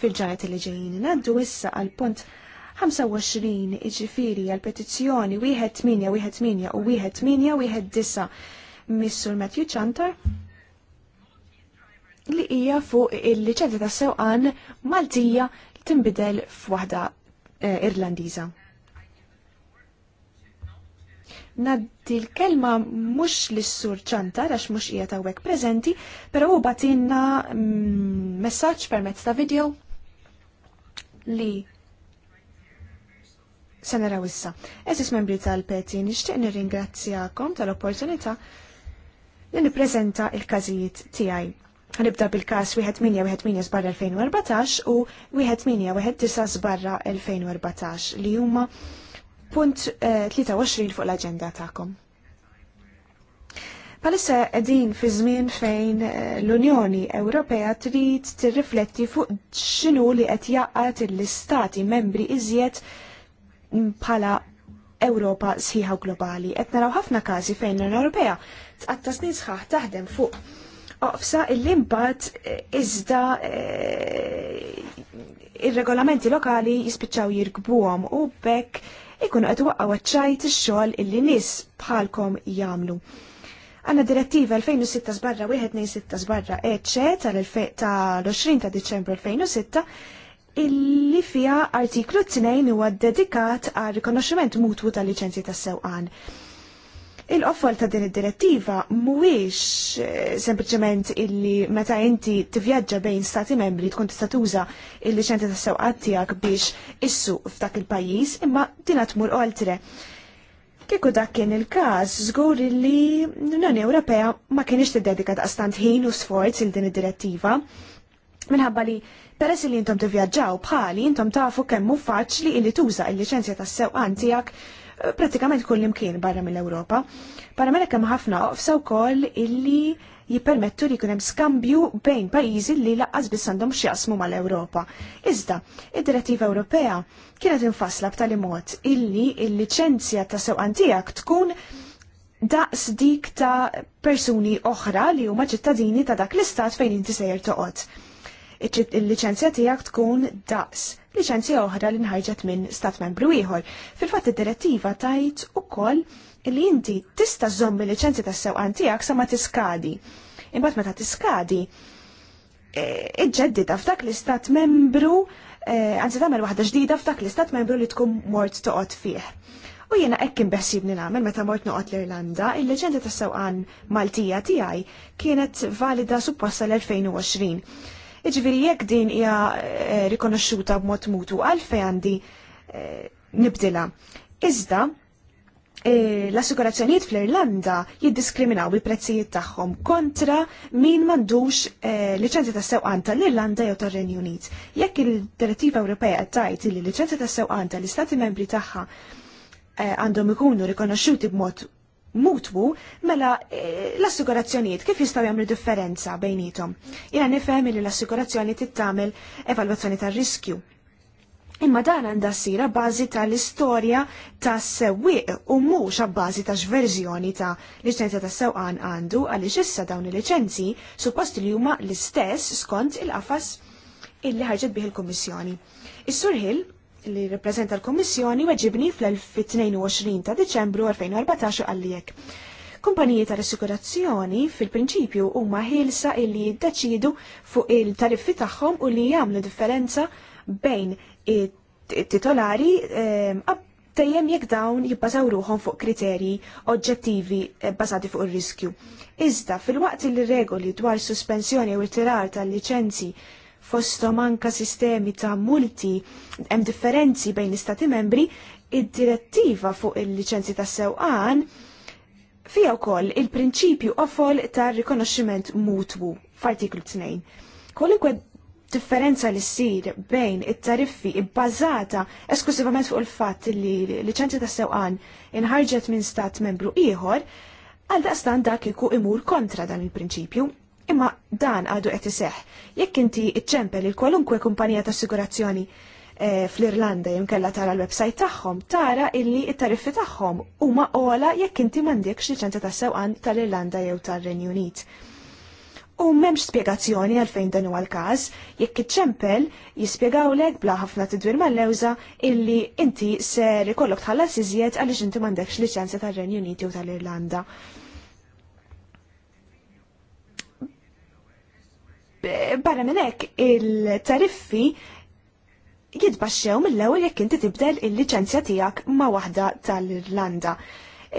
Fil-ġajet li ġejjin naddu issa għal-punt 25 iġifiri għal-petizjoni 8 1 u 1 Missur Matthew Chantar li hija fuq il-liċenza ta' sewqan Maltija timbidel f'waħda eh, Irlandiża. Naddi l-kelma mux l-sur ċanta, għax mux ija tawek prezenti, pero u batinna mm, messaċ permezz ta' video li senera wissa. Eżis membri tal-peti, nishtiq nirringrazzjakom tal-opportunità li niprezenta il-kazijiet tiegħi. Nibda bil-kas 1-8-1-8 sbarra 2014 u 1-8-1-9 sbarra 2014 li huma punt 23 eh, fuq l-agenda ta'kom. Palissa edin fi żmien fejn eh, l-Unjoni Ewropea trid tirrifletti fuq x'inhu li qed jaqgħad l-istati membri iżjed mm, bħala Ewropa sħiħa globali. Qed naraw ħafna każi fejn l-Unjoni Ewropea tqatta snin sħaħ taħdem fuq oqsa l-imbat eh, iżda ir-regolamenti lokali jispiċċaw jirkbuhom u bekk ikunu qed waqgħu ċajt ix-xogħol illi nies bħalkom jagħmlu. Għanna direttiva 2006 sbarra 126 sbarra EC tal-20 ta' Diċembru 2006 illi fija artiklu 2 huwa dedikat għal rikonoxximent mutwu tal-liċenzji tas-sewqan. Il-qoffol ta' din id-direttiva mhuwiex eh, sempliċement illi meta inti tivvjaġġa bejn stati membri tkun tista' tuża il liċenzja tas sewqat tiegħek biex issuq f'dak il-pajjiż imma din tmur oltre. Kieku dak kien il-każ, żgur li l-Unjoni Ewropea ma kienx tiddedika stant ħin u sforz il din id-direttiva minħabba li peress li intom tivvjaġġaw bħali intom tafu kemm hu faċli illi tuża il-liċenzja tas-sewqan tiegħek pratikament kull imkien barra mill-Ewropa. Barra mela kemm ħafna oqfsa wkoll illi jippermettu li kunem skambju bejn pajizi li laqqas biss għandhom xjaqsmu mal-Ewropa. Iżda, id-direttiva Ewropea kienet infasla b'tali mod illi il-licenzja ta' sewqantijak tkun daqs dik ta' persuni oħra li huma ċittadini ta' dak l-istat fejn inti sejjer toqgħod il-licenzja tiegħek tkun daqs licenzja oħra li nħajġet minn stat membru ieħor. Fil-fatt id-direttiva tajt ukoll li inti tista' zombi licenzja tas-sewqan tiegħek sa ma tiskadi. Imbagħad meta tiskadi, e, iġġeddita f'dak l-istat membru, għanzi e, tagħmel waħda ġdida f'dak l-istat membru li tkun mort toqgħod fih. U jiena hekk imbeħsibni nagħmel meta mort noqgħod l-Irlanda, il-leġenda tas sewqan Maltija tiegħi kienet valida supposta l-2020. Iġviri jekk din hija eh, rikonoxxuta b'mod mutu għalfej għandi eh, nibdilha. Iżda eh, l assigurazzjonijiet fl-Irlanda jiddiskriminaw il-prezzijiet tagħhom kontra min m'għandux liċenzi ta' sewqan tal-Irlanda jew tar-Renju Unit. Jekk il-Direttiva Ewropea tajt li liċenzi ta' sewqan tal-Istati Membri tagħha għandhom ikunu rikonoxxuti b'mod mutbu mela eh, l-assigurazzjonijiet kif jistaw jagħmlu differenza bejnietom. Jiena nifhem li l-assigurazzjoni tittamel evalwazzjoni tar-riskju. Imma dan għandha ssir bażi tal-istorja tas-sewwieq u mhux abbażi ta' x'verżjoni ta' liċenzja ta' sewqan għandu għaliex issa dawn il-liċenzji suppost li huma l-istess skont il-qafas illi ħarġet bih il-Kummissjoni. Is-Sur Hill li reprezenta l-Kommissjoni weġibni fl-22 ta' Deċembru 2014 għallijek. Kumpaniji ta' assikurazzjoni fil-prinċipju huma ħilsa illi jiddeċidu fuq il-tariffi tagħhom u li jagħmlu differenza bejn it-titolari tejjem ehm, jekk dawn jibbażaw ruħom fuq kriterji oġġettivi bbażati eh, fuq ir-riskju. Iżda fil-waqt il regoli dwar suspensjoni u r-tirar tal-liċenzi fostom anka sistemi ta' multi hemm differenzi bejn istati membri, id-direttiva fuq il-liċenzi ta' sewqan fija wkoll il-prinċipju qofol ta' rikonoxximent mutwu f'artiklu 2. Kwalunkwe differenza li ssir bejn it-tariffi bbażata esklusivament fuq il-fatt li liċenzi ta' sewqan inħarġet minn stat membru ieħor, għal daqstan dak iku imur kontra dan il-prinċipju imma dan għadu qed iseħħ. Jekk inti iċċempel il kwalunkwe kumpanija ta' assigurazzjoni eh, fl-Irlanda jimkella tara l-websajt tagħhom, tara illi it-tariffi tagħhom huma ola jekk inti m'għandekx liċenza ta' sewqan tal-Irlanda jew tar-Renju Unit. U m'hemmx spjegazzjoni għalfejn dan huwa l-każ, jekk iċċempel jispjegawlek bla ħafna tidwir mal-lewża illi inti ser ikollok tħallas iżjed għaliex inti m'għandekx liċenza tar-Renju Unit jew tal-Irlanda. barra minn hekk il-tariffi jitbaxxew mill-ewwel jekk inti tibdel il-liċenzja tiegħek ma' waħda tal-Irlanda.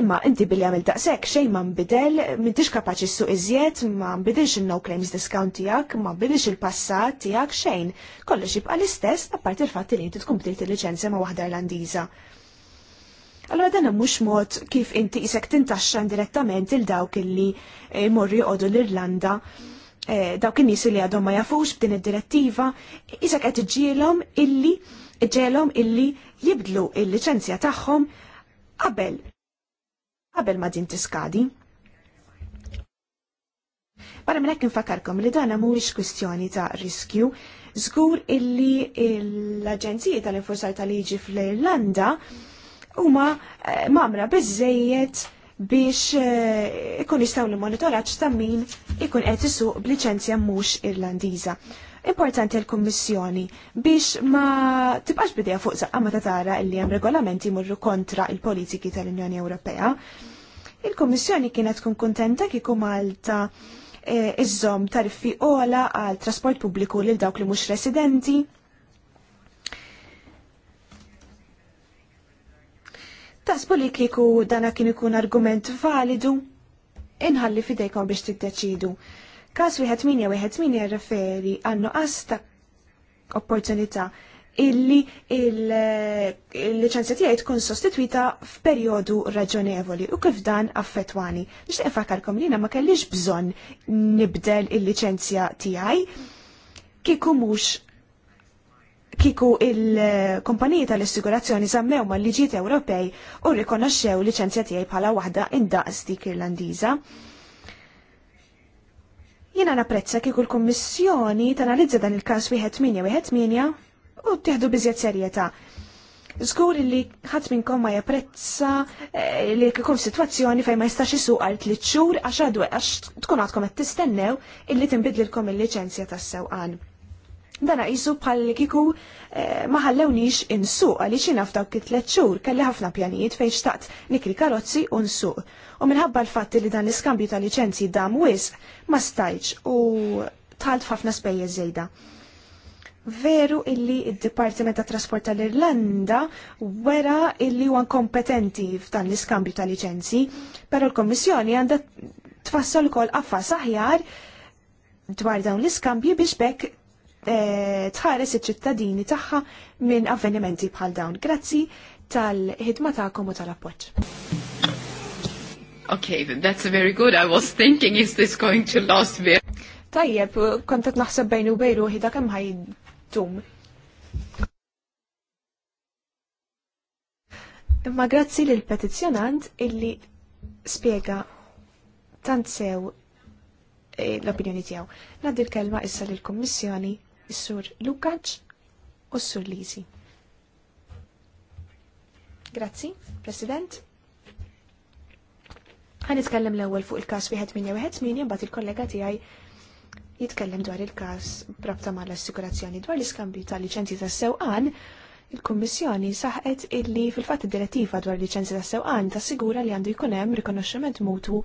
Imma inti billi għamil daqshekk xejn ma nbidel, mintix kapaċi ssuq iżjed, ma nbidilx il-no claims discount tiegħek, ma nbidilx il-passat tiegħek xejn. Kollox jibqa l-istess, apparti l fatt li inti tkun bdejt il liċenzja ma waħda irlandiża. Allora dan mhux mod kif inti isek tintaxxan direttament il dawk illi eh, morri joqogħdu l-Irlanda Eh, dawk in-nies li għadhom ma jafux b'din id-direttiva, issa qed iġielhom illi ġelhom illi jibdlu il-liċenzja tagħhom qabel qabel ma din tiskadi. Barra minn hekk infakarkom li dan mhuwiex kwistjoni ta' riskju, żgur illi l-Aġenziji tal-Infurzar tal-Liġi fl-Irlanda huma eh, mamra biżejjed biex eh, ikun jistgħu li monitoraċ ta' min ikun qed isuq b'liċenzja mhux Irlandiża. Importanti l-Kummissjoni biex ma tibqax bidea fuq saqqa meta tara li hemm regolamenti jmorru kontra il-politiki tal-Unjoni Ewropea. Il-Kummissjoni kienet tkun kuntenta kieku Malta eh, iżżomm tariffi ola għal trasport pubbliku lil dawk li mhux residenti Tasbu li kieku dana kien ikun argument validu? Inħalli fidejkom biex tiddeċidu. Kas wieħed minja wieħed minja referi għannu asta opportunità illi il-liċenzja tiegħi tkun sostitwita f'perjodu raġonevoli u kif dan affettwani. Nixtieq infakarkom li ma kellix bżonn nibdel il-liċenzja tiegħi kieku mhux kiku il-kompaniji tal-assigurazzjoni sammew ma liġiet Ewropej u rikonoxxew liċenzja tiegħi bħala waħda indaqs dik Irlandiża. Jiena napprezza kieku l-Kummissjoni tanalizza dan il-każ wieħed minja wieħed minja u tieħdu biżjed serjetà. Żgur li ħadd minnkom ma japprezza eh, li kiekom sitwazzjoni fejn ma jistax isuq għal tliet xhur għax għadu għax tkun għadkom qed tistennew illi tinbidlilkom il-liċenzja tas-sewqan dan jisu bħal kiku eh, ma ħallewniex insuq għaliex jiena f'dawk it xhur kelli ħafna pjanijiet fejn xtaqt nikri karozzi u nsuq. U minħabba l fatti li dan l-iskambju ta' liċenzji dam wisq ma stajċ u tħalt ħafna spejjeż żejda. Veru illi id-Dipartiment ta' Trasport tal-Irlanda wera illi huwa kompetenti f'dan l-iskambju ta' licenzi, però l-Kommissjoni għandha tfassal ukoll qafas aħjar dwar dawn l-iskambji biex bekk Eh, tħares iċ-ċittadini tagħha minn avvenimenti bħal dawn. Grazzi tal-ħidma tagħkom u tal-appoġġ. Okay, that's very good. I was thinking, is this going to last me? Tajjeb, kontet naħseb bejn u bejru ħida kemm ħajdum. Imma grazzi lil petizzjonant illi spiega tant sew eh, l-opinjoni tiegħu. Nadi l-kelma issa lill-Kummissjoni is-sur Lukaċ u s-sur Lisi. Grazzi, President. Għan nitkellem l-ewwel fuq il-każ wieħed minja wieħed minja mbagħad il-kollega tiegħi jitkellem dwar il-każ brabta mal-assikurazzjoni dwar l-iskambju tal licenzi tas-sewqan il-Kommissjoni saħet illi fil-fatt direttiva dwar liċenzi ta' sewqan ta' sigura li għandu jkun hemm rikonoxximent mutu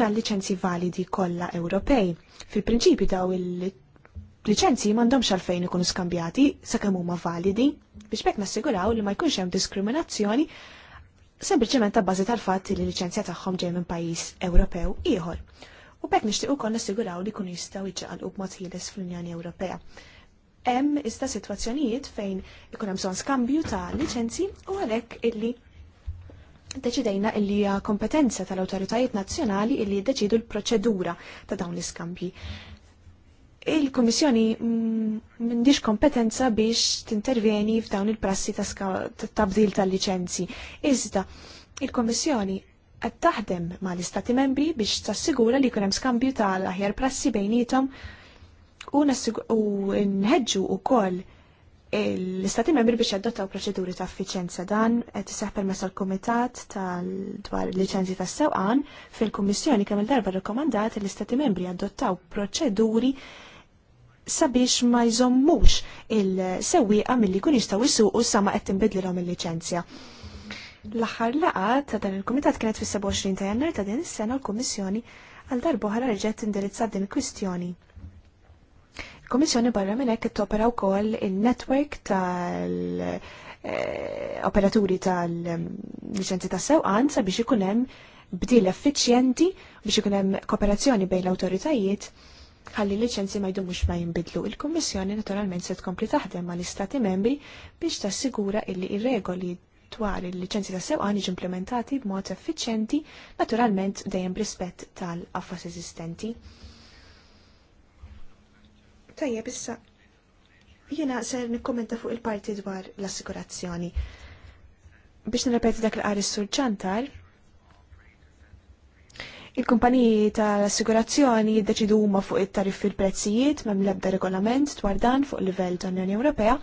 tal-liċenzi validi kollha Ewropej. Fil-prinċipju daw il liċenzi m'għandhomx għalfejn ikunu skambjati sakemm huma validi biex bekk nassiguraw li ma jkunx hemm diskriminazzjoni sempliċement ta' bażi tal-fatt li l-liċenzja tagħhom ġej minn pajjiż Ewropew ieħor. U bekk nixtieq ukoll nassiguraw li jkunu jistgħu jiċċaqalqu b'mod ħieles fl-Unjoni Ewropea. Hemm iżda sitwazzjonijiet fejn ikun hemm bżonn skambju ta' liċenzi u għalhekk illi deċidejna illi hija kompetenza tal-awtoritajiet nazzjonali illi jiddeċidu l-proċedura ta' dawn l-iskambji il-Komissjoni m'għandix kompetenza biex tintervjeni f'dawn il-prassi ta' tabdil tal-liċenzi. Iżda, il-Komissjoni qed taħdem ma' l-Istati membri biex tassigura li jkun hemm skambju tal-aħjar prassi bejnietom u nħeġġu wkoll l-istati membri biex jaddottaw proċeduri ta' effiċenza dan qed iseħħ permess għal kumitat dwar liċenzi tas sewqan fil-Kummissjoni kemm il-darba li l-istati membri jaddottaw proċeduri sabiex ma jżommux il-sewwieqa milli kun jistgħu jsuqu sama qed tinbidlilhom il-liċenzja. L-aħħar laqgħa ta' dan il-Kumitat kienet fis-27 ta' Jannar ta' din is-sena l-Kummissjoni għal darbohra reġgħet tindirizza din il-kwistjoni. Il-Kummissjoni barra minn hekk ittopera wkoll il-netwerk tal-operaturi tal eh, liċenzi tas-sewqan sabiex ikun hemm bdil effiċjenti biex ikun hemm kooperazzjoni bejn l-awtoritajiet ħalli liċenzi ma jdumux ma jimbidlu. Il-Kommissjoni naturalment se tkompli taħdem ma l-Istati membri biex tassigura illi ir-regoli dwar il-liċenzi ta' sewqan jiġu implementati b'mod effiċjenti, naturalment dejjem b'rispett tal-affas eżistenti. Tajjeb issa jiena ser nikkommenta fuq il-parti dwar l assigurazzjoni Biex nirrepeti dak l-qari surġantar, Il-kumpaniji tal-assigurazzjoni jiddeċidu huma fuq it tariff fil-prezzijiet mem l-ebda regolament dwar dan fuq livell ta' Unjoni Ewropea.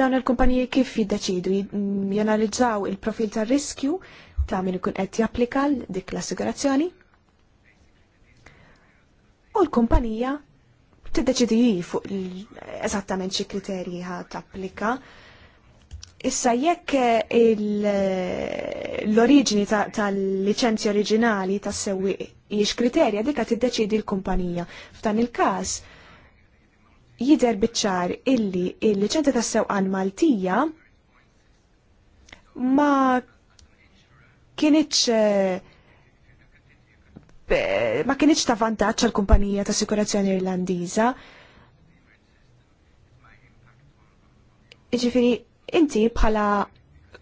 Dawn il-kumpaniji kif jiddeċidu mm, janalizzaw il-profil tar-riskju ta' min ikun qed japplika dik l-assigurazzjoni. U l-kumpanija tiddeċidi fuq eżattament xi kriterji ħa tapplika. applika Issa jekk eh, eh, l-oriġini tal-licenzi oriġinali tas sewwi jiex kriterja dikka tiddeċidi l-kumpanija. F'dan il-każ jider biċċar illi il-licenza tas sewqan Maltija ma kienieċ eh, ma kinitx ta' vantaġġ għal kumpanija ta' sikurazzjoni Irlandiża. Jiġifieri inti bħala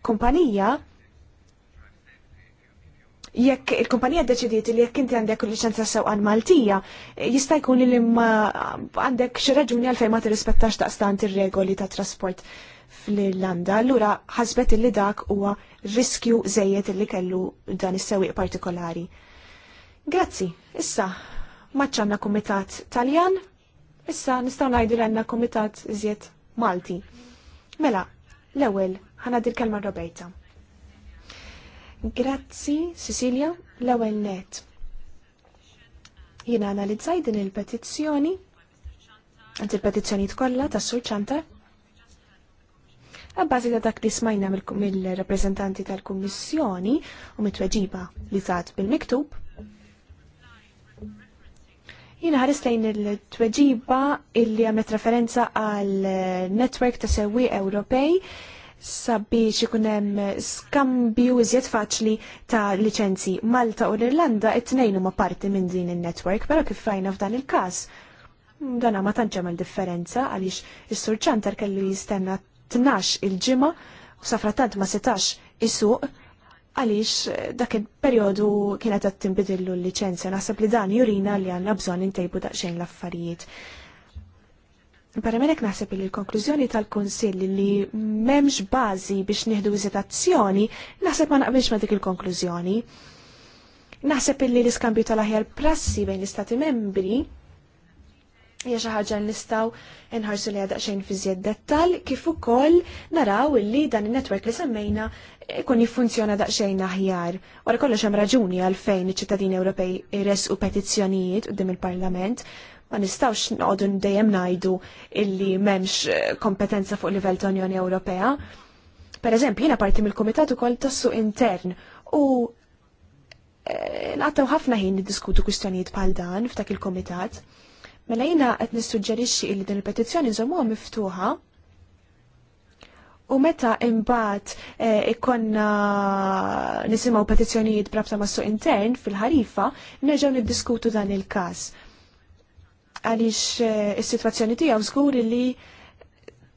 kumpanija jekk il-kumpanija deċidiet li jekk inti għandek l-licenza sewqan Maltija, jista' jkun li ma għandek xi raġuni għalfejn ma tirrispettax daqstant ir-regoli ta' trasport fl-Irlanda. Allura ħasbet li dak huwa riskju żejjed li kellu dan is-sewwieq partikolari. Grazzi. Issa, maċċanna kumitat Taljan, issa nistgħu ngħidu l għandna kumitat iżjed Malti. Mela, L-ewwel dir kelma Roberta. Grazzi, Cecilia, l-ewwel net. Jiena analizzaj din il-petizzjoni, għant il-petizzjoni tkolla tas-Sur Ċantar. Għabbażi ta' dak li smajna mill-rappreżentanti tal-Kummissjoni u mitweġiba li tat bil-miktub, Jina ħares lejn il-tweġiba illi għamet referenza għal netwerk ta' sewwi Ewropej sabiex ikun hemm skambju iżjed faċli ta' liċenzi. Malta u l-Irlanda it-tnejn huma parti minn din il network però kif fajna f'dan il-każ dana ma tantx il differenza għaliex is surċantar kelli kellu jistenna 12 il-ġimgħa u safratant ma setax isuq għaliex eh, dak il-perjodu kienet qed tinbidillu l-liċenzja naħseb li dan jurina li għandna bżonn intejbu daqsxejn l-affarijiet. Paramenek menek naħseb li l-konklużjoni tal-Kunsill li memx bażi biex nieħdu vizitazzjoni, naħseb ma naqbilx ma dik il-konklużjoni. Naħseb li l-iskambju tal-aħjar prassi bejn l-Istati membri hija xi ħaġa nistgħu nħarsu li daqsxejn fi żjed dettal kif ukoll naraw illi dan in netwerk li semmejna ikun jiffunzjona daqsxejn aħjar. Wara kollox hemm raġuni għalfejn iċ-ċittadini Ewropej iresqu petizzjonijiet qudiem il-Parlament ma nistawx noqogħdu dejjem ngħidu illi m'hemmx eh, kompetenza fuq livell ta' Unjoni Ewropea. Per eżempju, jiena parti mill-Kumitat ukoll tassu intern u eh, nqattaw ħafna ħin niddiskutu kwistjonijiet bħal dan f'dak il-Kumitat. Mela jiena qed nissuġġerixxi illi din il-petizzjoni nżommuha miftuħa U meta imbagħad eh, ikonna nisimaw petizjonijiet brabta ma' intern fil-ħarifa, neġaw niddiskutu dan il-każ. Għaliex eh, is-sitwazzjoni zgur żgur li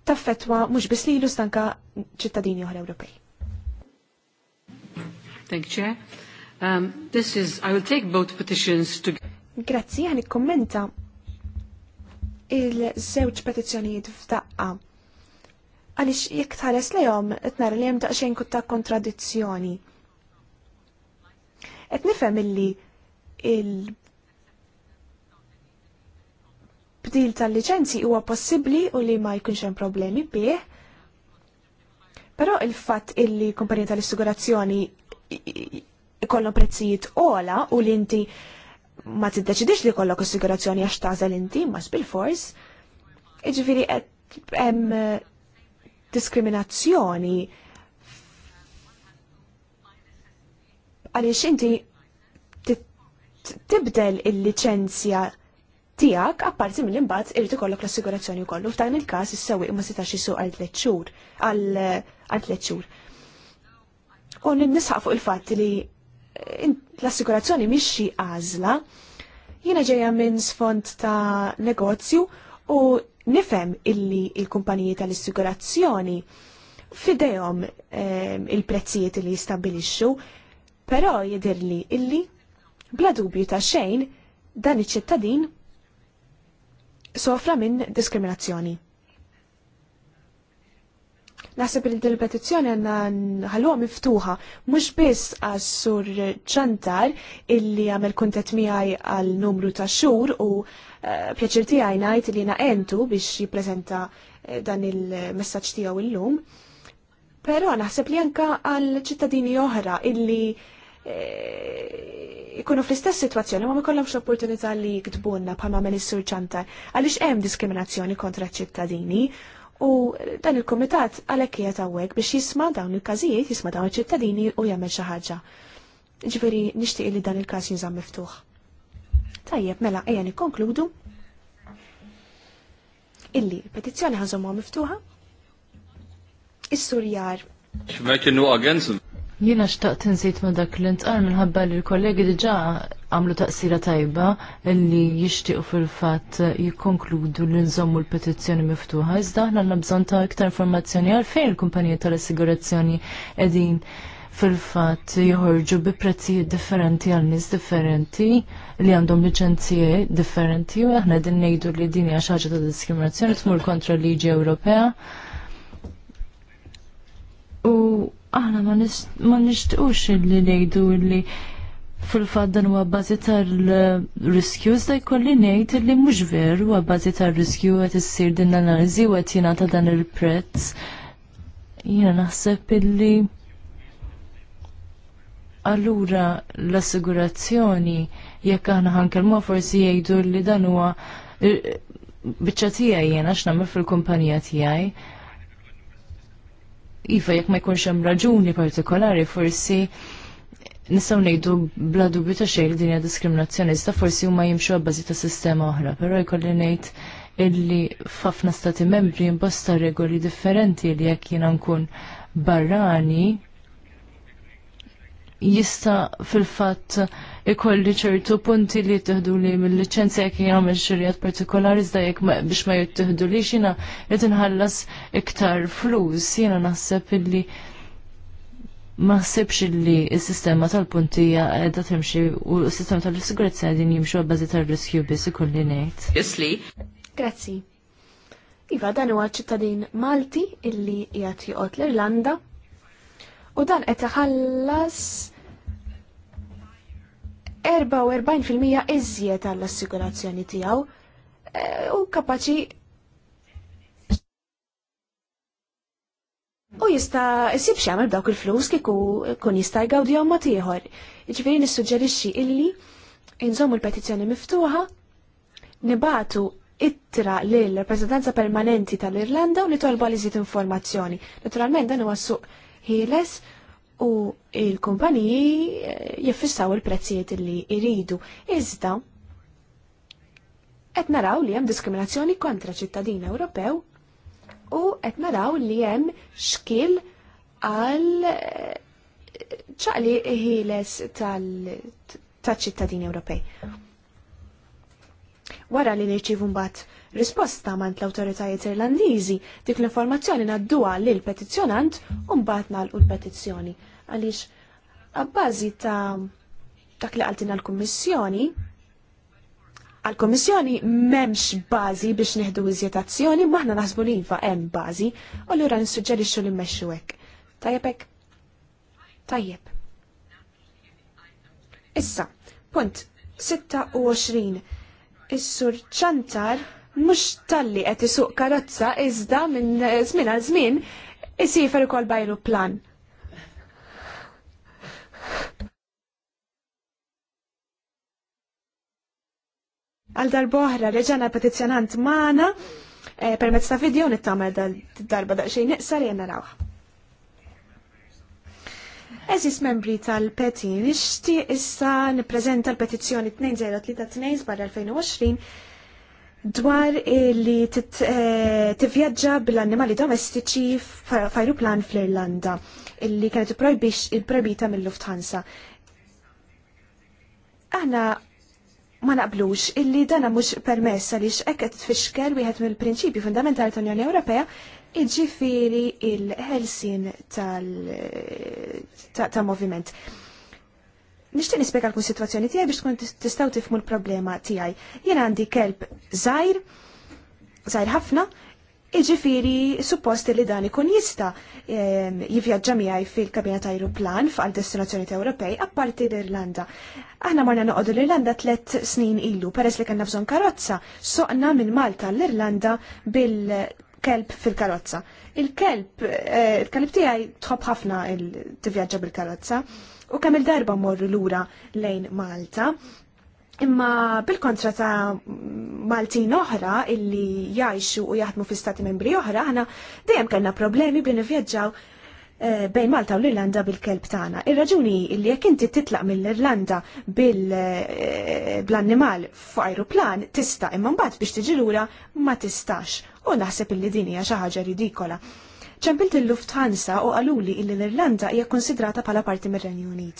taffetwa mux bisli lilu stanka ċittadini uħra Ewropej. Thank you, Chair. Um, this is, I will take both petitions to... Grazzi, għan kommenta il-żewġ petizzjonijiet f'daqqa Għaliex jekk tħares li qed nara li hemm taqxen kutta kontradizzjoni. Qed nifhem illi il bdil tal-liċenzi huwa possibbli u li ma jkunx hemm problemi bih. Però il-fatt illi kumpanija tal-assigurazzjoni ikollhom prezzijiet ola u li inti ma tiddeċidix li kollok assigurazzjoni għax tażel inti ma bil-fors, iġifieri hemm diskriminazzjoni għaliex inti tibdel il-licenzja tijak, apparti mill imbagħad irid ikollok l-assigurazzjoni wkoll. F'dan il-każ is-sewwieq ma setax isuq għal tletxur għal tletxur. U nisħaq fuq il-fatt li eh, l-assigurazzjoni mixi għażla. Jiena ġejja minn sfond ta' negozju u Nifem illi il-kumpaniji tal-assigurazzjoni fidejhom ehm, il-prezzijiet li jistabilixxu, però jidirli illi bla dubju ta' xejn dan iċ-ċittadin sofra minn diskriminazzjoni. Naħseb li din il-petizzjoni għandna ħalluha miftuħa mhux biss għas-sur ċantar illi għamel kuntet miħaj għal numru ta' xhur u eh, pjaċir tiegħi ngħid li naqentu biex jippreżenta eh, dan il-messaġġ tiegħu illum. Però naħseb li anka għal ċittadini oħra illi eh, ikunu fl-istess situazzjoni ma mikollhomx opportunità li jikdbunna bħalma minn is-sur ċantar għaliex hemm diskriminazzjoni kontra ċ-ċittadini U dan il-komitat għalhekk qiegħed għawek biex jisma' dawn il-każijiet, jisma' dawn il ċittadini u jagħmel xi ħaġa. nishtiq nixtieq li dan il-każ jinżam miftuħ. Tajjeb, mela ejja nikkonkludu illi petizzjoni ħanżomma miftuħa. Is-surjar. X'mek kienu against Jina xtaqt nżid ma dak l-intqar minħabba li l-kollegi diġa għamlu taqsira tajba li jixtiequ fil-fatt jikkonkludu li nżommu l-petizzjoni miftuħa. Iżda aħna għandna bżonn ta' iktar informazzjoni fejn il-kumpanija tal-assigurazzjoni qegħdin fil-fatt jħorġu bi prezzijiet differenti għal nies differenti li għandhom liċenzji differenti u aħna din ngħidu li din hija xi ħaġa ta' diskriminazzjoni tmur kontra l-liġi Ewropea. U aħna ma nixtiqux li ngħidu li fil-fat dan huwa bażi tal-riskju iżda jkolli ngħid li mhux veru huwa bażi tar-riskju qed issir din l-analiżi u qed jingħata dan il-prezz. Jiena naħseb illi allura l-assigurazzjoni jekk aħna ħankelmuha forsi jgħidu li dan huwa eh, biċċa tiegħi jiena x'nagħmel fil-kumpanija tiegħi. Iva jekk ma jkunx hemm raġuni partikolari forsi nistaw nejdu bla dubju ta' xejn din hija diskriminazzjoni, iżda forsi huma jimxu għabbażi ta' sistema oħra, però jkolli ngħid illi f'ħafna stati membri imposta regoli differenti li jekk jiena nkun barrani jista' fil-fatt ikolli ċertu punti li jittieħdu li mill-liċenzja jekk jien għamil xirjat partikolari iżda jekk biex ma jittieħdu li xina qed inħallas iktar flus jiena naħseb illi ma ħsibx li s-sistema tal-puntija qiegħda timxi u s-sistema tal-sigurezza qegħdin jimxu għabbazi tal-riskju biss ikolli ngħid. Jisli. Grazzi. Iva dan huwa ċittadin Malti illi qiegħed joqgħod l-Irlanda u dan qed iħallas 44% iżjed għall-assigurazzjoni tiegħu eh, u kapaċi u jista' jsib x'jagħmel b'dawk il-flus kieku kun jista' jgawdihom ma tieħor. Jiġifieri nissuġġerixxi illi inżommu l-petizzjoni miftuħa, nibatu ittra lil rappresentanza permanenti tal-Irlanda u nitolbu li iżid informazzjoni. Naturalment dan huwa suq ħieles u il-kumpaniji eh, jiffissaw il-prezzijiet li jridu. Iżda, qed naraw li hemm diskriminazzjoni kontra ċittadin Ewropew u qed naraw li hemm xkil għal eh, ċaqli ħieles tal-ċittadini Ewropej. Wara li nirċivu mbagħad risposta mant l-awtoritajiet Irlandiżi, dik l-informazzjoni nadduha lil petizzjonant u mbagħad nagħlqu l-petizzjoni. Għaliex abbażi ta' dak li qaltina l-Kummissjoni, għal-Komissjoni memx bazi biex neħdu iżjed azzjoni, maħna naħsbu li jiva hemm bazi, u l-ura nissuġġerixxu li mmexxu hekk. Tajjeb hekk? Tajjeb. Issa, punt 26. Is-sur ċantar mhux talli qed isuq karozza iżda minn eh, żmien għal żmien isifer ukoll bajru plan. Għal darboħra reġana petizjonant maħna eh, permezz ta' video nittamel darba daqxej niqsar jenna rawħ. Eżis membri tal-peti nixti issa nipprezenta l-petizjoni 2032 barra 2020 dwar li eh, tivvjaġġa bil-annimali domestiċi f'ajruplan fl-Irlanda illi kienet projbita mill-Lufthansa. Aħna ma naqblux illi dana mhux permessa għaliex xeket qed tfixkel wieħed mill prinċipju fundamentali tal-Unjoni Ewropea iġifieri il-ħelsin tal-moviment. Nixtieq nispjegalkom kun sitwazzjoni tiegħi biex tkun tistgħu tifhmu l-problema tiegħi. Jien għandi kelb żgħir, żgħir ħafna, Iġifiri, suppost li dan ikun jista ehm, jivjaġġa miħaj fil-kabina ta' aeroplan fil destinazzjoni Ewropej apparti l-Irlanda. Aħna marna noqogħdu l-Irlanda tlet snin ilu peress li kanna bżonn karozza, soqna minn Malta l-Irlanda bil-kelb fil-karozza. Il-kelb, eh, il-kelb tiegħi tħobb ħafna il-tivjaġġa bil-karozza u kemm il-darba morru lura lejn Malta Imma bil-kontra ta' Maltin oħra illi jgħixu u jaħdmu fi stati membri oħra, ħana dejjem kellna problemi bejn nivvjaġġaw eh, bejn Malta u l-Irlanda bil-kelb tagħna. Ir-raġuni li jekk inti titlaq mill-Irlanda bil-annimal eh, fuq ajruplan tista' imma mbagħad biex tiġi lura ma tistax. U naħseb illi din hija xi ħaġa ridikola. ċempilt il-Lufthansa u qaluli illi l-Irlanda hija konsidrata bħala parti mir-Renju Unit.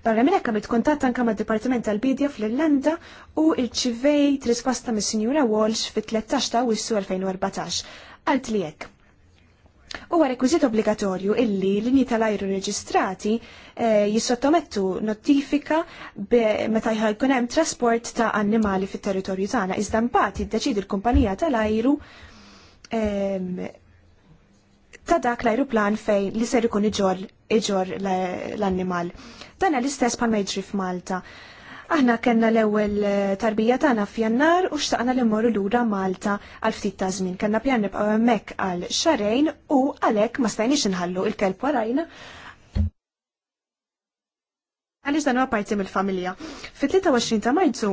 Barra minn hekk kontatt kuntatt anke mad-Dipartiment tal-Bidja fl-Irlanda u rċivejt risposta mis-Sinjura Walsh fit-13 ta' Wissu 2014. Għalt li hekk. Huwa rekwiżit obbligatorju illi linji tal-ajru reġistrati eh, jissottomettu notifika meta jkun hemm trasport ta' annimali fit-territorju tagħna. Iżda mbagħad jiddeċidi l-kumpanija tal-ajru ehm, ta' dak l-ajruplan fejn li ser ikun iġor l-annimal. Dan l-istess bħalma jiġri f'Malta. Aħna kellna l-ewwel eh, tarbija tagħna f'Jannar u xtaqna li mmorru lura Malta għal ftit ta' żmien. Kellna pjan nibqgħu hemmhekk għal xarejn u għalhekk ma stajniex inħallu il-kelb warajna għaliex dan huwa parti mill-familja. Fit-23 ta' Marzu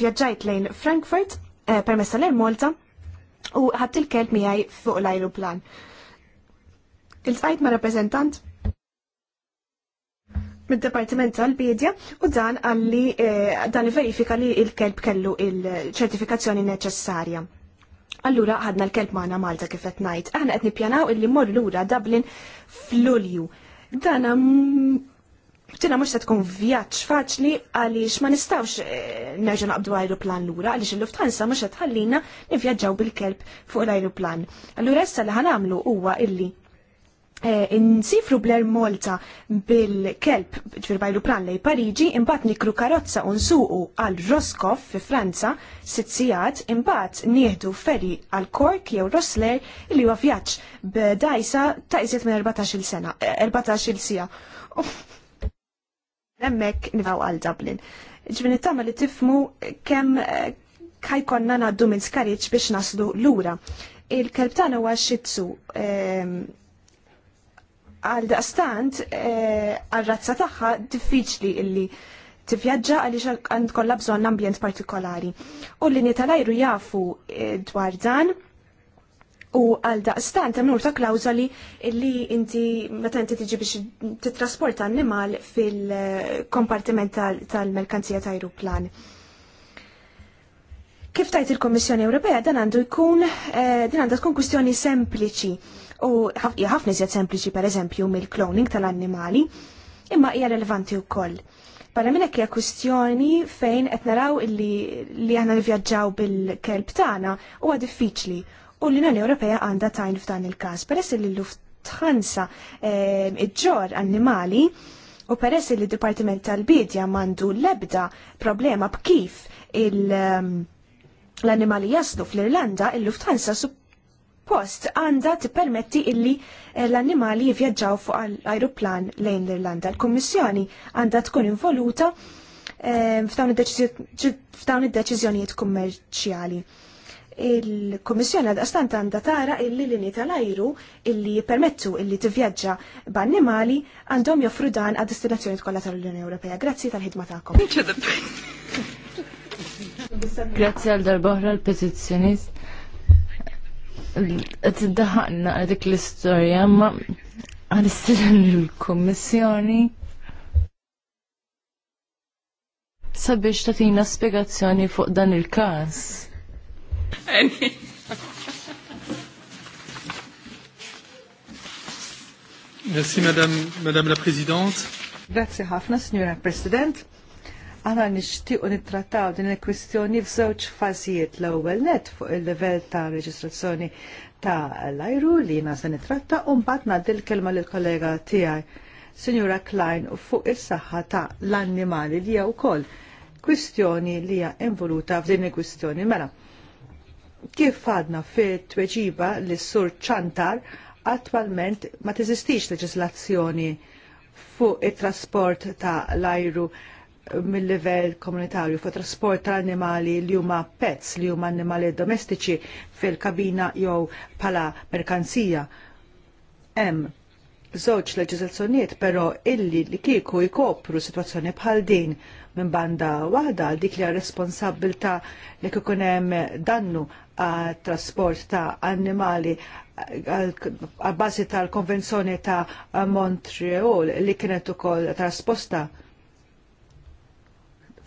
vjaġġajt lejn Frankfurt eh, permess tal-Malta u ħadt il-kelb miegħi fuq l-ajruplan. Il-tqajt ma' rappreżentant mid-Departiment tal-Bidja u dan għalli eh, dan verifika li il-kelb kellu il-ċertifikazzjoni neċessarja. Allura ħadna l-kelb maħna Malta qed ngħid. Aħna qed nippjanaw illi mor lura Dublin f'Lulju. Dan mm, Tina mux se tkun vjaġġ faċli għaliex ma nistawx eh, nerġa' naqbdu aeroplan lura għaliex il-Lufthansa mhux qed ħallina nivvjaġġaw bil-kelb fuq l ajruplan Allura issa li ħanamlu huwa illi Eh, insifru bler Molta bil-kelb ġvir bajlu pran lej Pariġi, imbat nikru karozza unsuqu għal Roskov fi Franza, sitzijat, imbat nieħdu ferri għal Kork jew Rosler li huwa vjaġġ b'dajsa ta' iżiet minn 14 sena, 14 eh, sija. Hemmhekk nifaw għal Dublin. Ġvin it li tifmu kemm kajkonna eh, naddu minn skariċ biex naslu lura. Il-kelb tagħna huwa Shih ehm, għal daqstant eh, għal razza tagħha diffiċli illi tivvjaġġa għaliex għand kollha bżonn ambjent partikolari. U l linja tal-ajru jafu eh, dwar dan u għal daqstant hemm ta' klawżoli illi inti meta inti tiġi biex titrasporta annimal fil-kompartiment tal-merkanzija ta' ajruplan. Kif tajt il-Kommissjoni Ewropea dan għandu jkun eh, din għandha tkun kwistjoni sempliċi u ħafna iżjed sempliċi pereżempju mill-cloning tal-annimali, imma hija relevanti wkoll. Barra minn hekk hija kwistjoni fejn qed naraw illi li aħna nivvjaġġaw bil-kelb tagħna huwa diffiċli u l-Unjoni Ewropea għandha tajn f'dan il-każ. Peress li l-Lufthansa ehm, iġġor annimali u peress li d-Dipartiment tal-Bidja mandu l-ebda problema b'kif ehm, l-annimali jaslu fl-Irlanda, il-Lufthansa għanda għandha tippermetti illi eh, l-annimali jivvjaġġaw fuq ajruplan lejn l-Irlanda. L-Kummissjoni għandha tkun involuta eh, f'dawn id-deċiżjonijiet kummerċjali. Il-Kommissjoni għad astant għanda tara illi l-lini tal-ajru illi permettu illi tivjaġġa b'annimali għandhom joffru dan għad destinazzjoni kollha tal-Unjoni Ewropea. Grazzi tal-ħidma tagħkom. Grazzi għal darbohra l-petizzjonist qed iddaħaqna dik l-istorja ma għal-istilan l-Kummissjoni sabiex tina spiegazzjoni fuq dan il-każ. Merci Madame, Madame la Présidente. Grazie ħafna, Signora President. Aħna nixtiequ nittrattaw din il-kwistjoni f'żewġ fażijiet l-ewwel net fuq il-livell ta' reġistrazzjoni ta' l-ajru li jiena se nitratta u mbagħad ngħaddi l-kelma lill-kollega tiegħi Sinjura Klein fuq is-saħħa ta' l-annimali li hija wkoll kwistjoni li hija involuta f'din il-kwistjoni. Mela, kif għadna fit tweġiba li sur ċantar attualment ma teżistix leġislazzjoni fuq it-trasport ta' l-ajru mill-livell komunitarju fuq trasport tal animali li huma pets li huma annimali domestiċi fil-kabina jew pala merkanzija. Hemm żewġ leġiżlazzjonijiet però illi li kieku jkopru sitwazzjoni bħal din minn banda waħda dik li responsabilta li kikun hemm dannu għat trasport ta' annimali għal bażi tal-konvenzjoni ta' Montreal li kienet ukoll trasposta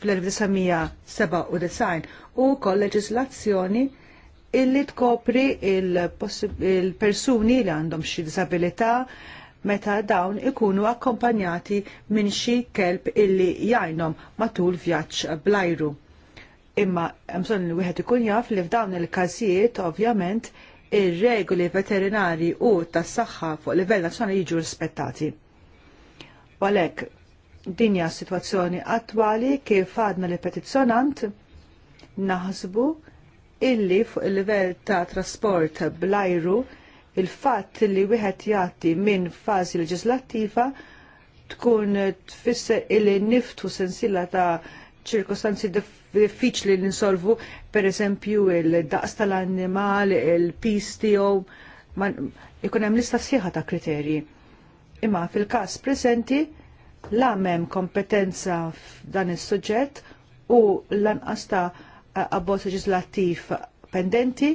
fl-1997 u kol leġislazzjoni illi tkopri il-persuni il li għandhom xi disabilità meta dawn ikunu akkompanjati minn xi kelb illi jajnom matul vjaġġ blajru. Imma bżonn li wieħed ikun jaf li f'dawn il-każijiet ovvjament ir-regoli veterinari u tas-saħħa fuq livell nazzjonali jiġu rispettati. Għalhekk dinja situazzjoni attwali kif għadna li petizzjonant naħsbu illi fuq il-livell ta' trasport blajru il-fatt li wieħed jagħti minn fażi leġislattiva tkun tfisser illi niftu sensilla ta' ċirkostanzi diffiċli li ninsolvu, per eżempju il-daqs tal-annimal, il-pis tiegħu, ikun hemm lista sħiħa ta' kriterji. Imma fil-każ preżenti l-għamem kompetenza f'dan is-suġġett u lanqas ta' abbozz leġislattiv pendenti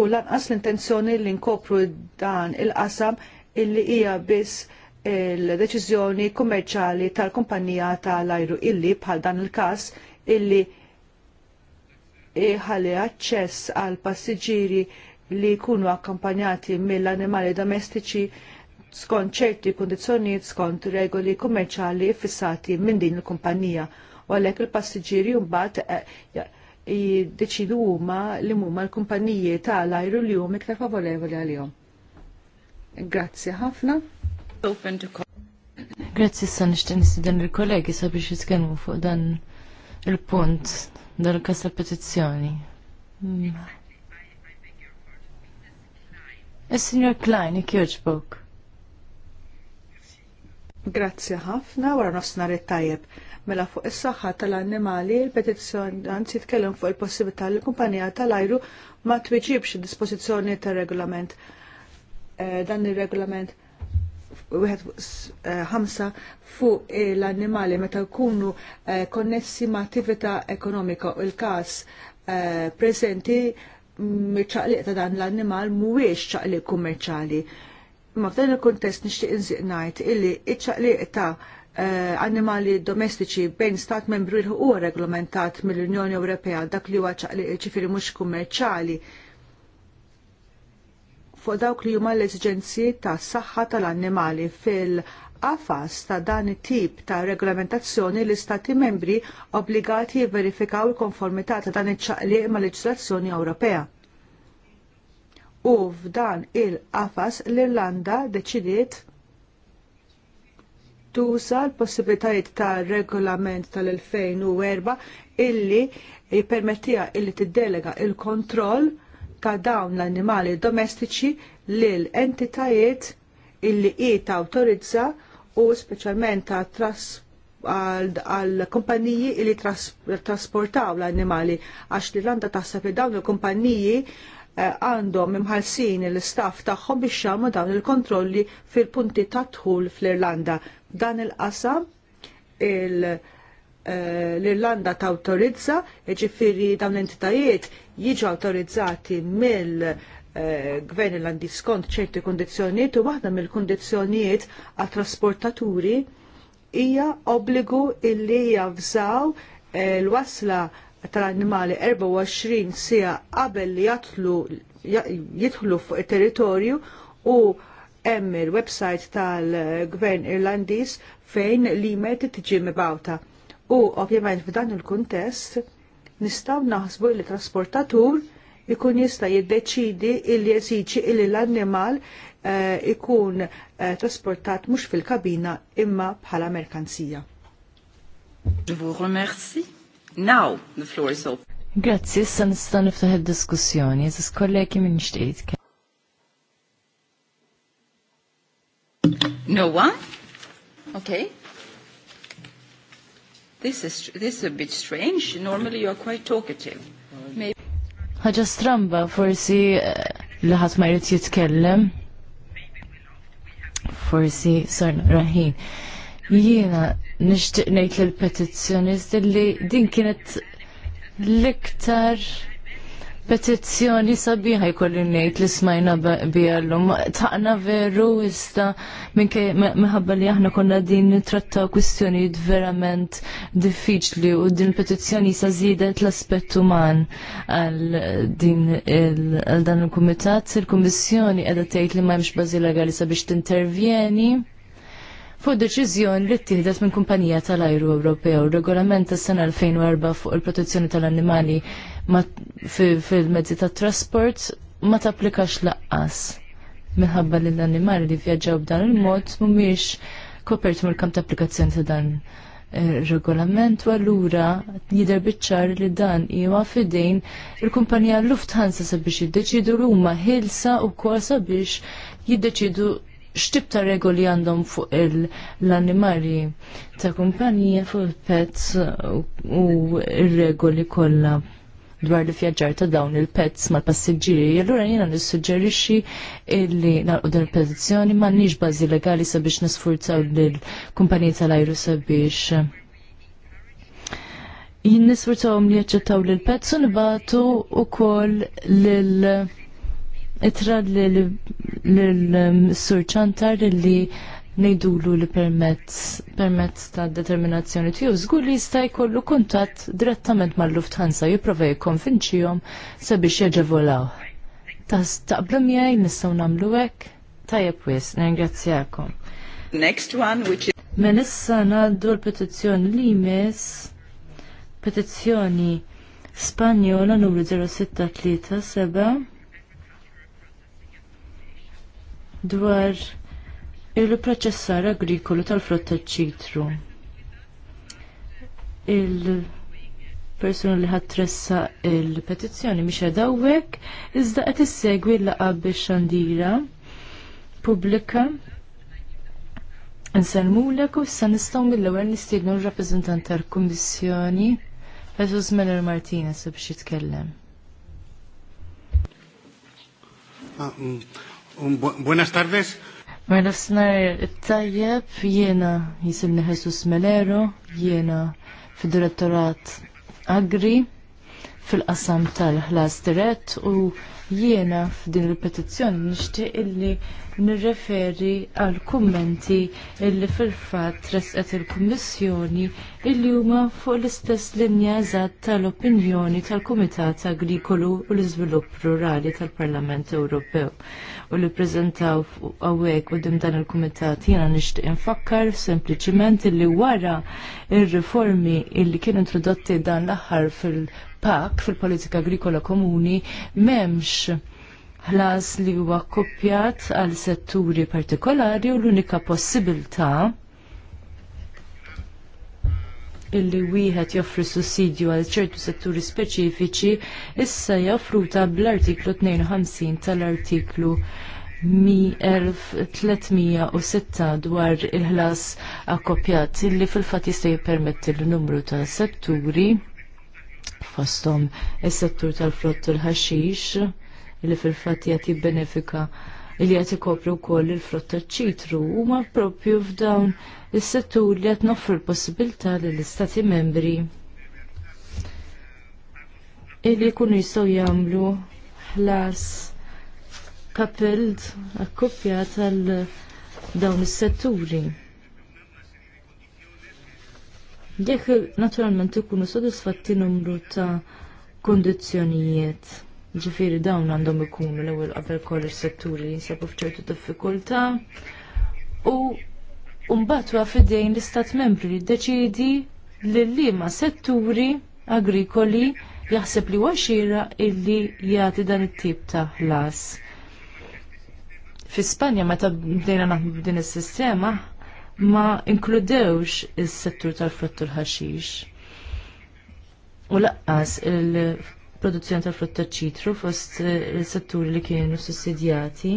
u lanqas l-intenzjoni li nkopru dan il-qasam illi hija biss il-deċiżjoni kummerċali tal-kumpanija tal-ajru illi bħal dan il-każ illi iħalli aċċess għal passiġġieri li jkunu akkampanjati mill-animali domestiċi skont ċerti kundizzjonijiet skont regoli kummerċali fissati minn din il-kumpanija u għalhekk il-passiġġieri mbagħad eh, jiddeċidu huma li huma l-kumpaniji tal-ajru li hum iktar favorevoli għalihom. Grazzi ħafna. Grazzi sa nixtieq dan il-kollegi sabiex jitkellmu fuq dan il-punt il kas tal-petizzjoni. Is-Sinjor mm. eh, Klein, ikjoġbok. Grazzi ħafna wara nofsnar it-tajjeb. Mela fuq is-saħħa tal-annimali, il anzi tkellem fuq il-possibilità li l-kumpanija tal-ajru ma twiġibx dispożizzjoni tar-regolament. Eh, dan ir-regolament wieħed eh, ħamsa fuq l-annimali meta jkunu eh, konnessi ma' attività ekonomika u l-każ preżenti mm, ċaqliq ta' dan l-annimal mhuwiex ċaqliq kummerċali Ma f'dan il-kontest nixtieq inżiq ngħid illi iċ-ċaqliq ta' eh, annimali domestiċi bejn stat membru il huwa regolamentat mill-Unjoni Ewropea dak li huwa ċaqliq ċifieri mhux kummerċjali fuq dawk li huma l-eżiġenzi ta' saħħa tal-annimali fil-qafas ta' dan it-tip ta' regolamentazzjoni li stati membri obbligati jivverifikaw il-konformità ta' dan iċ-ċaqliq mal-leġislazzjoni Ewropea u f'dan il-qafas l-Irlanda deċidiet tuża l-possibilitajiet ta' regolament tal-2004 illi jippermettija illi tiddelega il-kontroll ta' dawn l-annimali domestiċi lil entitajiet illi qiet awtorizza u speċjalment għall għal kumpaniji li trasportaw l-annimali għax l-Irlanda taħseb li dawn il-kumpaniji Eh, għandhom imħalsin il istaff tagħhom biex jagħmlu dawn il-kontrolli fil-punti ta' dħul fl-Irlanda. Dan il-qasam eh, l-Irlanda ta' autorizza, ġifiri dawn l-entitajiet jiġu autorizzati mill eh, gvern irlandi skont ċerti kundizzjonijiet u waħda mill-kundizzjonijiet għat trasportaturi hija obbligu illi jafżaw l-wasla tal-annimali 24 sija qabel li jatlu jitħlu fuq it-territorju u hemm il-website tal-Gvern Irlandiż fejn l-email tiġi mibgħuta. U ovvjament f'dan il-kuntest nistgħu naħsbu li trasportatur ikun jista' jiddeċidi illi jeżiġi illi l-annimal eh, ikun eh, trasportat mhux fil-kabina imma bħala merkanzija. Je vous remercie. Now the floor is open. Grazie, issa nista' niftaħ id-diskussjoni, eżis kollegi minn nixtieq No one? Okay. This is this is a bit strange. Normally you are quite talkative. Maybe ħaġa stramba forsi eh, li ħadd ma jrid jitkellem. Forsi sarna raħin. Jiena nixtieq ngħid lill-petizzjonist li din kienet l-iktar petizzjoni sabiħa jkolli ngħid li smajna biha llum. Taqna veru issa minħabba li aħna konna din nitrattaw kwistjonijiet verament diffiċli u din petizzjoni sa żiedet l-aspett uman għal din għal dan il-kumitat. Il-Kummissjoni qiegħda tgħid li m'hemmx bażi legali sabiex t-intervjeni. Fu deċiżjoni li ttieħdet minn kumpanija tal-ajru Ewropew, regolament tas-sena 2004 fuq il-protezzjoni tal-annimali fil-mezzi tat-trasport ma tapplikax laqqas minħabba li l-annimali li vjaġġaw b'dan il-mod mhumiex koperti mill kam ta' applikazzjoni ta' dan eh, regolament u allura jidher biċċar li dan huwa fidejn il-kumpanija Lufthansa sabiex jiddeċidu li huma ħilsa kwa sabiex jiddeċidu x'tib ta' regoli għandhom fuq l-annimali ta' kumpanija fuq il-pets u ir-regoli kollha dwar li fjaġġar ta' dawn il-pets mal-passiġġieri. Allura jiena nissuġġerixxi illi nagħlqu dan il-petizzjoni m'għandniex bażi legali sabiex nisfurzaw lill-kumpaniji tal-ajru sabiex jinn nisfurtawhom li jaċċettaw lil pezz u nibatu ukoll lil itra l-sur um, ċantar li nejdulu li permezz ta' determinazzjoni tiju. Zgur li jista' jkollu kuntatt direttament mal-Lufthansa jipprova jikkonvinċihom sabiex Ta staqblu miegħi nistgħu nagħmlu hekk? Tajjeb wis, ningrazzjakom. Next one which is Menissa issa ngħaddu l-petizzjoni li jmiss petizzjoni Spanjola numru 0637 dwar il-proċessar agrikolu tal-frott ċitru. Il-persuna li ħattressa il-petizzjoni miex għedawek, iżda qed issegwi l-laqab biex xandira pubblika Nsalmulek u issa nistgħu mill-ewwel nistiednu r-rappreżentant tal-Kummissjoni Jesus Miller Martinez biex jitkellem. Ah, mm. Buenas tardes. Buenas mela f'snar tajjeb jiena jisimni Jesus Melero, jiena fil-direttorat Agri fil-qasam tal-ħlas dirett u Jiena f'din il-petizzjoni nixtieq illi nirreferi għal kummenti illi fil-fatt tresqet il-Kummissjoni illi huma fuq l-istess linja eżatt tal-opinjoni tal-Kumitat Agrikolu u l-Iżvilupp Rurali tal-Parlament Ewropew u li għawek u dim dan il-Kumitat jiena nixtieq infakkar sempliċiment illi wara il riformi illi kienu introdotti dan l-aħħar fil fil-pak, fil-politika agrikola komuni, memx ħlas li huwa kopjat għal setturi partikolari u l-unika possibilità illi wieħed joffri sussidju għal ċertu setturi speċifiċi issa joffruta bl-artiklu 52 tal-artiklu 1306 dwar il-ħlas akkopjat illi fil-fat jista' jippermetti l-numru ta' setturi fosthom is-settur tal-frott u l-ħaxix li fil-fatt qed benefika li qed ikopru wkoll il-frott taċ-ċitru huma proprju f'dawn is-settur li qed noffru l-possibilità lill istati membri illi jkunu jistgħu jagħmlu ħlas kapild akkuppja tal dawn is-setturi. Jekk naturalment ikunu sodisfatti numru ta' kondizzjonijiet. Ġifiri dawn għandhom ikunu l-ewwel qabel kollox setturi li jinsabu f'ċertu diffikultà u mbagħad wa fidejn l-istat membri li ddeċiedi li liema setturi agrikoli jaħseb li waxira illi jagħti dan it-tip ta' ħlas. Fi Spanja meta bdejna naħdmu din is-sistema ma inkludewx is-settur tal-frott u l-ħaxix. U laqqas il-produzzjoni tal-frott ċitru fost il-setturi li kienu sussidjati.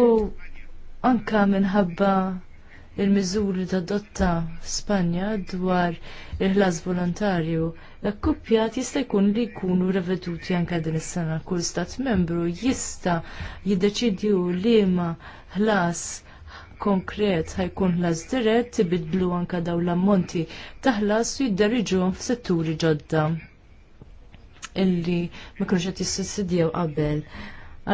U anka minħabba il-miżuri ta' dotta Spanja dwar il-ħlas volontarju, l-akkuppjat jista' jkun li jkunu reveduti anke din is-sena. Kull stat membru jista' jiddeċidju liema ħlas konkret ħajkun ħlas dirett tibidlu anke dawn l-ammonti ta' ħlas u jidderriġuhom f'setturi ġodda illi ma kienux qed jissussidjaw qabel.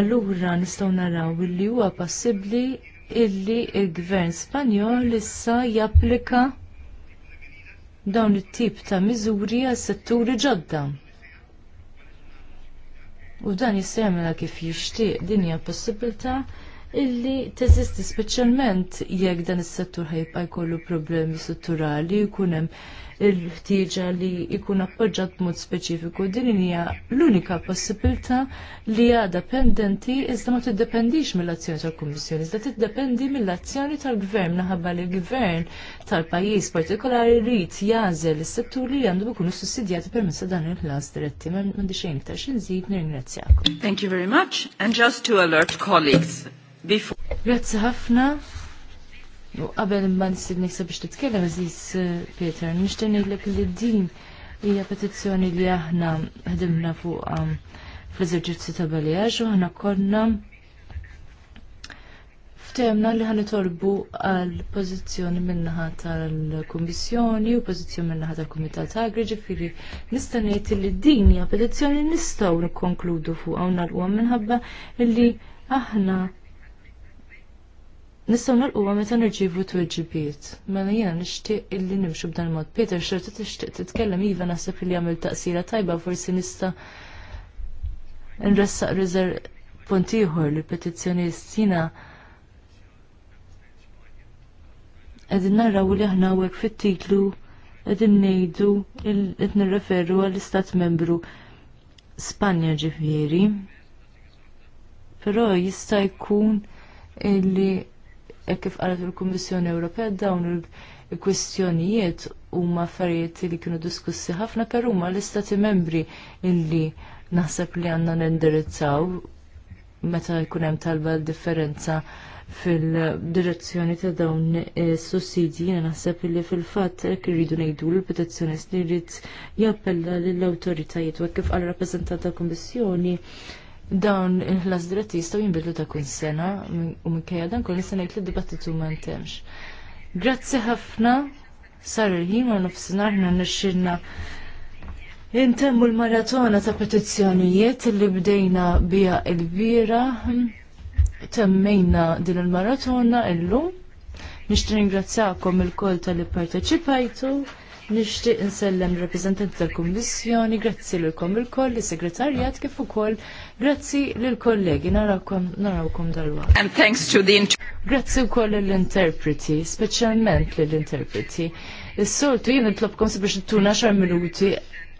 Allura nistgħu naraw illi huwa passibbli illi il-gvern Spanjol issa japplika dawn it-tip ta' miżuri għas setturi ġodda. U dan jissemela kif jixtieq dinja possibilità illi teżisti speċjalment jekk dan is-settur ħajbqa' jkollu problemi strutturali jkun hemm il-ħtieġa li jkun appoġġjat b'mod speċifiku din hija l-unika possibilità li hija dependenti iżda ma tiddependix mill-azzjoni tal-Kummissjoni, iżda tiddependi mill-azzjoni tal-Gvern naħabba li l-Gvern tal-pajjiż partikolari rrid jażel is-settur li għandu jkunu sussidjati permezz ta' dan il-ħlas diretti. M'għandi xejn iktar xi nżid nirringrazzjak. Thank you very much and just to alert colleagues before. Grazzi ħafna. U qabel imma nisib niksa biex titkellem Aziz eh, Peter, nixtieq ngħidlek li din hija petizzjoni li aħna ħdimna fuq um, fl-eżerġizzju ta' baljaġ u aħna konna temna li ħan torbu għal pozizjoni minnaħa tal-Kommissjoni u pozizjoni minnaħa tal-Komitat Agri ġifiri nistanejt li din hija petizzjoni nistgħu nikkonkludu fuq hawn nagħlqu minħabba li aħna Nistaw nalqu meta nirġivu tweġibiet. Mela jiena nixtieq illi nimxu b'dan mod. Peter xorta tixtieq titkellem iva naħseb li għamil taqsira tajba forsi nista' nressaq riżer punt ieħor li petizzjonist jiena qegħdin narraw li aħna hawnhekk fit-titlu qegħdin ngħidu qed nirreferru għall-Istat Membru Spanja ġifieri. Però jista' jkun illi hekk kif qalet il-Kummissjoni Ewropea dawn il-kwistjonijiet huma affarijiet li kienu diskussi ħafna per huma l-istati membri illi naħseb li għandna nindirizzaw meta jkun hemm talba differenza fil-direzzjoni ta' dawn sussidji jena naħseb li fil-fatt hekk irridu ngħidu l-petizzjonist li jrid jappella lill-awtoritajiet u kif għal rappreżentant tal-Kummissjoni dawn il-ħlas diretti jistgħu jinbidlu ta' kull sena u minkejja dan kull sena jtli dibattitu ma ntemx. Grazzi ħafna sar il-ħin ma nofsinhar ħna nixxilna intemmu l-maratona ta' petizzjonijiet li bdejna biha l-bira temmejna din il-maratona illum. Nishtri ringrazzjakom il-kol tal-li parteċipajtu. Nixtieq insellem rappreżentanti tal-Kummissjoni, grazzi lilkom il-koll, is-Segretarjat kif ukoll grazzi lill-kollegi narawkom narawkom dalwaqt. And thanks to the Grazzi wkoll lill-interpreti, speċjalment lill-interpreti. Is-soltu jien nitlobkom sabiex ittuna xar minuti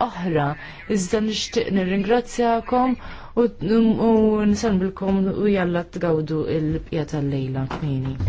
oħra. Iżda nixtieq nirringrazzjakom u nisalmilkom u jalla tgawdu il-bqija tal-lejla kmini.